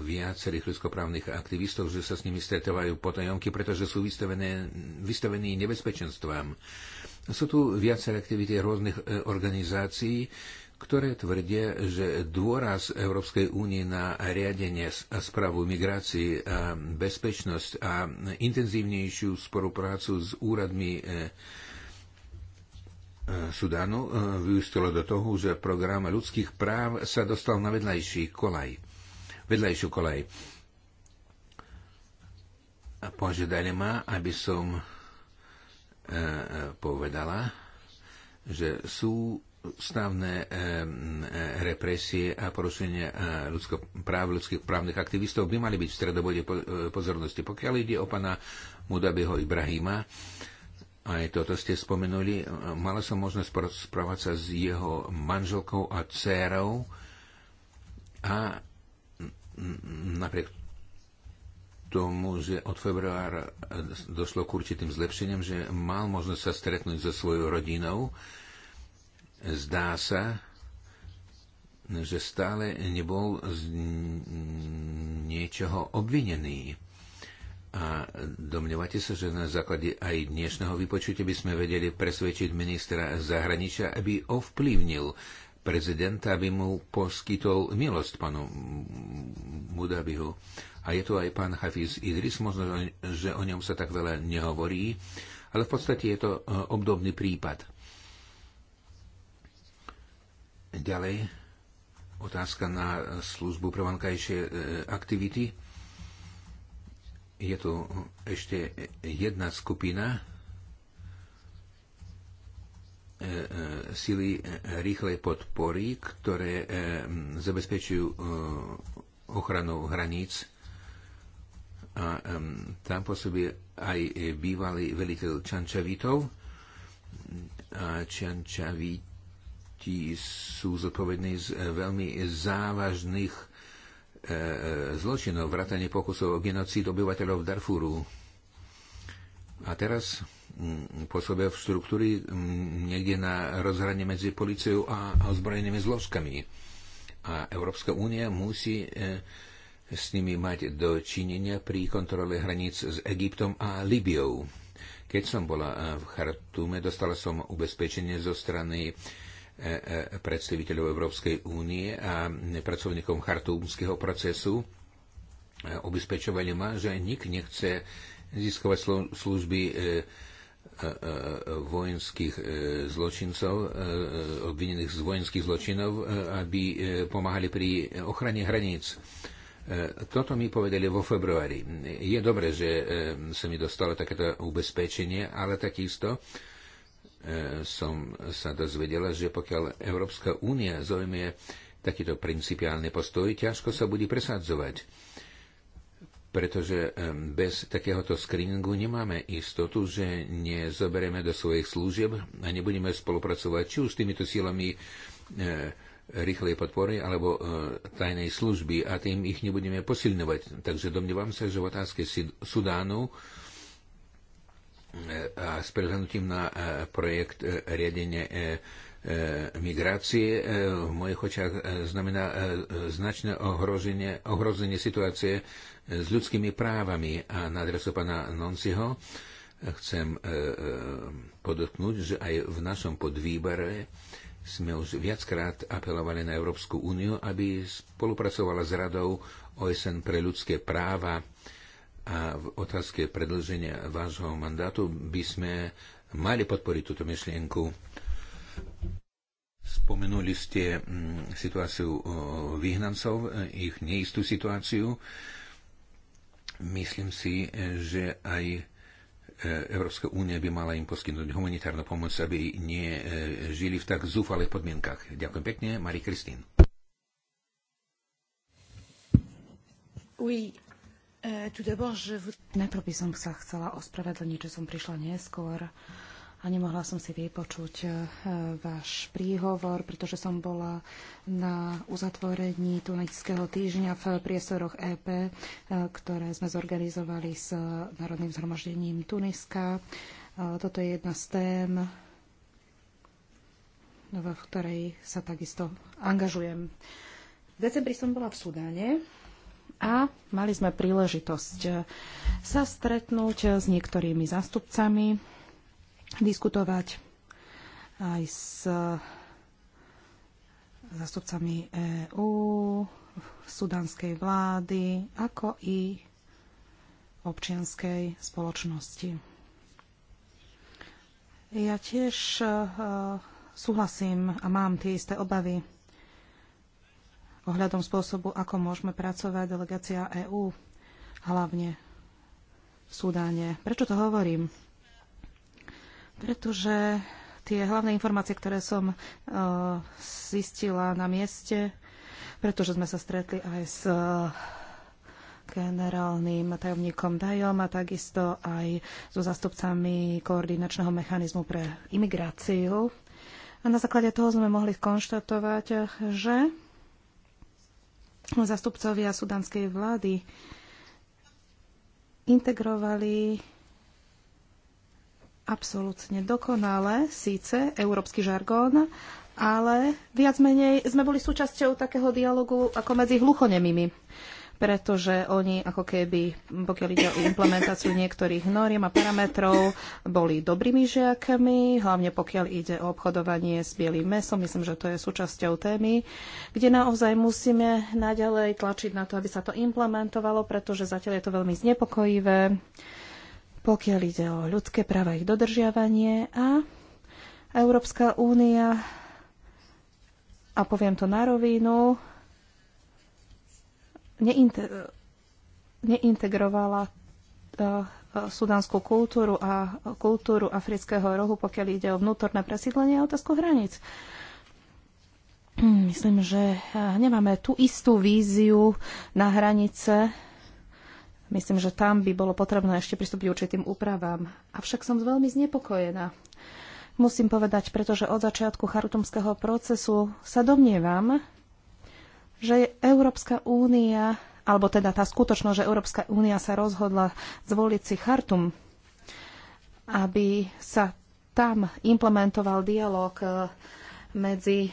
viacerých ľudskoprávnych aktivistov, že sa s nimi stretávajú potajomky, pretože sú vystavené, vystavení nebezpečenstvám. Sú tu viaceré aktivity rôznych organizácií, ktoré tvrdia, že dôraz Európskej únie na riadenie a správu migrácií, a bezpečnosť a intenzívnejšiu spoluprácu s úradmi e, e, Sudánu e, vyústilo do toho, že program ľudských práv sa dostal na vedľajší kolaj. Vedľajšiu kolaj. A požiadali ma, aby som povedala, že sú ústavné eh, represie a porušenie eh, ľudsko, práv ľudských právnych aktivistov by mali byť v stredobode eh, pozornosti. Pokiaľ ide o pana Mudabeho Ibrahima, aj toto ste spomenuli, mala som možnosť správať sa s jeho manželkou a dcérou a napriek tomu, že od februára došlo k určitým zlepšeniam, že mal možnosť sa stretnúť so svojou rodinou, Zdá sa, že stále nebol z niečoho obvinený. A domnievate sa, že na základe aj dnešného vypočutia by sme vedeli presvedčiť ministra zahraničia, aby ovplyvnil prezidenta, aby mu poskytol milosť panu Mudabihu. A je tu aj pán Hafiz Idris, možno, že o ňom sa tak veľa nehovorí, ale v podstate je to e, obdobný prípad. Ďalej, otázka na službu pre vankajšie e, aktivity. Je tu ešte jedna skupina e, e, sily rýchlej podpory, ktoré zabezpečujú ochranu hraníc a tam pôsobí aj bývalý veliteľ Čančavitov. A Čančavit ti sú zodpovední z eh, veľmi závažných eh, eh, zločinov, vrátanie pokusov o genocíd obyvateľov Darfúru. A teraz mm, pôsobia v štruktúry mm, niekde na rozhranie medzi policiou a ozbrojenými zložkami. A Európska únia musí s nimi mať dočinenia pri kontrole hraníc s Egyptom a Libiou. Keď som bola v Chartume, dostala som ubezpečenie zo strany E, e, predstaviteľov Európskej únie a pracovníkom chartúmskeho procesu. Ubezpečovali e, ma, že nik nechce získovať služby vojenských zločincov, obvinených z vojenských zločinov, aby pomáhali pri ochrane hraníc. Toto mi povedali vo februári. Je dobré, že sa mi dostalo takéto ubezpečenie, ale takisto E, som sa dozvedela, že pokiaľ Európska únia zaujme takýto principiálny postoj, ťažko sa bude presadzovať. Pretože e, bez takéhoto screeningu nemáme istotu, že nezoberieme do svojich služieb a nebudeme spolupracovať či už s týmito sílami e, rýchlej podpory alebo tajnej služby a tým ich nebudeme posilňovať. Takže domnievam sa, že v otázke Sudánu E, a s prihľadnutím na e, projekt e, riadenie migrácie v mojich očiach znamená značné ohrozenie, ohrozenie situácie s ľudskými právami. A na adresu pana Nonciho chcem podotknúť, že aj v našom podvýbore sme už viackrát apelovali na Európsku úniu, aby spolupracovala s Radou OSN pre ľudské práva a v otázke predlženia vášho mandátu by sme mali podporiť túto myšlienku. Spomenuli ste mm, situáciu vyhnancov, ich neistú situáciu. Myslím si, že aj e, Európska únia by mala im poskytnúť humanitárnu pomoc, aby nie e, žili v tak zúfalých podmienkach. Ďakujem pekne, Marie Kristín. Oui, E, Najprv by som sa chcela ospravedlniť, že som prišla neskôr a nemohla som si vypočuť e, váš príhovor, pretože som bola na uzatvorení Tunajského týždňa v priestoroch EP, e, ktoré sme zorganizovali s Národným zhromaždením Tuniska. Toto je jedna z tém, v ktorej sa takisto angažujem. V decembri som bola v Sudáne a mali sme príležitosť eh, sa stretnúť eh, s niektorými zástupcami, diskutovať aj s eh, zástupcami EÚ, sudanskej vlády, ako i občianskej spoločnosti. Ja tiež súhlasím a mám tie isté obavy, ohľadom spôsobu, ako môžeme pracovať delegácia EÚ, hlavne v súdáne. Prečo to hovorím? Pretože tie hlavné informácie, ktoré som uh, zistila na mieste, pretože sme sa stretli aj s e, generálnym tajomníkom Dajom a takisto aj so zastupcami koordinačného mechanizmu pre imigráciu. A na základe toho sme mohli konštatovať, že zastupcovia sudanskej vlády integrovali absolútne dokonale síce európsky žargón, ale viac menej sme boli súčasťou takého dialogu ako medzi hluchonemými pretože oni ako keby, pokiaľ ide o implementáciu niektorých noriem a parametrov, boli dobrými žiakmi, hlavne pokiaľ ide o obchodovanie s bielým mesom. Myslím, že to je súčasťou témy, kde naozaj musíme naďalej tlačiť na to, aby sa to implementovalo, pretože zatiaľ je to veľmi znepokojivé, pokiaľ ide o ľudské práva, ich dodržiavanie a Európska únia a poviem to na rovinu, neinte, neintegrovala e, e, sudanskú kultúru a kultúru afrického rohu, pokiaľ ide o vnútorné presídlenie a otázku hraníc. Hmm, myslím, že e, nemáme tú istú víziu na hranice. Myslím, že tam by bolo potrebné ešte pristúpiť určitým úpravám. Avšak som veľmi znepokojená. Musím povedať, pretože od začiatku charutumského procesu sa domnievam, že Európska únia, alebo teda tá skutočnosť, že Európska únia sa rozhodla zvoliť si Chartum, aby sa tam implementoval dialog eh, medzi eh,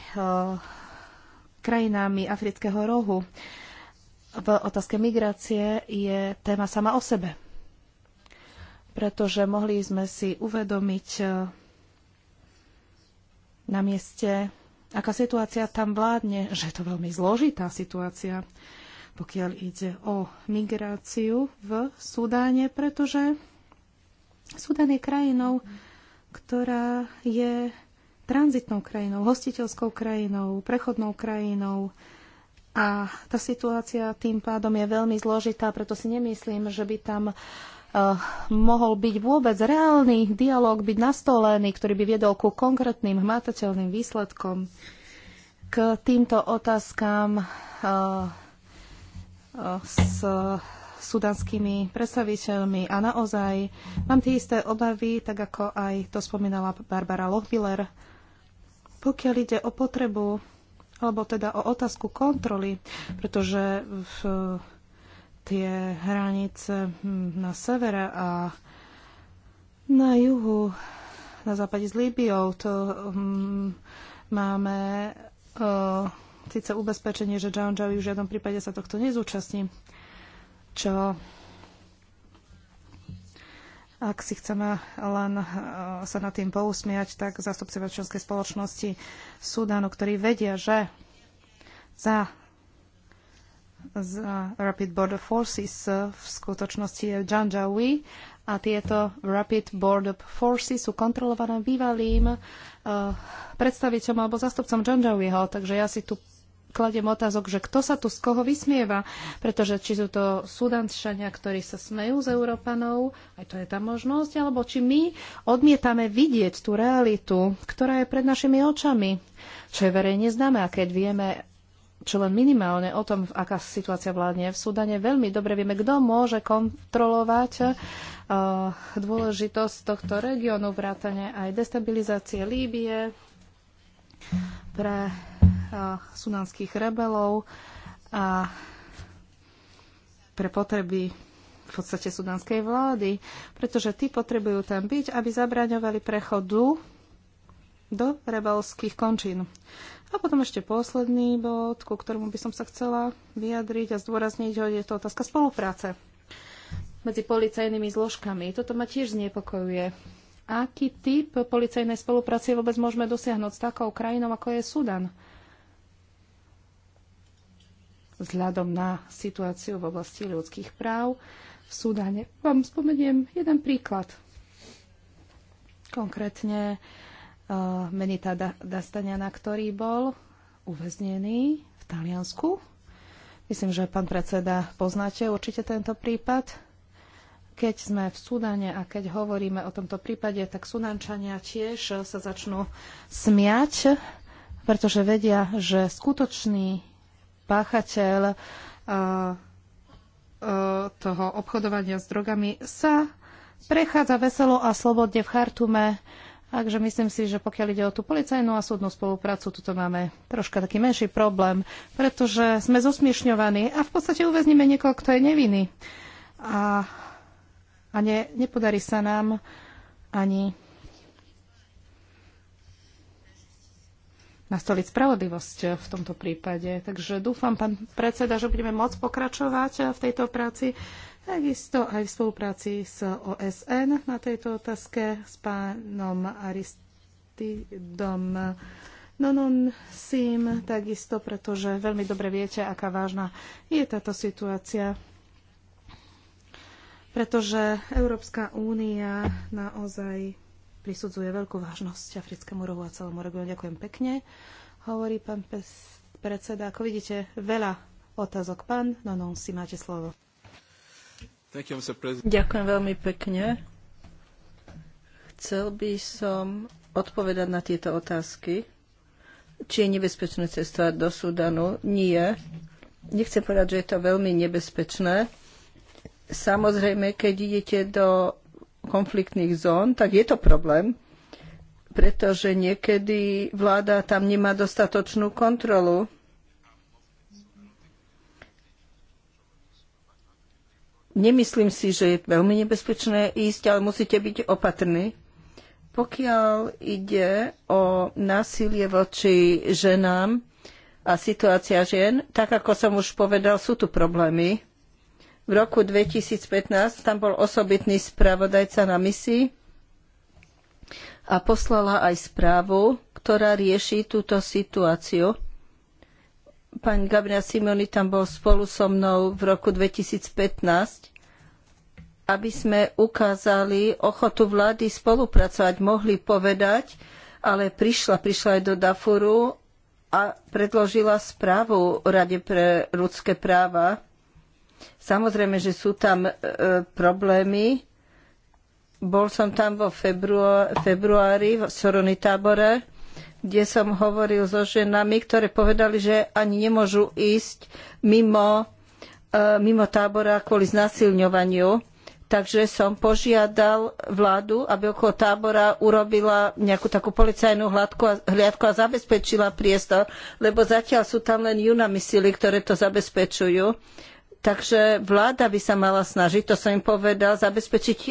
krajinami Afrického rohu v otázke migrácie je téma sama o sebe. Pretože mohli sme si uvedomiť eh, na mieste aká situácia tam vládne, že je to veľmi zložitá situácia, pokiaľ ide o migráciu v Sudáne, pretože Sudán je krajinou, ktorá je tranzitnou krajinou, hostiteľskou krajinou, prechodnou krajinou, a tá situácia tým pádom je veľmi zložitá, preto si nemyslím, že by tam Eh, mohol byť vôbec reálny dialog, byť nastolený, ktorý by viedol ku konkrétnym hmatateľným výsledkom. K týmto otázkam eh, eh, s sudanskými predstaviteľmi a naozaj mám tie isté obavy, tak ako aj to spomínala Barbara Lochbiller. Pokiaľ ide o potrebu, alebo teda o otázku kontroly, pretože v, tie hranice hm, na severe a na juhu, na západe s Líbiou, to um, máme uh, síce ubezpečenie, že Džanžavi v žiadnom prípade sa tohto nezúčastní, čo ak si chceme len uh, sa nad tým pousmiať, tak zástupci občianskej spoločnosti Sudánu, ktorí vedia, že za z Rapid Border Forces eh, v skutočnosti je Janjawi a tieto Rapid Border Forces sú kontrolované bývalým uh, predstaviteľom alebo zastupcom Janjawiho, takže ja si tu kladiem otázok, že kto sa tu z koho vysmieva, pretože či sú to Sudančania, ktorí sa smejú z Európanov, aj to je tá možnosť, alebo či my odmietame vidieť tú realitu, ktorá je pred našimi očami, čo je verejne známe. A keď vieme čo len minimálne o tom, aká situácia vládne v Súdane. Veľmi dobre vieme, kto môže kontrolovať uh, dôležitosť tohto regiónu, vrátane aj destabilizácie Líbie pre uh, sudanských rebelov a pre potreby v podstate sudanskej vlády, pretože tí potrebujú tam byť, aby zabraňovali prechodu do rebelských končín. A potom ešte posledný bod, ku ktorému by som sa chcela vyjadriť a zdôrazniť, že je to otázka spolupráce medzi policajnými zložkami. Toto ma tiež znepokojuje. Aký typ policajnej spolupráce vôbec môžeme dosiahnuť s takou krajinou, ako je Sudan? Vzhľadom na situáciu v oblasti ľudských práv v Sudane. Vám spomeniem jeden príklad. Konkrétne Eh, menita Dastaniana, ktorý bol uväznený v Taliansku. Myslím, že pán predseda poznáte určite tento prípad. Keď sme v Sudane a keď hovoríme o tomto prípade, tak Sudančania tiež sa začnú smiať, pretože vedia, že skutočný páchateľ eh, eh, toho obchodovania s drogami sa prechádza veselo a slobodne v Chartume Takže myslím si, že pokiaľ ide o tú policajnú a súdnu spoluprácu, tuto máme troška taký menší problém, pretože sme zosmiešňovaní a v podstate uväzníme niekoho, kto je nevinný. A, a ne, nepodarí sa nám ani nastoliť spravodlivosť v tomto prípade. Takže dúfam, pán predseda, že budeme môcť pokračovať v tejto práci Takisto aj v spolupráci s OSN na tejto otázke s pánom Aristidom Nonon Sim, takisto, pretože veľmi dobre viete, aká vážna je táto situácia. Pretože Európska únia naozaj prisudzuje veľkú vážnosť africkému rohu a celému regiónu. Ďakujem pekne, hovorí pán predseda. Ako vidíte, veľa otázok. Pán no, si máte slovo. Ďakujem veľmi pekne. Chcel by som odpovedať na tieto otázky. Či je nebezpečné cestovať do Sudanu? Nie. Nechcem povedať, že je to veľmi nebezpečné. Samozrejme, keď idete do konfliktných zón, tak je to problém, pretože niekedy vláda tam nemá dostatočnú kontrolu Nemyslím si, že je veľmi nebezpečné ísť, ale musíte byť opatrní. Pokiaľ ide o násilie voči ženám a situácia žien, tak ako som už povedal, sú tu problémy. V roku 2015 tam bol osobitný spravodajca na misii a poslala aj správu, ktorá rieši túto situáciu Pán Gabina Simoni tam bol spolu so mnou v roku 2015 aby sme ukázali ochotu vlády spolupracovať, mohli povedať, ale prišla, prišla aj do Dafuru a predložila správu Rade pre ľudské práva. Samozrejme, že sú tam e, problémy. Bol som tam vo februári v Sorony tábore kde som hovoril so ženami, ktoré povedali, že ani nemôžu ísť mimo, e, mimo tábora kvôli znasilňovaniu. Takže som požiadal vládu, aby okolo tábora urobila nejakú takú policajnú hľadku a, hliadku a zabezpečila priestor, lebo zatiaľ sú tam len junami sily, ktoré to zabezpečujú. Takže vláda by sa mala snažiť, to som im povedal, zabezpečiť e,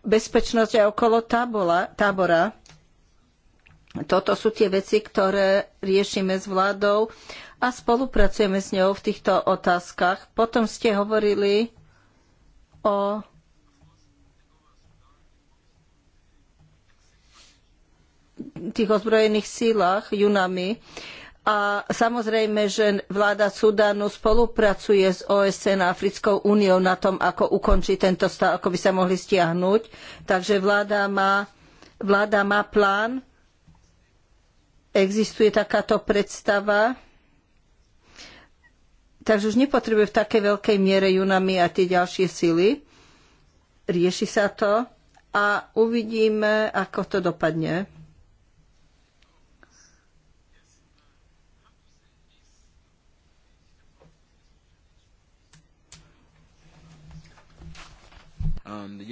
bezpečnosť aj okolo tábora. tábora toto sú tie veci, ktoré riešime s vládou a spolupracujeme s ňou v týchto otázkach. Potom ste hovorili o tých ozbrojených sílach Junami. A samozrejme, že vláda Sudánu spolupracuje s OSN a Africkou úniou na tom, ako ukončiť tento stav, ako by sa mohli stiahnuť. Takže vláda má, vláda má plán existuje takáto predstava. Takže už nepotrebuje v takej veľkej miere Junami a tie ďalšie sily. Rieši sa to a uvidíme, ako to dopadne. Um,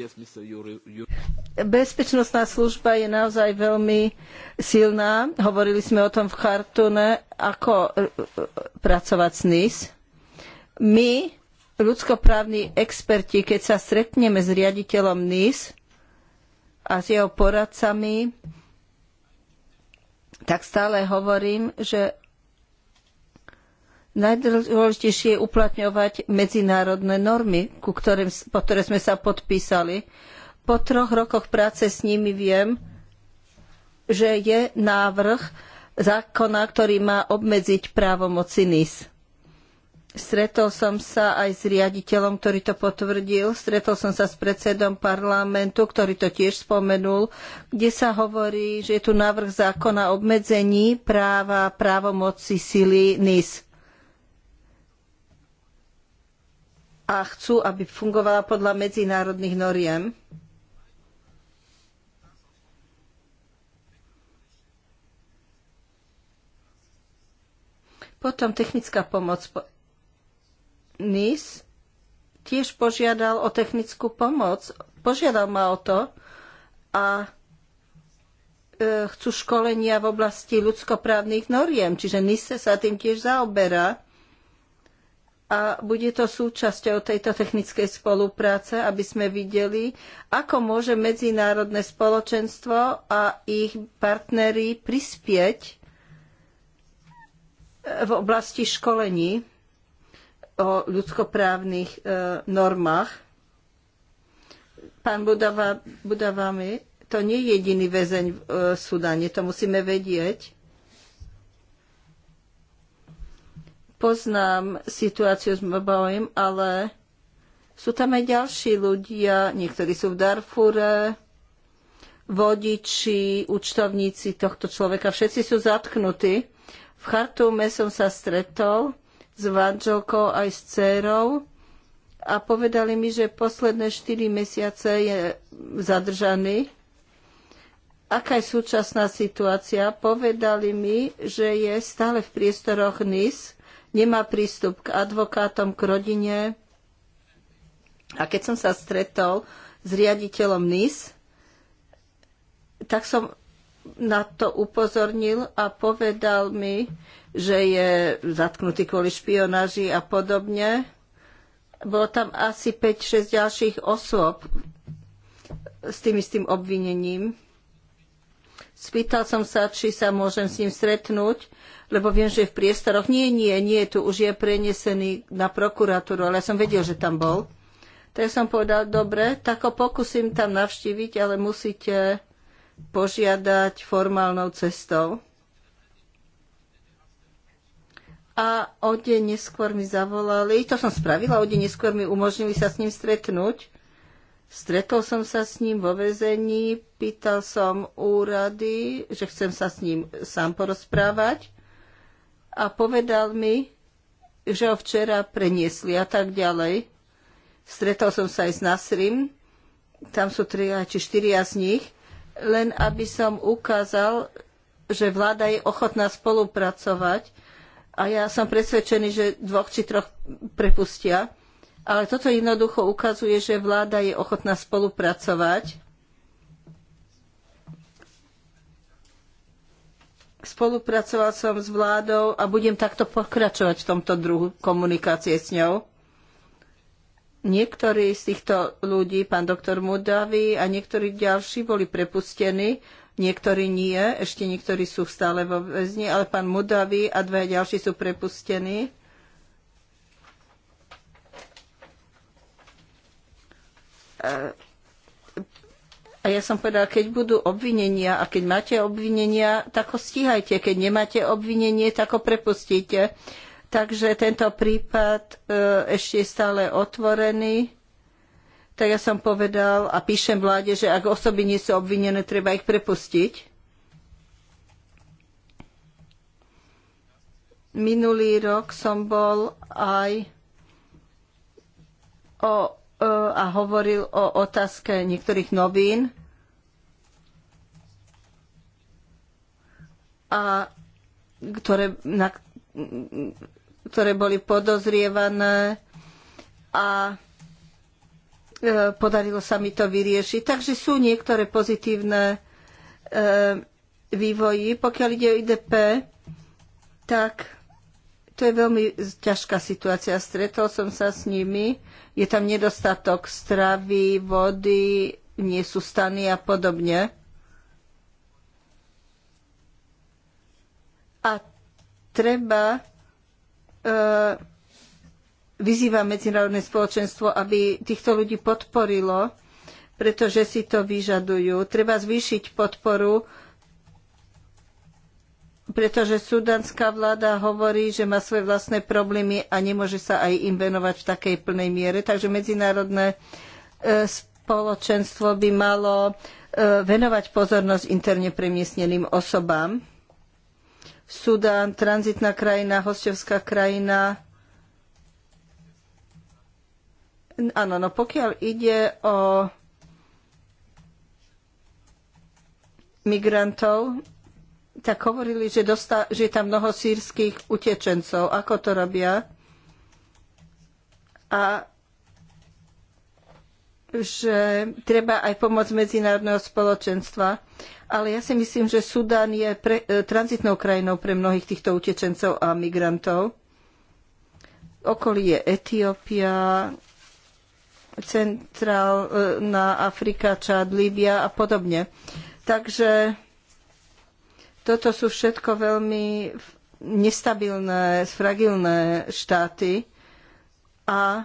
Bezpečnostná služba je naozaj veľmi silná. Hovorili sme o tom v Chartune, ako e, e, pracovať s NIS. My, ľudskoprávni experti, keď sa stretneme s riaditeľom NIS a s jeho poradcami, tak stále hovorím, že Najdôležitejšie je uplatňovať medzinárodné normy, ku ktorým, po ktoré sme sa podpísali. Po troch rokoch práce s nimi viem, že je návrh zákona, ktorý má obmedziť právomoci NIS. Stretol som sa aj s riaditeľom, ktorý to potvrdil. Stretol som sa s predsedom parlamentu, ktorý to tiež spomenul, kde sa hovorí, že je tu návrh zákona obmedzení práva právomoci sily NIS. a chcú, aby fungovala podľa medzinárodných noriem. Potom technická pomoc. NIS tiež požiadal o technickú pomoc. Požiadal ma o to a e, chcú školenia v oblasti ľudskoprávnych noriem, čiže NISE sa tým tiež zaoberá a bude to súčasťou tejto technickej spolupráce, aby sme videli, ako môže medzinárodné spoločenstvo a ich partnery prispieť e, v oblasti školení o ľudskoprávnych e, normách. Pán Budava, Budavami, to nie je jediný väzeň v e, Sudane, to musíme vedieť. Poznám situáciu s Mbaoim, ale sú tam aj ďalší ľudia, niektorí sú v Darfure, vodiči, účtovníci tohto človeka, všetci sú zatknutí. V Chartume som sa stretol s manželkou aj s dcerou a povedali mi, že posledné 4 mesiace je zadržaný. Aká je súčasná situácia? Povedali mi, že je stále v priestoroch NIS nemá prístup k advokátom, k rodine. A keď som sa stretol s riaditeľom NIS, tak som na to upozornil a povedal mi, že je zatknutý kvôli špionáži a podobne. Bolo tam asi 5-6 ďalších osôb s tým istým obvinením. Spýtal som sa, či sa môžem s ním stretnúť, lebo viem, že je v priestoroch nie, nie, nie, tu už je prenesený na prokuratúru, ale ja som vedel, že tam bol. Tak som povedal, dobre, tak ho pokúsim tam navštíviť, ale musíte požiadať formálnou cestou. A o deň neskôr mi zavolali, to som spravila, o deň neskôr mi umožnili sa s ním stretnúť Stretol som sa s ním vo vezení, pýtal som úrady, že chcem sa s ním sám porozprávať a povedal mi, že ho včera preniesli a tak ďalej. Stretol som sa aj s Nasrim, tam sú tri či štyria z nich, len aby som ukázal, že vláda je ochotná spolupracovať a ja som presvedčený, že dvoch či troch prepustia. Ale toto jednoducho ukazuje, že vláda je ochotná spolupracovať. Spolupracoval som s vládou a budem takto pokračovať v tomto druhu komunikácie s ňou. Niektorí z týchto ľudí, pán doktor Mudavi a niektorí ďalší, boli prepustení, niektorí nie, ešte niektorí sú stále vo väzni, ale pán Mudavi a dvaja ďalší sú prepustení a ja som povedala, keď budú obvinenia a keď máte obvinenia, tak ho stíhajte. Keď nemáte obvinenie, tak ho prepustíte. Takže tento prípad e, ešte je stále otvorený. Tak ja som povedal a píšem vláde, že ak osoby nie sú obvinené, treba ich prepustiť. Minulý rok som bol aj o a hovoril o otázke niektorých novín. A ktoré, na, ktoré boli podozrievané a e, podarilo sa mi to vyriešiť. Takže sú niektoré pozitívne e, vývoji. Pokiaľ ide o IDP, tak to je veľmi ťažká situácia. Stretol som sa s nimi. Je tam nedostatok stravy, vody, nie sú stany a podobne. A treba e, vyzýva medzinárodné spoločenstvo, aby týchto ľudí podporilo, pretože si to vyžadujú. Treba zvýšiť podporu pretože sudanská vláda hovorí, že má svoje vlastné problémy a nemôže sa aj im venovať v takej plnej miere. Takže medzinárodné e, spoločenstvo by malo e, venovať pozornosť interne premiesneným osobám. Sudán, tranzitná krajina, hostovská krajina. Áno, no pokiaľ ide o migrantov, tak hovorili, že, dosta, že je tam mnoho sírskych utečencov. Ako to robia? A že treba aj pomoc medzinárodného spoločenstva. Ale ja si myslím, že Sudán je pre, e, tranzitnou krajinou pre mnohých týchto utečencov a migrantov. Okolí je Etiópia, centrálna e, Afrika, Čad, Líbia a podobne. Takže toto sú všetko veľmi nestabilné, fragilné štáty a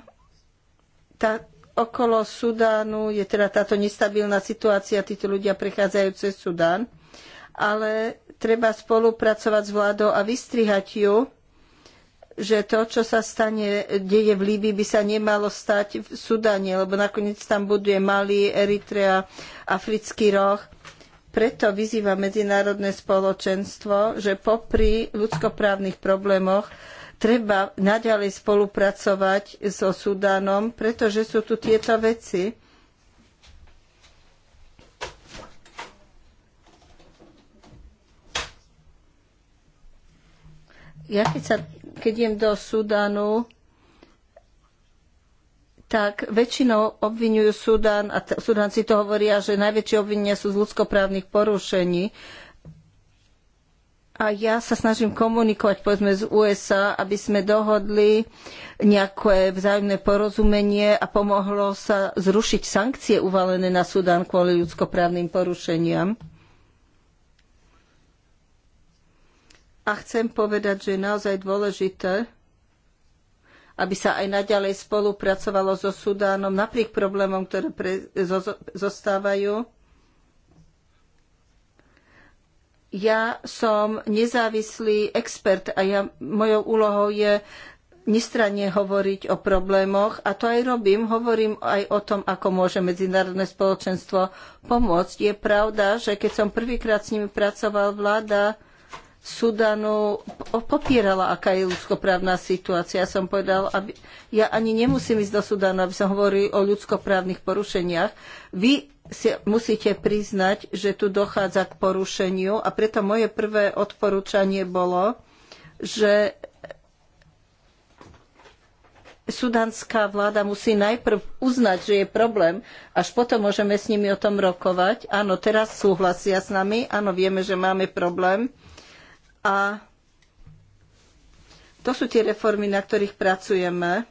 tá, okolo Sudánu je teda táto nestabilná situácia, títo ľudia prechádzajú cez Sudán, ale treba spolupracovať s vládou a vystrihať ju, že to, čo sa stane, deje v Líbii, by sa nemalo stať v Sudáne, lebo nakoniec tam buduje Mali, Eritrea, Africký roh preto vyzýva medzinárodné spoločenstvo, že popri ľudskoprávnych problémoch treba naďalej spolupracovať so Sudánom, pretože sú tu tieto veci. Ja keď, sa, keď idem do Sudánu, tak väčšinou obvinujú Sudán a Sudánci to hovoria, že najväčšie obvinenia sú z ľudskoprávnych porušení. A ja sa snažím komunikovať povedzme z USA, aby sme dohodli nejaké vzájomné porozumenie a pomohlo sa zrušiť sankcie uvalené na Sudán kvôli ľudskoprávnym porušeniam. A chcem povedať, že je naozaj dôležité, aby sa aj naďalej spolupracovalo so Sudánom napriek problémom, ktoré pre, zo, zostávajú. Ja som nezávislý expert a ja, mojou úlohou je nestranne hovoriť o problémoch a to aj robím. Hovorím aj o tom, ako môže medzinárodné spoločenstvo pomôcť. Je pravda, že keď som prvýkrát s nimi pracoval, vláda Sudanu popierala, aká je ľudskoprávna situácia. Ja som povedal, aby, ja ani nemusím ísť do Sudanu, aby som hovoril o ľudskoprávnych porušeniach. Vy si musíte priznať, že tu dochádza k porušeniu a preto moje prvé odporúčanie bolo, že sudanská vláda musí najprv uznať, že je problém, až potom môžeme s nimi o tom rokovať. Áno, teraz súhlasia s nami, áno, vieme, že máme problém a to sú tie reformy, na ktorých pracujeme.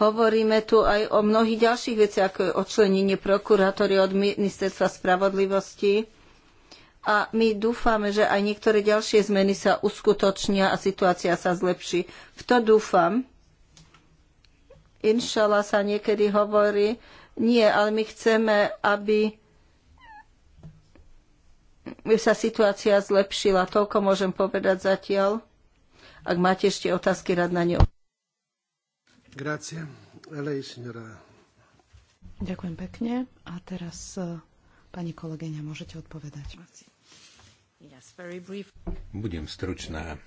Hovoríme tu aj o mnohých ďalších veciach, ako je odčlenenie prokurátory od Ministerstva spravodlivosti. A my dúfame, že aj niektoré ďalšie zmeny sa uskutočnia a situácia sa zlepší. V to dúfam. Inšala sa niekedy hovorí, nie, ale my chceme, aby sa situácia zlepšila. Toľko môžem povedať zatiaľ. Ak máte ešte otázky, rád na ne. Ďakujem pekne. A teraz, e, pani kolegyňa, môžete odpovedať. Budem stručná.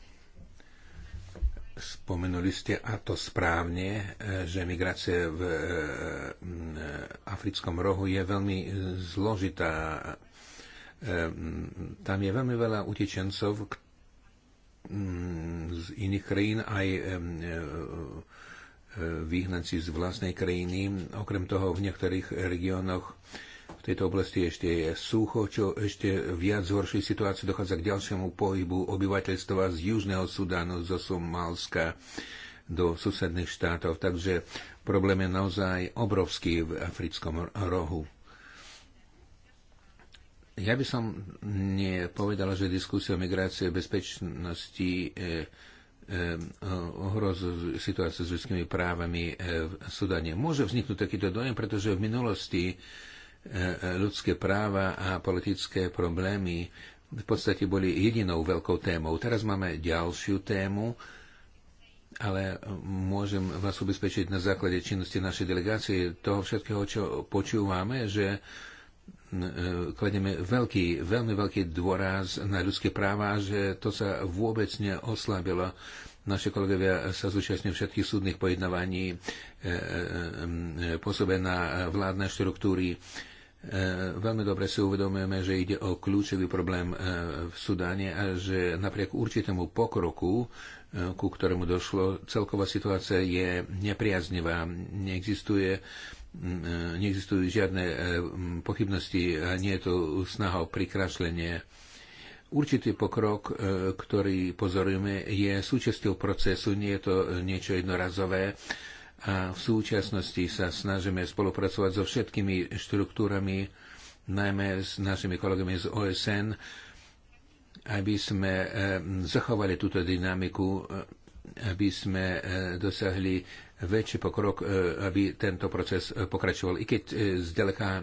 Spomenuli ste, a to správne, e, že migrácia v e, africkom rohu je veľmi e, zložitá. Tam je veľmi veľa utečencov z iných krajín, aj vyhnanci z vlastnej krajiny. Okrem toho v niektorých regiónoch tejto oblasti ešte je sucho, čo ešte viac zhorší situáciu. Dochádza k ďalšiemu pohybu obyvateľstva z Južného Sudánu, zo Somálska do susedných štátov. Takže problém je naozaj obrovský v africkom rohu. Ja by som nepovedala, že diskusia o migrácii a bezpečnosti e, e ohrozuje situáciu s ľudskými právami e, v Sudane. Môže vzniknúť takýto dojem, pretože v minulosti e, ľudské práva a politické problémy v podstate boli jedinou veľkou témou. Teraz máme ďalšiu tému, ale môžem vás ubezpečiť na základe činnosti našej delegácie toho všetkého, čo počúvame, že e, kladieme veľký, veľmi veľký dôraz na ľudské práva, že to sa vôbec neoslabilo. Naši kolegovia sa zúčastňujú všetkých súdnych pojednávaní, e, e, pôsobia na vládne štruktúry, E, veľmi dobre si uvedomujeme, že ide o kľúčový problém e, v Sudáne a že napriek určitému pokroku, e, ku ktorému došlo, celková situácia je nepriaznivá. Neexistuje neexistujú žiadne pochybnosti a nie je to snaha o prikrašlenie. Určitý pokrok, ktorý pozorujeme, je súčasťou procesu, nie je to niečo jednorazové a v súčasnosti sa snažíme spolupracovať so všetkými štruktúrami, najmä s našimi kolegami z OSN, aby sme e, zachovali túto dynamiku, e, aby sme e, dosiahli väčší pokrok, aby tento proces pokračoval, i keď zďaleka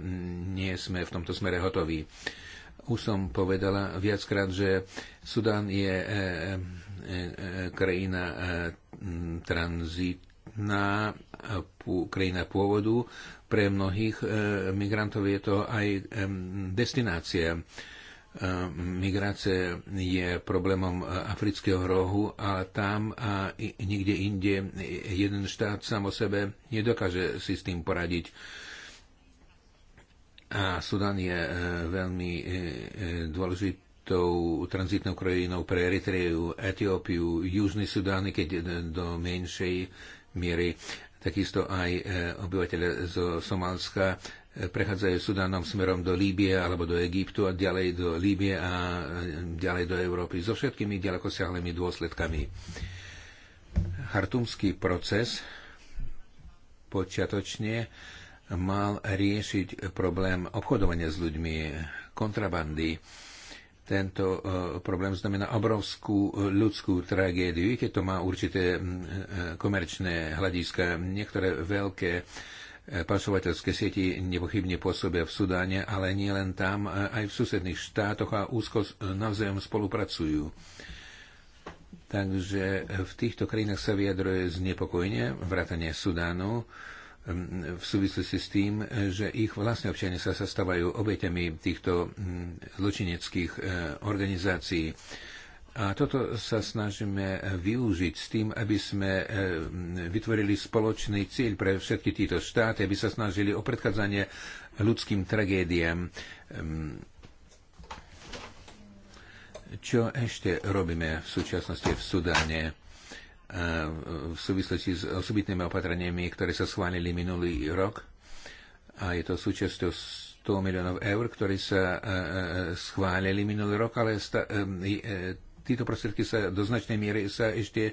nie sme v tomto smere hotoví. Už som povedala viackrát, že Sudan je krajina tranzit na krajina pôvodu. Pre mnohých e, migrantov je to aj e, destinácia. E, Migrácia je problémom afrického rohu a tam a nikde inde jeden štát sám o sebe nedokáže si s tým poradiť. A Sudan je veľmi dôležitý tou tranzitnou krajinou pre Eritreju, Etiópiu, Južný Sudán, keď do menšej miery. Takisto aj e, obyvateľe zo Somálska e, prechádzajú Sudánom smerom do Líbie alebo do Egyptu a ďalej do Líbie a e, ďalej do Európy so všetkými ďalekosiahlými dôsledkami. Hartumský proces počiatočne mal riešiť problém obchodovania s ľuďmi, kontrabandy, tento e, problém znamená obrovskú ľudskú tragédiu, keď to má určité e, komerčné hľadiska. Niektoré veľké e, pasovateľské sieti nepochybne pôsobia v Sudáne, ale nie len tam, aj v susedných štátoch a úzko navzájom spolupracujú. Takže v týchto krajinách sa vyjadruje znepokojne, vrátanie Sudánu, v súvislosti s tým, e, že ich vlastní občania sa stávajú obeťami týchto zločineckých e, organizácií. A toto sa snažíme e, využiť s tým, aby sme vytvorili spoločný cieľ pre všetky títo štáty, aby sa snažili o predchádzanie ľudským tragédiám. Čo ešte robíme v súčasnosti v Sudáne? v súvislosti s osobitnými opatreniami, ktoré sa schválili minulý rok. A je to súčasťou 100 miliónov eur, ktoré sa schválili minulý rok, ale e, e, títo prostriedky sa do značnej miery sa ešte e,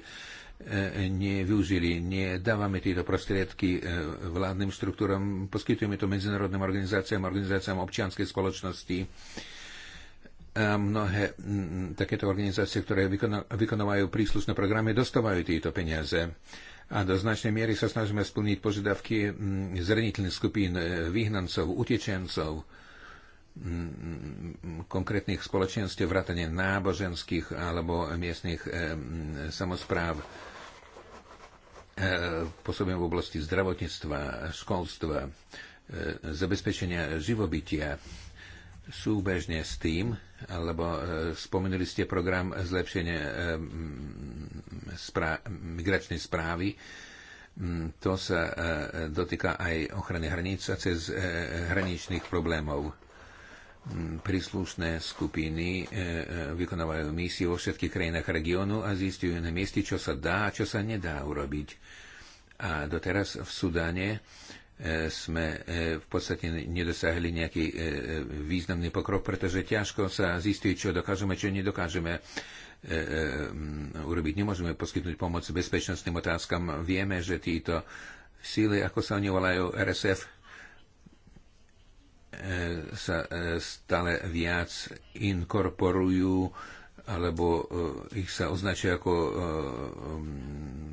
nevyužili. Nedávame tieto prostriedky vládnym štruktúram, poskytujeme to medzinárodným organizáciám, organizáciám občianskej spoločnosti mnohé mm, takéto organizácie, ktoré vykonávajú príslušné programy, dostávajú tieto peniaze. A do značnej miery sa snažíme splniť požiadavky mm, zraniteľných skupín, e, vyhnancov, utečencov, mm, konkrétnych spoločenstiev, vrátane náboženských alebo miestnych e, samozpráv. E, pôsobím v oblasti zdravotníctva, školstva, zabezpečenia živobytia súbežne s tým, alebo e, spomenuli ste program zlepšenie e, spra- migračnej správy, mm, to sa e, dotýka aj ochrany hraníc a cez hraničných problémov. Mm, príslušné skupiny vykonávajú misie vo všetkých krajinách regiónu a zistujú na mieste, čo sa dá a čo sa nedá urobiť. A doteraz v Sudáne E, sme e, v podstate nedosiahli nejaký e, významný pokrok, pretože ťažko sa zistí, čo dokážeme, čo nedokážeme urobiť. Nemôžeme poskytnúť pomoc bezpečnostným otázkam. Vieme, že títo síly, ako sa oni volajú, RSF, sa stále viac inkorporujú alebo ich sa označuje ako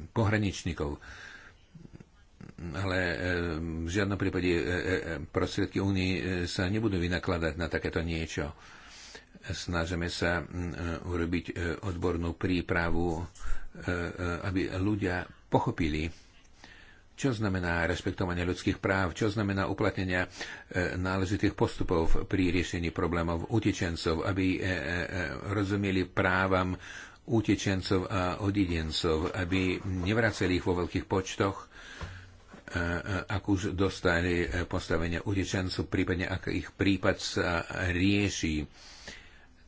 pohraničníkov ale ehm, v žiadnom prípade e, e, e, prostriedky únie sa nebudú vynakladať na takéto niečo. Snažíme sa urobiť odbornú prípravu, aby ľudia pochopili, čo znamená rešpektovanie ľudských práv, čo znamená uplatnenia náležitých postupov pri riešení problémov utečencov, aby rozumeli právam utečencov a odidencov, aby nevraceli ich vo veľkých počtoch, Eh, ak už dostali eh, postavenie utečencu, prípadne ak ich prípad sa rieši.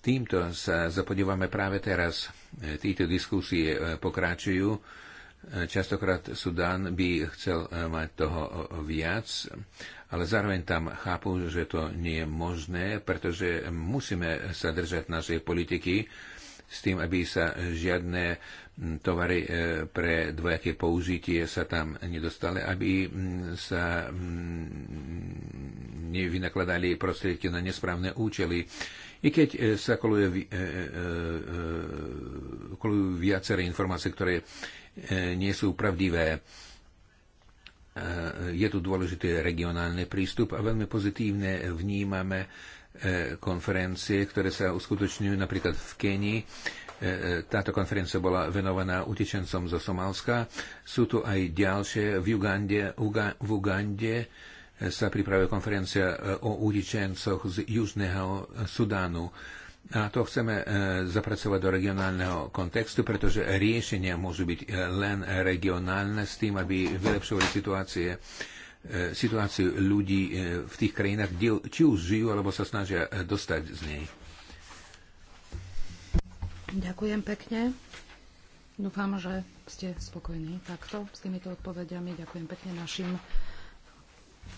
Týmto sa zapodívame práve teraz. Eh, Títo diskusie pokračujú. Častokrát Sudán by chcel mať toho viac, ale zároveň tam chápu, že to nie je možné, pretože musíme sa držať našej politiky s tým, aby sa žiadne tovary e, pre dvojaké použitie sa tam nedostali, aby sa nevynakladali prostriedky na nesprávne účely. I keď e, sa koluje, e, kolujú viaceré informácie, ktoré nie sú pravdivé, je tu dôležitý regionálny prístup a veľmi pozitívne vnímame konferencie, ktoré sa uskutočňujú napríklad v Kenii, E, e, táto konferencia bola venovaná utečencom zo Somálska. Sú tu aj ďalšie. V Ugande, Uga, v Ugande e, sa pripravuje konferencia o utečencoch z Južného Sudánu. A to chceme zapracovať do regionálneho kontextu, pretože riešenia môžu byť len regionálne s tým, aby vylepšovali situácie situáciu ľudí v tých krajinách, či už žijú, alebo sa snažia dostať z nej. Ďakujem pekne. Dúfam, že ste spokojní takto s týmito odpovediami. Ďakujem pekne našim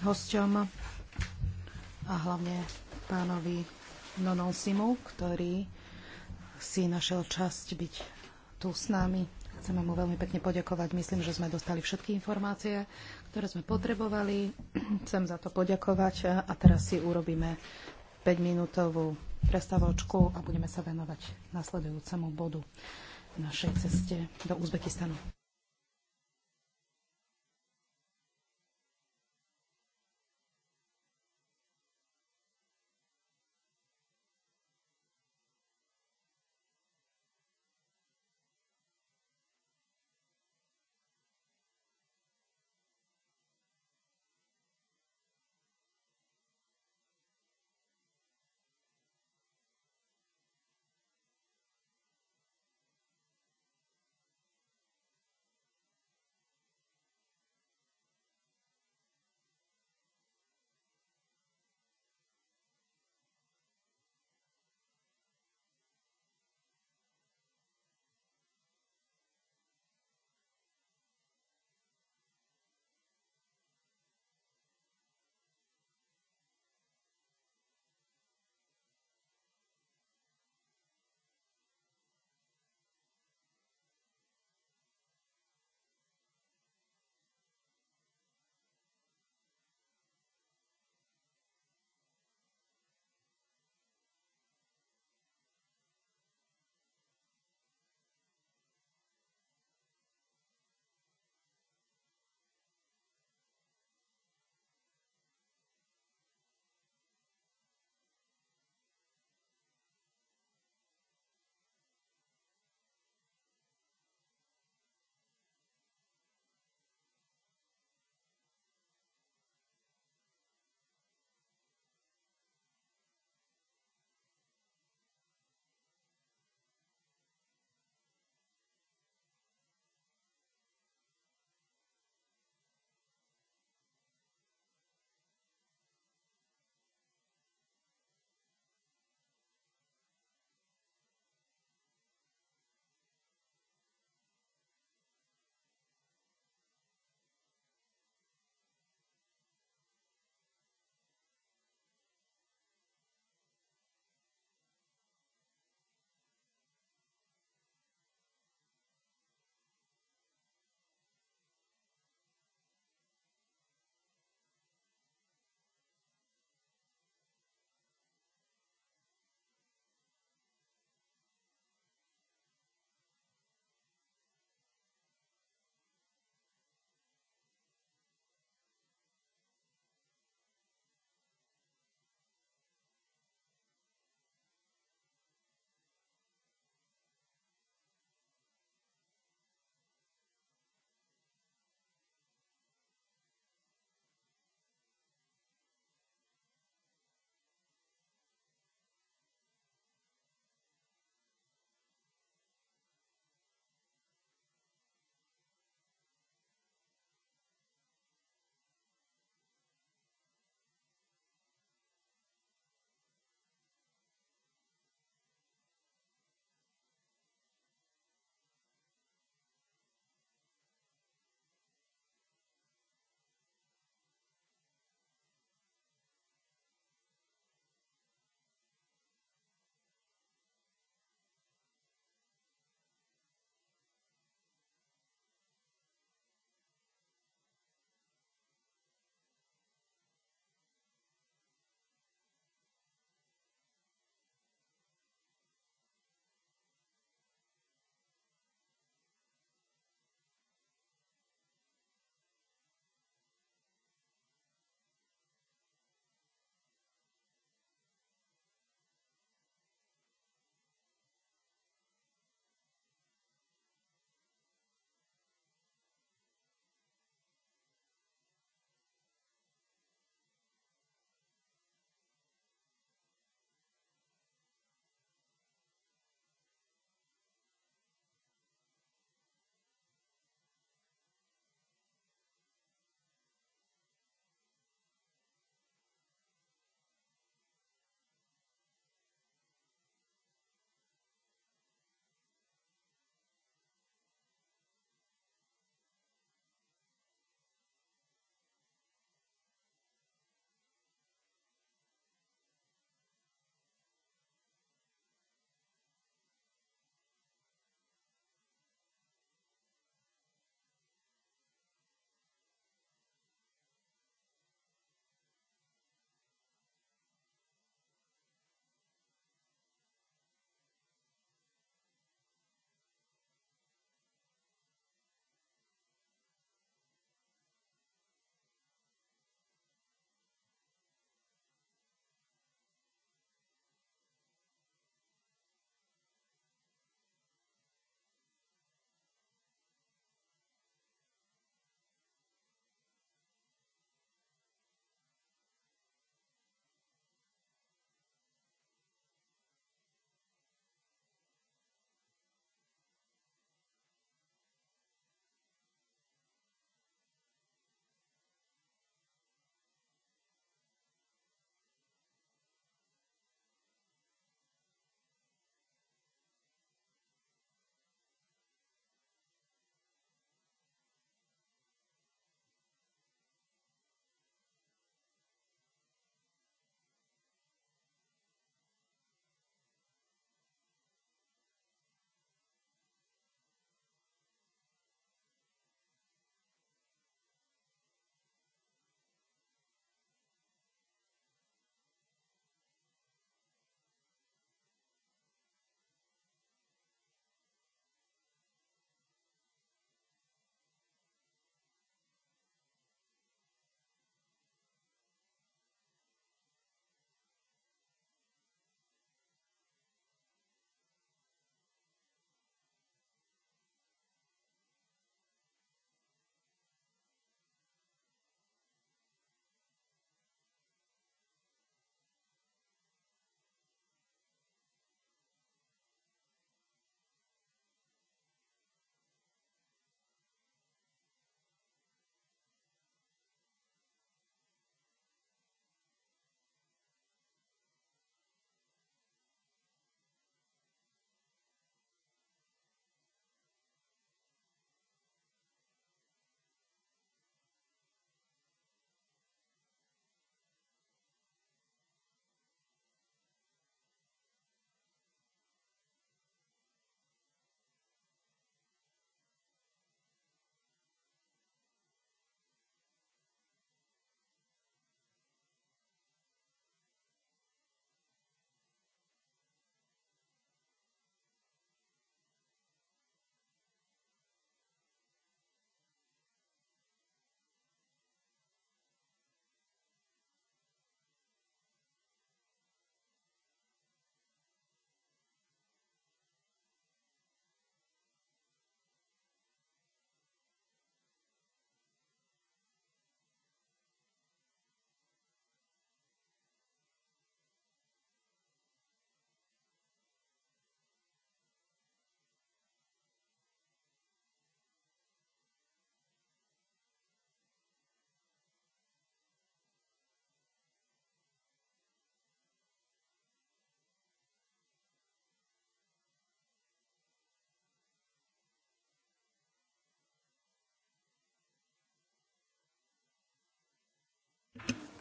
hosťom a hlavne pánovi Simu, ktorý si našiel časť byť tu s nami. Chcem mu veľmi pekne poďakovať. Myslím, že sme dostali všetky informácie, ktoré sme potrebovali. Chcem za to poďakovať a teraz si urobíme 5-minútovú prestavočku a budeme sa venovať nasledujúcemu bodu našej ceste do Uzbekistanu.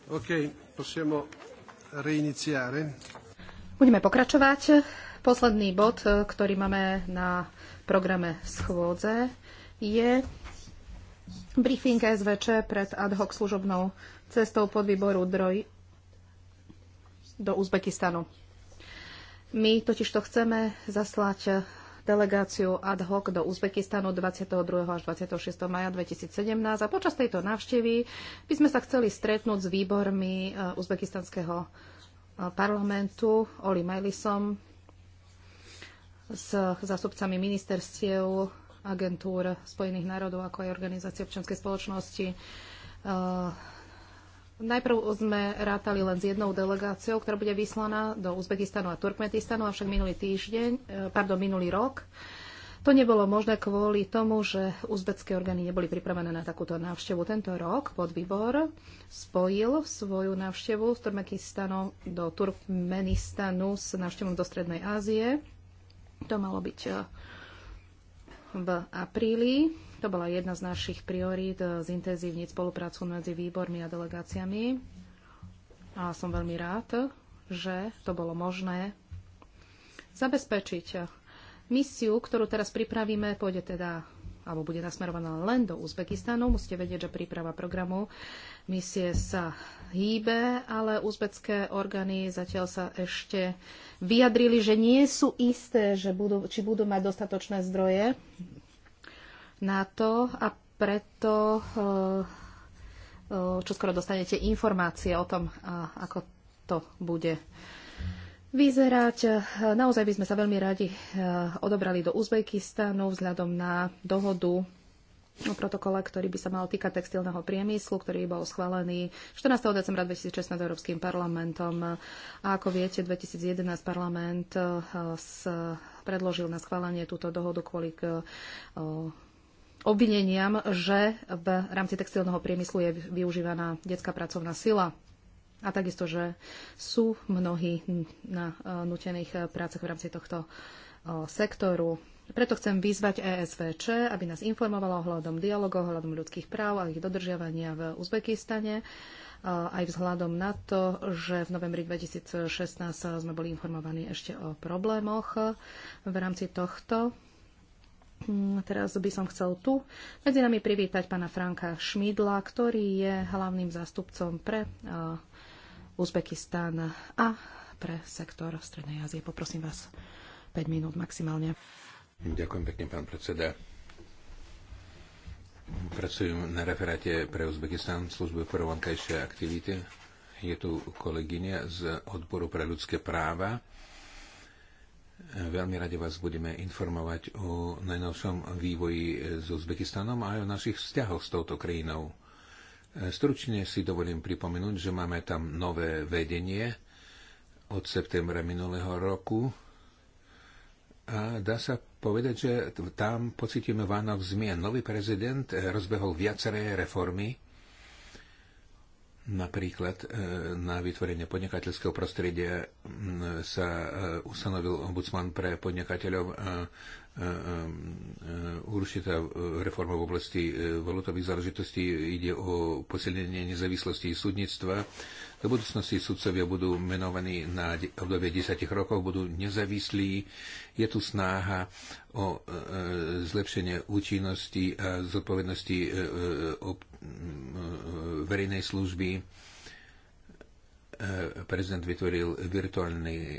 OK, possiamo reiniziare. Budeme pokračovať. Posledný bod, eh, ktorý máme na programe schôdze, je briefing SVČ pred ad hoc služobnou cestou pod výboru DROJ do Uzbekistanu. My totiž to chceme zaslať delegáciou ad hoc do Uzbekistanu 22. až 26. maja 2017 a počas tejto návštevy by sme sa chceli stretnúť s výbormi e, uzbekistanského e, parlamentu Oli Majlisom s zástupcami ministerstiev agentúr Spojených národov, ako aj organizácie občianskej spoločnosti, e, Najprv sme rátali len s jednou delegáciou, ktorá bude vyslaná do Uzbekistanu a Turkmenistanu, avšak minulý týždeň, e, pardon, minulý rok. To nebolo možné kvôli tomu, že uzbecké orgány neboli pripravené na takúto návštevu. Tento rok podvýbor spojil svoju návštevu z Turkmenistanu do Turkmenistanu s návštevom do Strednej Ázie. To malo byť e, v apríli to bola jedna z našich priorít, eh, zintenzívniť spoluprácu medzi výbormi a delegáciami. A som veľmi rád, že to bolo možné zabezpečiť. Misiu, ktorú teraz pripravíme, pôjde teda alebo bude nasmerovaná len do Uzbekistanu. Musíte vedieť, že príprava programu misie sa hýbe, ale uzbecké orgány zatiaľ sa ešte vyjadrili, že nie sú isté, že budú, či budú mať dostatočné zdroje na to a preto eh, čo skoro dostanete informácie o tom, ako to bude vyzerať. Naozaj by sme sa veľmi radi eh, odobrali do Uzbekistanu vzhľadom na dohodu o protokole, ktorý by sa mal týkať textilného priemyslu, ktorý bol schválený 14. decembra 2016 Európskym parlamentom. A ako viete, 2011 parlament eh, predložil na schválenie túto dohodu kvôli k, obvineniam, že v rámci textilného priemyslu je využívaná detská pracovná sila a takisto, že sú mnohí na e, nutených prácach v rámci tohto e, sektoru. Preto chcem vyzvať ESVČ, aby nás informovala ohľadom dialogov, hľadom ľudských práv a ich dodržiavania v Uzbekistane e, aj vzhľadom na to, že v novembri 2016 sme boli informovaní ešte o problémoch v rámci tohto Hm, teraz by som chcel tu medzi nami privítať pána Franka Šmidla, ktorý je hlavným zástupcom pre eh, Uzbekistán a pre sektor Strednej Ázie. Poprosím vás 5 minút maximálne. Ďakujem pekne, pán predseda. Pracujem na referáte pre Uzbekistán službe pre vonkajšie aktivity. Je tu kolegyňa z odboru pre ľudské práva Veľmi radi vás budeme informovať o najnovšom vývoji s Uzbekistanom a aj o našich vzťahoch s touto krajinou. Stručne si dovolím pripomenúť, že máme tam nové vedenie od septembra minulého roku a dá sa povedať, že tam pocitíme vánok zmien. Nový prezident rozbehol viaceré reformy, Napríklad e, na vytvorenie podnikateľského prostredia sa e, ustanovil ombudsman pre podnikateľov e, určitá reforma v oblasti valutových záležitostí. Ide o posilnenie nezávislosti súdnictva. Do budúcnosti súdcovia budú menovaní na obdobie 10 rokov, budú nezávislí. Je tu snaha o zlepšenie účinnosti a zodpovednosti Mm, verejnej služby. E, prezident vytvoril virtuálny e,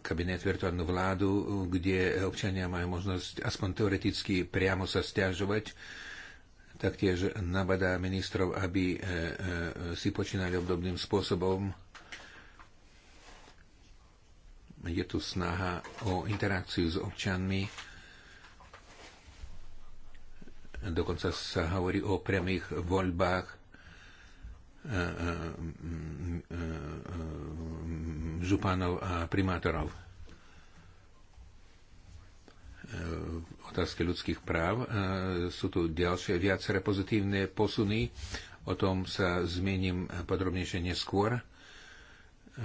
kabinet, virtuálnu vládu, kde občania majú možnosť aspoň teoreticky priamo sa stiažovať. Taktiež nabadá ministrov, aby e, si počínali obdobným spôsobom. Je tu snaha o interakciu s občanmi Dokonca sa hovorí o priamých voľbách e, e, e, županov a primátorov. Otázky ľudských práv. Sú tu ďalšie viaceré pozitívne posuny. O tom sa zmením podrobnejšie neskôr.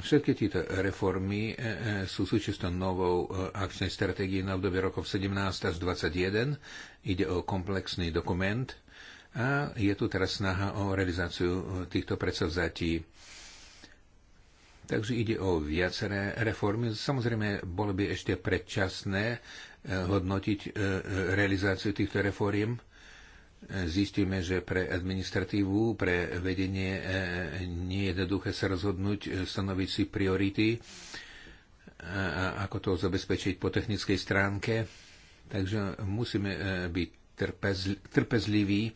Všetky tieto reformy e, e, sú súčasťou novou e, akčnej stratégie na obdobie rokov 17 až 21. Ide o komplexný dokument a je tu teraz snaha o realizáciu týchto predsavzatí. Takže ide o viaceré reformy. Samozrejme, bolo by ešte predčasné hodnotiť realizáciu týchto reforiem Zistíme, že pre administratívu, pre vedenie e, nie je jednoduché sa rozhodnúť, e, stanoviť si priority, e, ako to zabezpečiť po technickej stránke. Takže musíme byť trpezliví,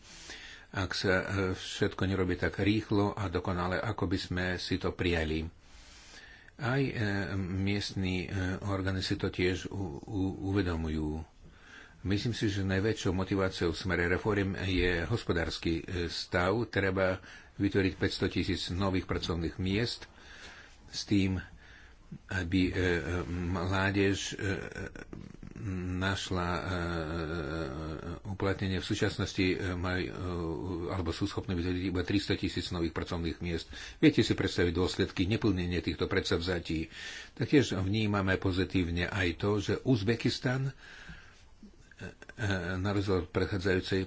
ak sa všetko nerobí tak rýchlo a dokonale, ako by sme si to prijali. Aj miestni orgány si to tiež uvedomujú Myslím si, že najväčšou motiváciou v smere reform je hospodársky e, stav. Treba vytvoriť 500 tisíc nových pracovných miest s tým, aby e, e, mládež našla uplatnenie. V súčasnosti majú, alebo sú schopné vytvoriť iba 300 tisíc nových pracovných miest. Viete si predstaviť dôsledky neplnenia týchto predsavzatí. Taktiež vnímame pozitívne aj to, že Uzbekistan Eh, na rozdiel od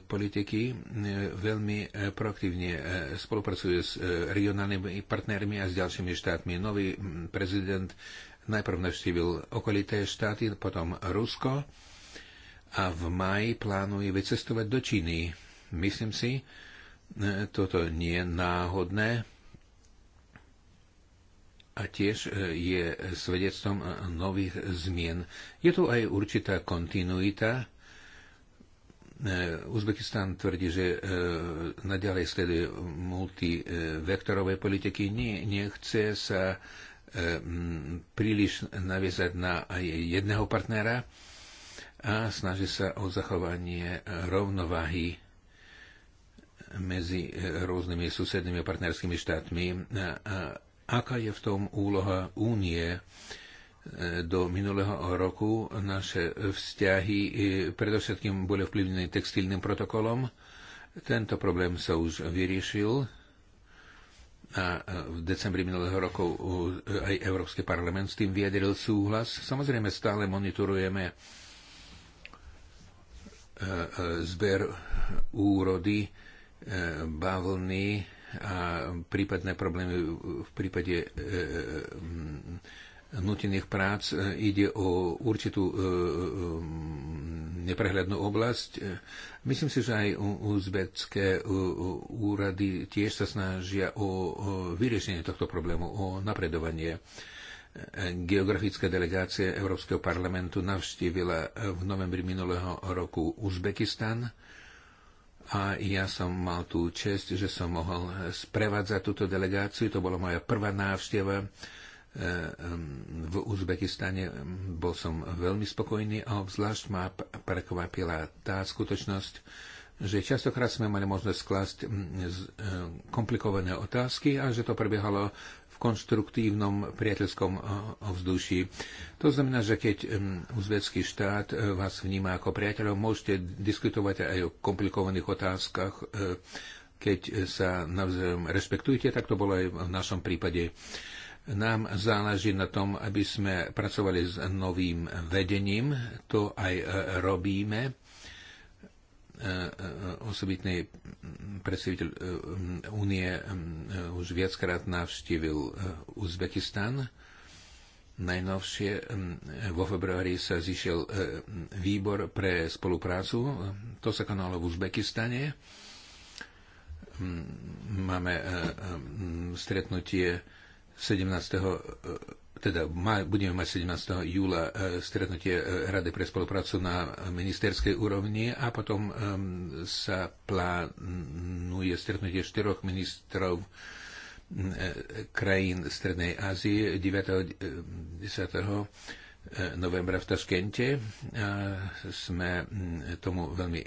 politiky, eh, veľmi eh, proaktívne spolupracuje s regionálnymi partnermi a s ďalšími štátmi. Nový mm, prezident najprv navštívil okolité štáty, potom Rusko a v maji plánuje vycestovať do Číny. Myslím si, toto nie je náhodné a tiež je svedectvom nových zmien. Je tu aj určitá kontinuita E, Uzbekistan tvrdí, že e, naďalej sleduje multivektorové politiky, nie, nechce sa e, príliš naviezať na aj jedného partnera a snaží sa o zachovanie rovnováhy medzi rôznymi susednými partnerskými štátmi. A aká je v tom úloha únie? do minulého roku naše vzťahy e, predovšetkým boli vplyvnené textilným protokolom. Tento problém sa už vyriešil a e, v decembri minulého roku e, aj Európsky parlament s tým vyjadril súhlas. Samozrejme stále monitorujeme zber úrody, bavlny a prípadné problémy v prípade nutených prác. E, ide o určitú e, e, neprehľadnú oblasť. Myslím si, že aj uzbecké úrady tiež sa snažia o vyriešenie tohto problému, o napredovanie geografická delegácia Európskeho parlamentu navštívila v novembri minulého roku Uzbekistan a ja som mal tú čest, že som mohol sprevádzať túto delegáciu. To bola moja prvá návšteva Ehm, v Uzbekistane bol som veľmi spokojný a obzvlášť ma prekvapila tá skutočnosť, že častokrát sme mali možnosť sklásť ehm, komplikované otázky a že to prebiehalo v konštruktívnom priateľskom e, ovzduší. To znamená, že keď ehm, uzbecký štát e, vás vníma ako priateľov, môžete diskutovať aj o komplikovaných otázkach, e, keď sa navzájom rešpektujete, tak to bolo aj v našom prípade. Nám záleží na tom, aby sme pracovali s novým vedením. To aj e, robíme. E, e, osobitný predstaviteľ únie už viackrát navštívil Uzbekistan. Najnovšie vo februári sa zišiel výbor pre spoluprácu. To sa konalo v Uzbekistane. Máme stretnutie 17. E, teda maj, budeme mať 17. júla e, stretnutie e, Rady pre spoluprácu na ministerskej úrovni a potom sa plánuje stretnutie štyroch ministrov krajín Strednej Ázie 9. 10. novembra v Taškente. Sme mm, tomu veľmi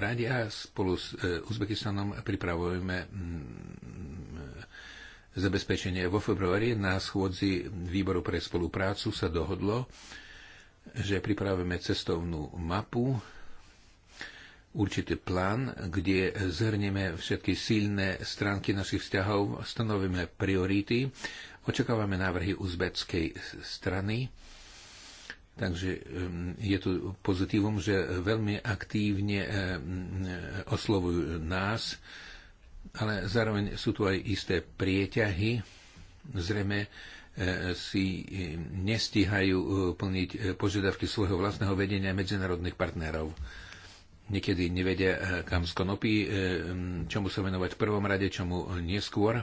radi a spolu s Uzbekistanom pripravujeme mm, zabezpečenie. Vo februári na schôdzi Výboru pre spoluprácu sa dohodlo, že pripravíme cestovnú mapu, určitý plán, kde zhrnieme všetky silné stránky našich vzťahov, stanovíme priority, očakávame návrhy uzbeckej strany. Takže je tu pozitívum, že veľmi aktívne oslovujú nás, ale zároveň sú tu aj isté prieťahy. Zrejme e, si e, nestíhajú e, plniť požiadavky svojho vlastného vedenia medzinárodných partnerov. Niekedy nevedia, kam skonopí, čomu sa venovať v prvom rade, čomu neskôr.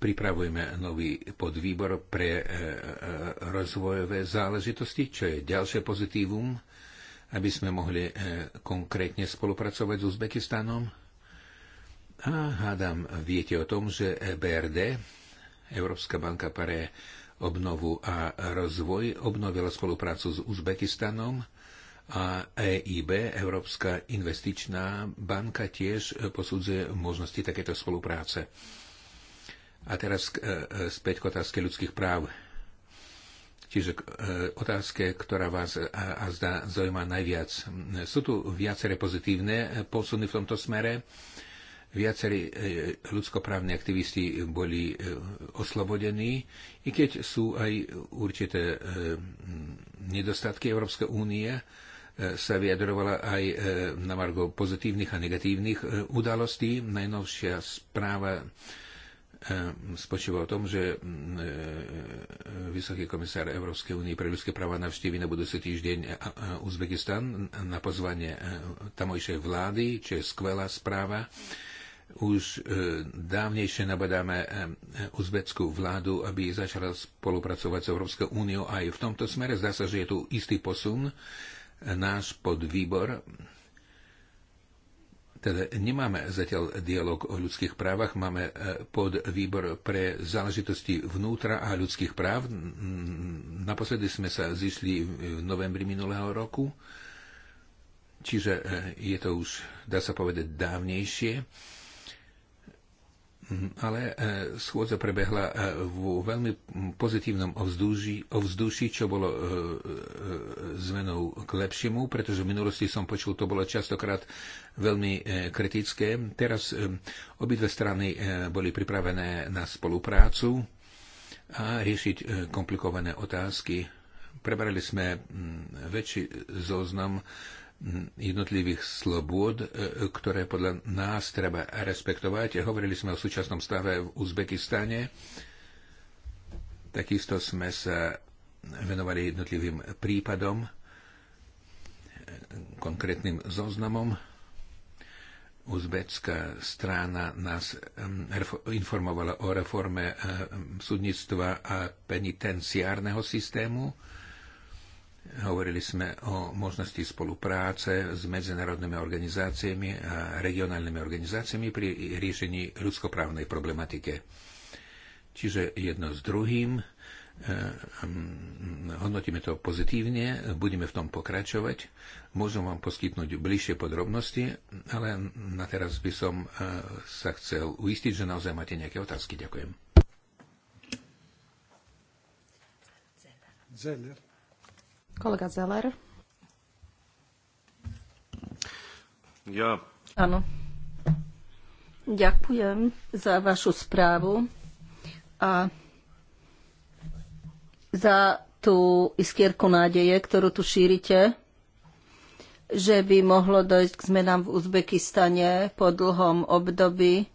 pripravujeme nový podvýbor pre rozvojové záležitosti, čo je ďalšie pozitívum aby sme mohli e, konkrétne spolupracovať s Uzbekistanom. A hádam, viete o tom, že EBRD, Európska banka pre obnovu a rozvoj, obnovila spoluprácu s Uzbekistanom a EIB, Európska investičná banka, tiež posudzuje možnosti takéto spolupráce. A teraz e, e, späť k otázke ľudských práv. Čiže e, otázke, ktorá vás e, a zdá zaujíma najviac. Sú tu viaceré pozitívne e, posuny v tomto smere. Viacerí ľudskoprávni aktivisti boli oslobodení, i keď sú aj určité nedostatky Európskej únie, sa vyjadrovala aj na margo pozitívnych a negatívnych udalostí. Najnovšia správa Ehm, spočíva o tom, že mm, e, e, vysoký komisár Európskej únie pre ľudské práva navštívi na budúci týždeň e, Uzbekistan na pozvanie tamojšej vlády, čo je skvelá správa. Už dávnejšie nabadáme uzbeckú vládu, aby začala spolupracovať s Európskou úniou aj v tomto smere. Zdá sa, že je tu istý posun. Náš podvýbor teda nemáme zatiaľ dialog o ľudských právach, máme e, pod výbor pre záležitosti vnútra a ľudských práv. Naposledy sme sa zišli v novembri minulého roku, čiže e, je to už, dá sa povedať, dávnejšie. Mhm. ale e, schôdza prebehla e, v veľmi pozitívnom ovzduši, ovzduši čo bolo e, zmenou k lepšiemu, pretože v minulosti som počul, to bolo častokrát veľmi kritické. Teraz obidve strany boli pripravené na spoluprácu a riešiť komplikované otázky. Prebrali sme väčší zoznam jednotlivých slobod, e, ktoré podľa nás treba respektovať. Hovorili sme o súčasnom stave v Uzbekistane. Takisto sme sa venovali jednotlivým prípadom, e, konkrétnym zoznamom. Uzbecká strana nás informovala o reforme súdnictva a penitenciárneho systému Hovorili sme o možnosti spolupráce s medzinárodnými organizáciami a regionálnymi organizáciami pri riešení ľudskoprávnej problematike. Čiže jedno s druhým, e, hodnotíme to pozitívne, budeme v tom pokračovať. Môžem vám poskytnúť bližšie podrobnosti, ale na teraz by som e, sa chcel uistiť, že naozaj máte nejaké otázky. Ďakujem. Zeller. Kolega Zeller. Ja. Áno. Ďakujem za vašu správu a za tú iskierku nádeje, ktorú tu šírite, že by mohlo dojsť k zmenám v Uzbekistane po dlhom období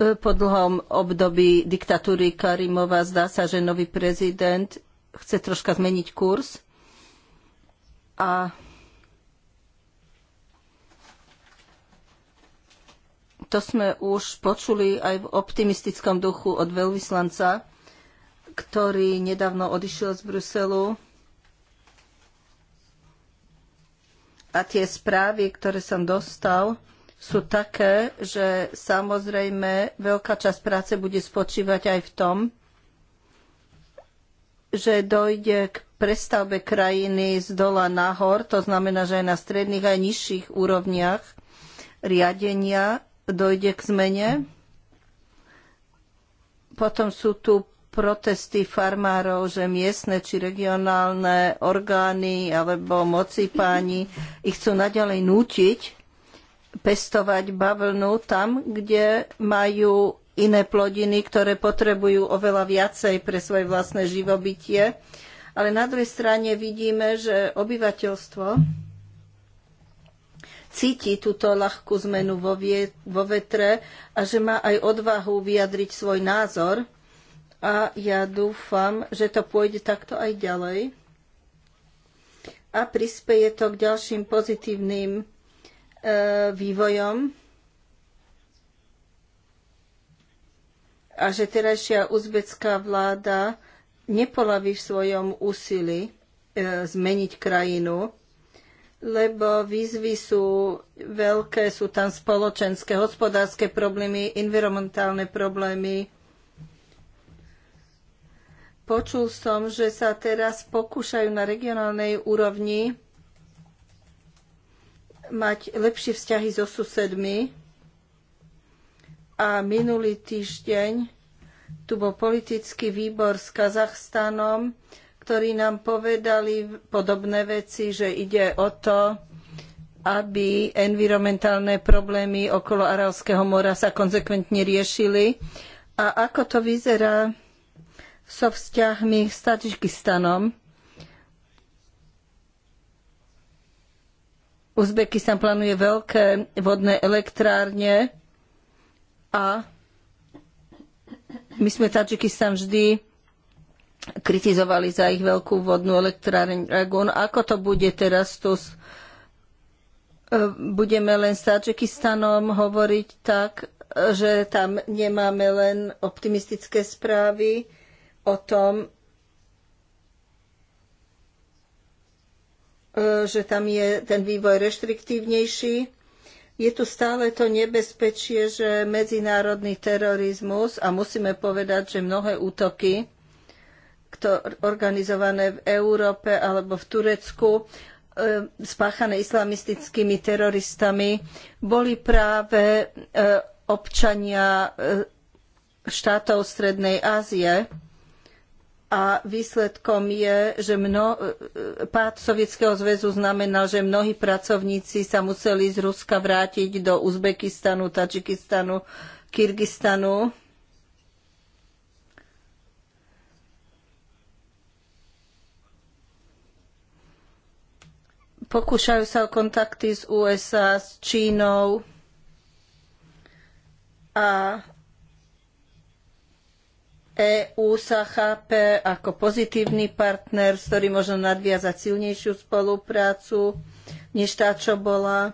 e, po dlhom období diktatúry Karimova zdá sa, že nový prezident chce troška zmeniť kurz. A to sme už počuli aj v optimistickom duchu od veľvyslanca, ktorý nedávno odišiel z Bruselu. A tie správy, ktoré som dostal, sú také, že samozrejme veľká časť práce bude spočívať aj v tom, že dojde k prestavbe krajiny z dola nahor, to znamená, že aj na stredných aj nižších úrovniach riadenia dojde k zmene. Potom sú tu protesty farmárov, že miestne či regionálne orgány alebo moci páni ich chcú naďalej nútiť pestovať bavlnu tam, kde majú iné plodiny, ktoré potrebujú oveľa viacej pre svoje vlastné živobytie. Ale na druhej strane vidíme, že obyvateľstvo cíti túto ľahkú zmenu vo, vie, vo vetre a že má aj odvahu vyjadriť svoj názor. A ja dúfam, že to pôjde takto aj ďalej a prispeje to k ďalším pozitívnym e, vývojom a že terajšia uzbecká vláda nepolaví v svojom úsilí e, zmeniť krajinu, lebo výzvy sú veľké, sú tam spoločenské, hospodárske problémy, environmentálne problémy. Počul som, že sa teraz pokúšajú na regionálnej úrovni mať lepšie vzťahy so susedmi, a minulý týždeň tu bol politický výbor s Kazachstanom, ktorí nám povedali podobné veci, že ide o to, aby environmentálne problémy okolo Aralského mora sa konzekventne riešili. A ako to vyzerá so vzťahmi s Tadžikistanom? Uzbekistan plánuje veľké vodné elektrárne, a my sme Tadžikistan vždy kritizovali za ich veľkú vodnú elektráreň Dragon. Ako to bude teraz tu? E, budeme len s Tadžikistanom hovoriť tak, že tam nemáme len optimistické správy o tom, e, že tam je ten vývoj reštriktívnejší je tu stále to nebezpečie, že medzinárodný terorizmus, a musíme povedať, že mnohé útoky, ktoré organizované v Európe alebo v Turecku, e, spáchané islamistickými teroristami, boli práve e, občania e, štátov Strednej Ázie a výsledkom je, že mno, pád Sovietskeho zväzu znamenal, že mnohí pracovníci sa museli z Ruska vrátiť do Uzbekistanu, Tadžikistanu, Kyrgyzstanu. Pokúšajú sa o kontakty s USA, s Čínou a EÚ sa chápe ako pozitívny partner, s ktorým možno nadviazať silnejšiu spoluprácu než tá, čo bola,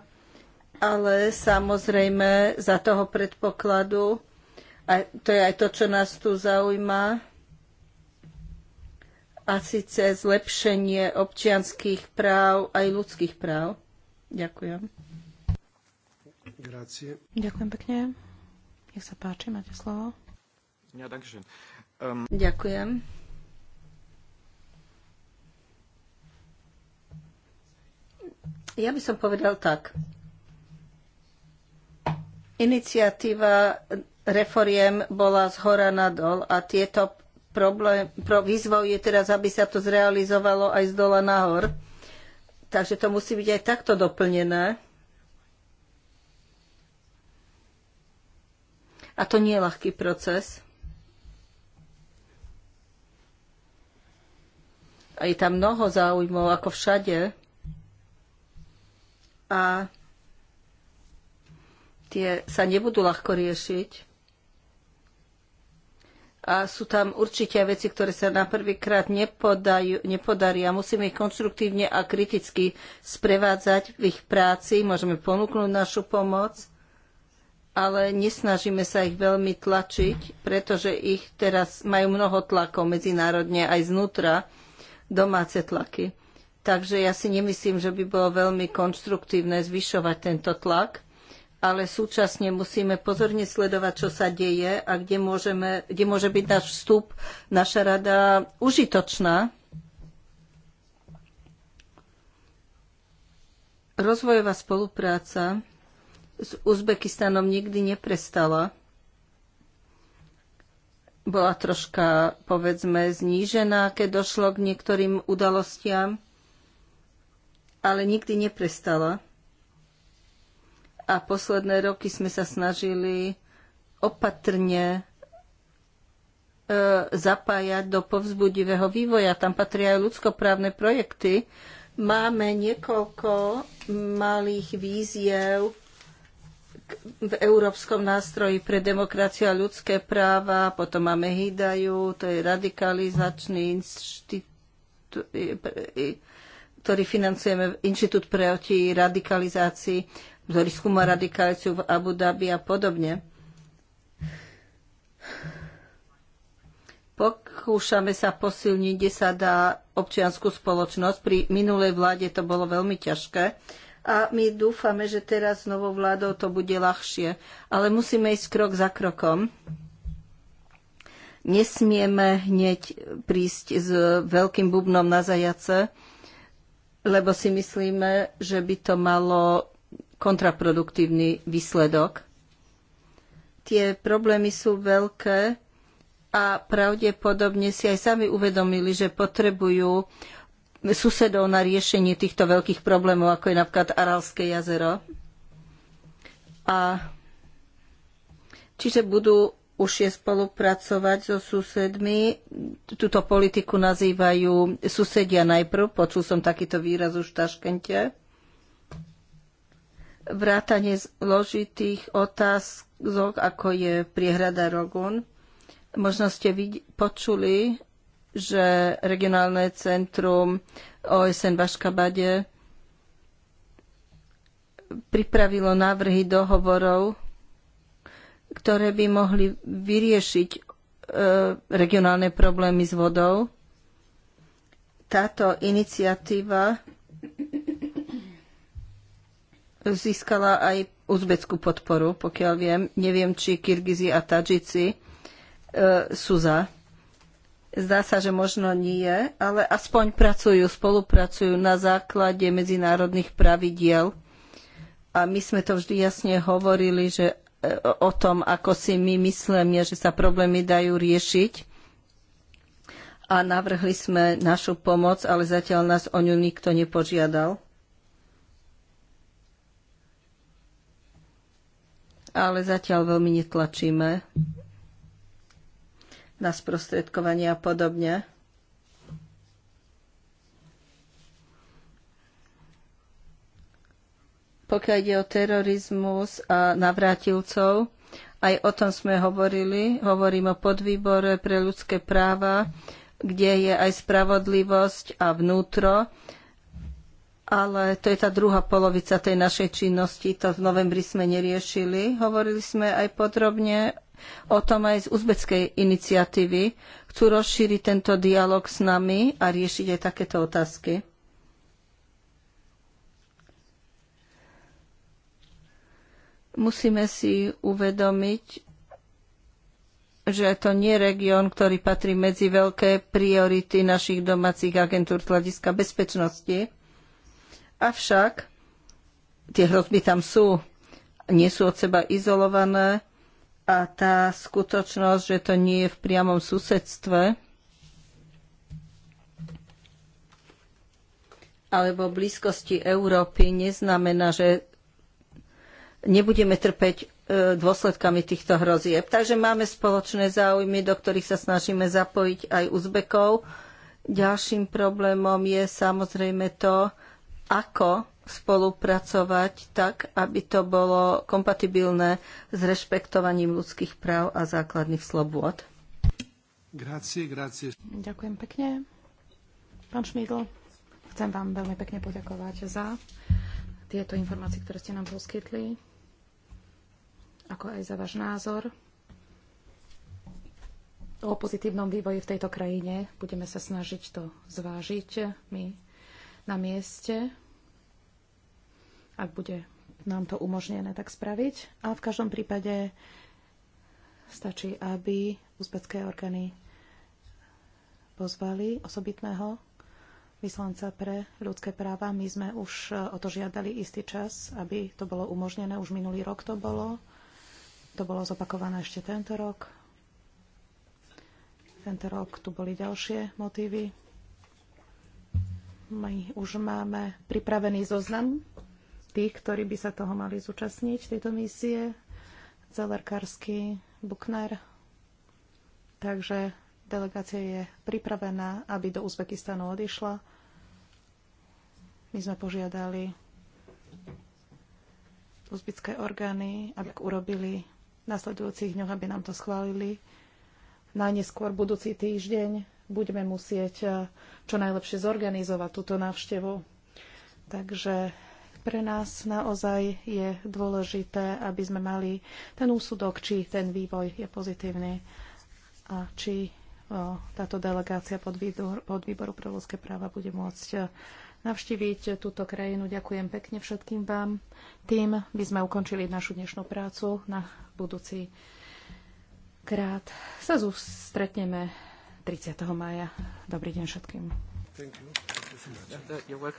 ale samozrejme za toho predpokladu, a to je aj to, čo nás tu zaujíma, a síce zlepšenie občianskych práv aj ľudských práv. Ďakujem. Grazie. Ďakujem pekne. Nech sa páči, máte slovo. Ja, Um... Ďakujem. Ja by som povedal tak. Iniciatíva reforiem bola z hora na dol a tieto problém, pro, výzvou je teraz, aby sa to zrealizovalo aj z dola nahor. Takže to musí byť aj takto doplnené. A to nie je ľahký proces. A je tam mnoho záujmov, ako všade. A tie sa nebudú ľahko riešiť. A sú tam určite veci, ktoré sa na prvýkrát nepodaria. Musíme ich konstruktívne a kriticky sprevádzať v ich práci. Môžeme ponúknuť našu pomoc, ale nesnažíme sa ich veľmi tlačiť, pretože ich teraz majú mnoho tlakov medzinárodne aj znútra domáce tlaky. Takže ja si nemyslím, že by bolo veľmi konštruktívne zvyšovať tento tlak, ale súčasne musíme pozorne sledovať, čo sa deje a kde, môžeme, kde môže byť náš vstup, naša rada užitočná. Rozvojová spolupráca s Uzbekistanom nikdy neprestala bola troška, povedzme, znížená, keď došlo k niektorým udalostiam, ale nikdy neprestala. A posledné roky sme sa snažili opatrne e, zapájať do povzbudivého vývoja. Tam patria aj ľudskoprávne projekty. Máme niekoľko malých víziev, v Európskom nástroji pre demokraciu a ľudské práva, potom máme HIDAJU, to je radikalizačný inštitút, ktorý financujeme, Inštitút proti radikalizácii, ktorý skúma radikalizáciu v Abu Dhabi a podobne. Pokúšame sa posilniť, kde sa dá občianskú spoločnosť. Pri minulej vláde to bolo veľmi ťažké, a my dúfame, že teraz s novou vládou to bude ľahšie. Ale musíme ísť krok za krokom. Nesmieme hneď prísť s veľkým bubnom na zajace, lebo si myslíme, že by to malo kontraproduktívny výsledok. Tie problémy sú veľké a pravdepodobne si aj sami uvedomili, že potrebujú susedov na riešenie týchto veľkých problémov, ako je napríklad Aralské jazero. A čiže budú užšie spolupracovať so susedmi. Túto politiku nazývajú susedia najprv. Počul som takýto výraz už v Taškente. Vrátanie zložitých otázok, ako je priehrada Rogun. Možno ste počuli že regionálne centrum OSN v Aškabade pripravilo návrhy dohovorov, ktoré by mohli vyriešiť e, regionálne problémy s vodou. Táto iniciatíva získala aj uzbeckú podporu, pokiaľ viem. Neviem, či Kyrgyzi a Tadžici e, sú za Zdá sa, že možno nie, ale aspoň pracujú, spolupracujú na základe medzinárodných pravidiel. A my sme to vždy jasne hovorili, že e, o tom, ako si my myslíme, že sa problémy dajú riešiť. A navrhli sme našu pomoc, ale zatiaľ nás o ňu nikto nepožiadal. Ale zatiaľ veľmi netlačíme na sprostredkovanie a podobne. Pokiaľ ide o terorizmus a navrátilcov, aj o tom sme hovorili. Hovorím o podvýbore pre ľudské práva, kde je aj spravodlivosť a vnútro ale to je tá druhá polovica tej našej činnosti. To v novembri sme neriešili. Hovorili sme aj podrobne o tom aj z uzbeckej iniciatívy. Chcú rozšíriť tento dialog s nami a riešiť aj takéto otázky. Musíme si uvedomiť, že to nie je región, ktorý patrí medzi veľké priority našich domácich agentúr z hľadiska bezpečnosti. Avšak tie hrozby tam sú, nie sú od seba izolované a tá skutočnosť, že to nie je v priamom susedstve alebo v blízkosti Európy neznamená, že nebudeme trpeť e, dôsledkami týchto hrozieb. Takže máme spoločné záujmy, do ktorých sa snažíme zapojiť aj Uzbekov. Ďalším problémom je samozrejme to, ako spolupracovať tak, aby to bolo kompatibilné s rešpektovaním ľudských práv a základných slobôd. Grazie, grazie. Ďakujem pekne. Pán Šmídl, chcem vám veľmi pekne poďakovať za tieto informácie, ktoré ste nám poskytli, ako aj za váš názor o pozitívnom vývoji v tejto krajine. Budeme sa snažiť to zvážiť my na mieste ak bude nám to umožnené tak spraviť. A v každom prípade stačí, aby uzbecké orgány pozvali osobitného vyslanca pre ľudské práva. My sme už e, o to žiadali istý čas, aby to bolo umožnené. Už minulý rok to bolo. To bolo zopakované ešte tento rok. Tento rok tu boli ďalšie motívy. My už máme pripravený zoznam tých, ktorí by sa toho mali zúčastniť, tejto misie. Celerkársky, Bukner. Takže delegácia je pripravená, aby do Uzbekistanu odišla. My sme požiadali uzbické orgány, aby urobili nasledujúcich dňoch, aby nám to schválili. Najneskôr budúci týždeň budeme musieť čo najlepšie zorganizovať túto návštevu. Takže pre nás naozaj je dôležité, aby sme mali ten úsudok, či ten vývoj je pozitívny a či o, táto delegácia pod, pod výboru pre ľudské práva bude môcť e, navštíviť túto krajinu. Ďakujem pekne všetkým vám. Tým by sme ukončili našu dnešnú prácu na budúci krát. Sa stretneme 30. maja. Dobrý deň všetkým. Thank you. Thank you so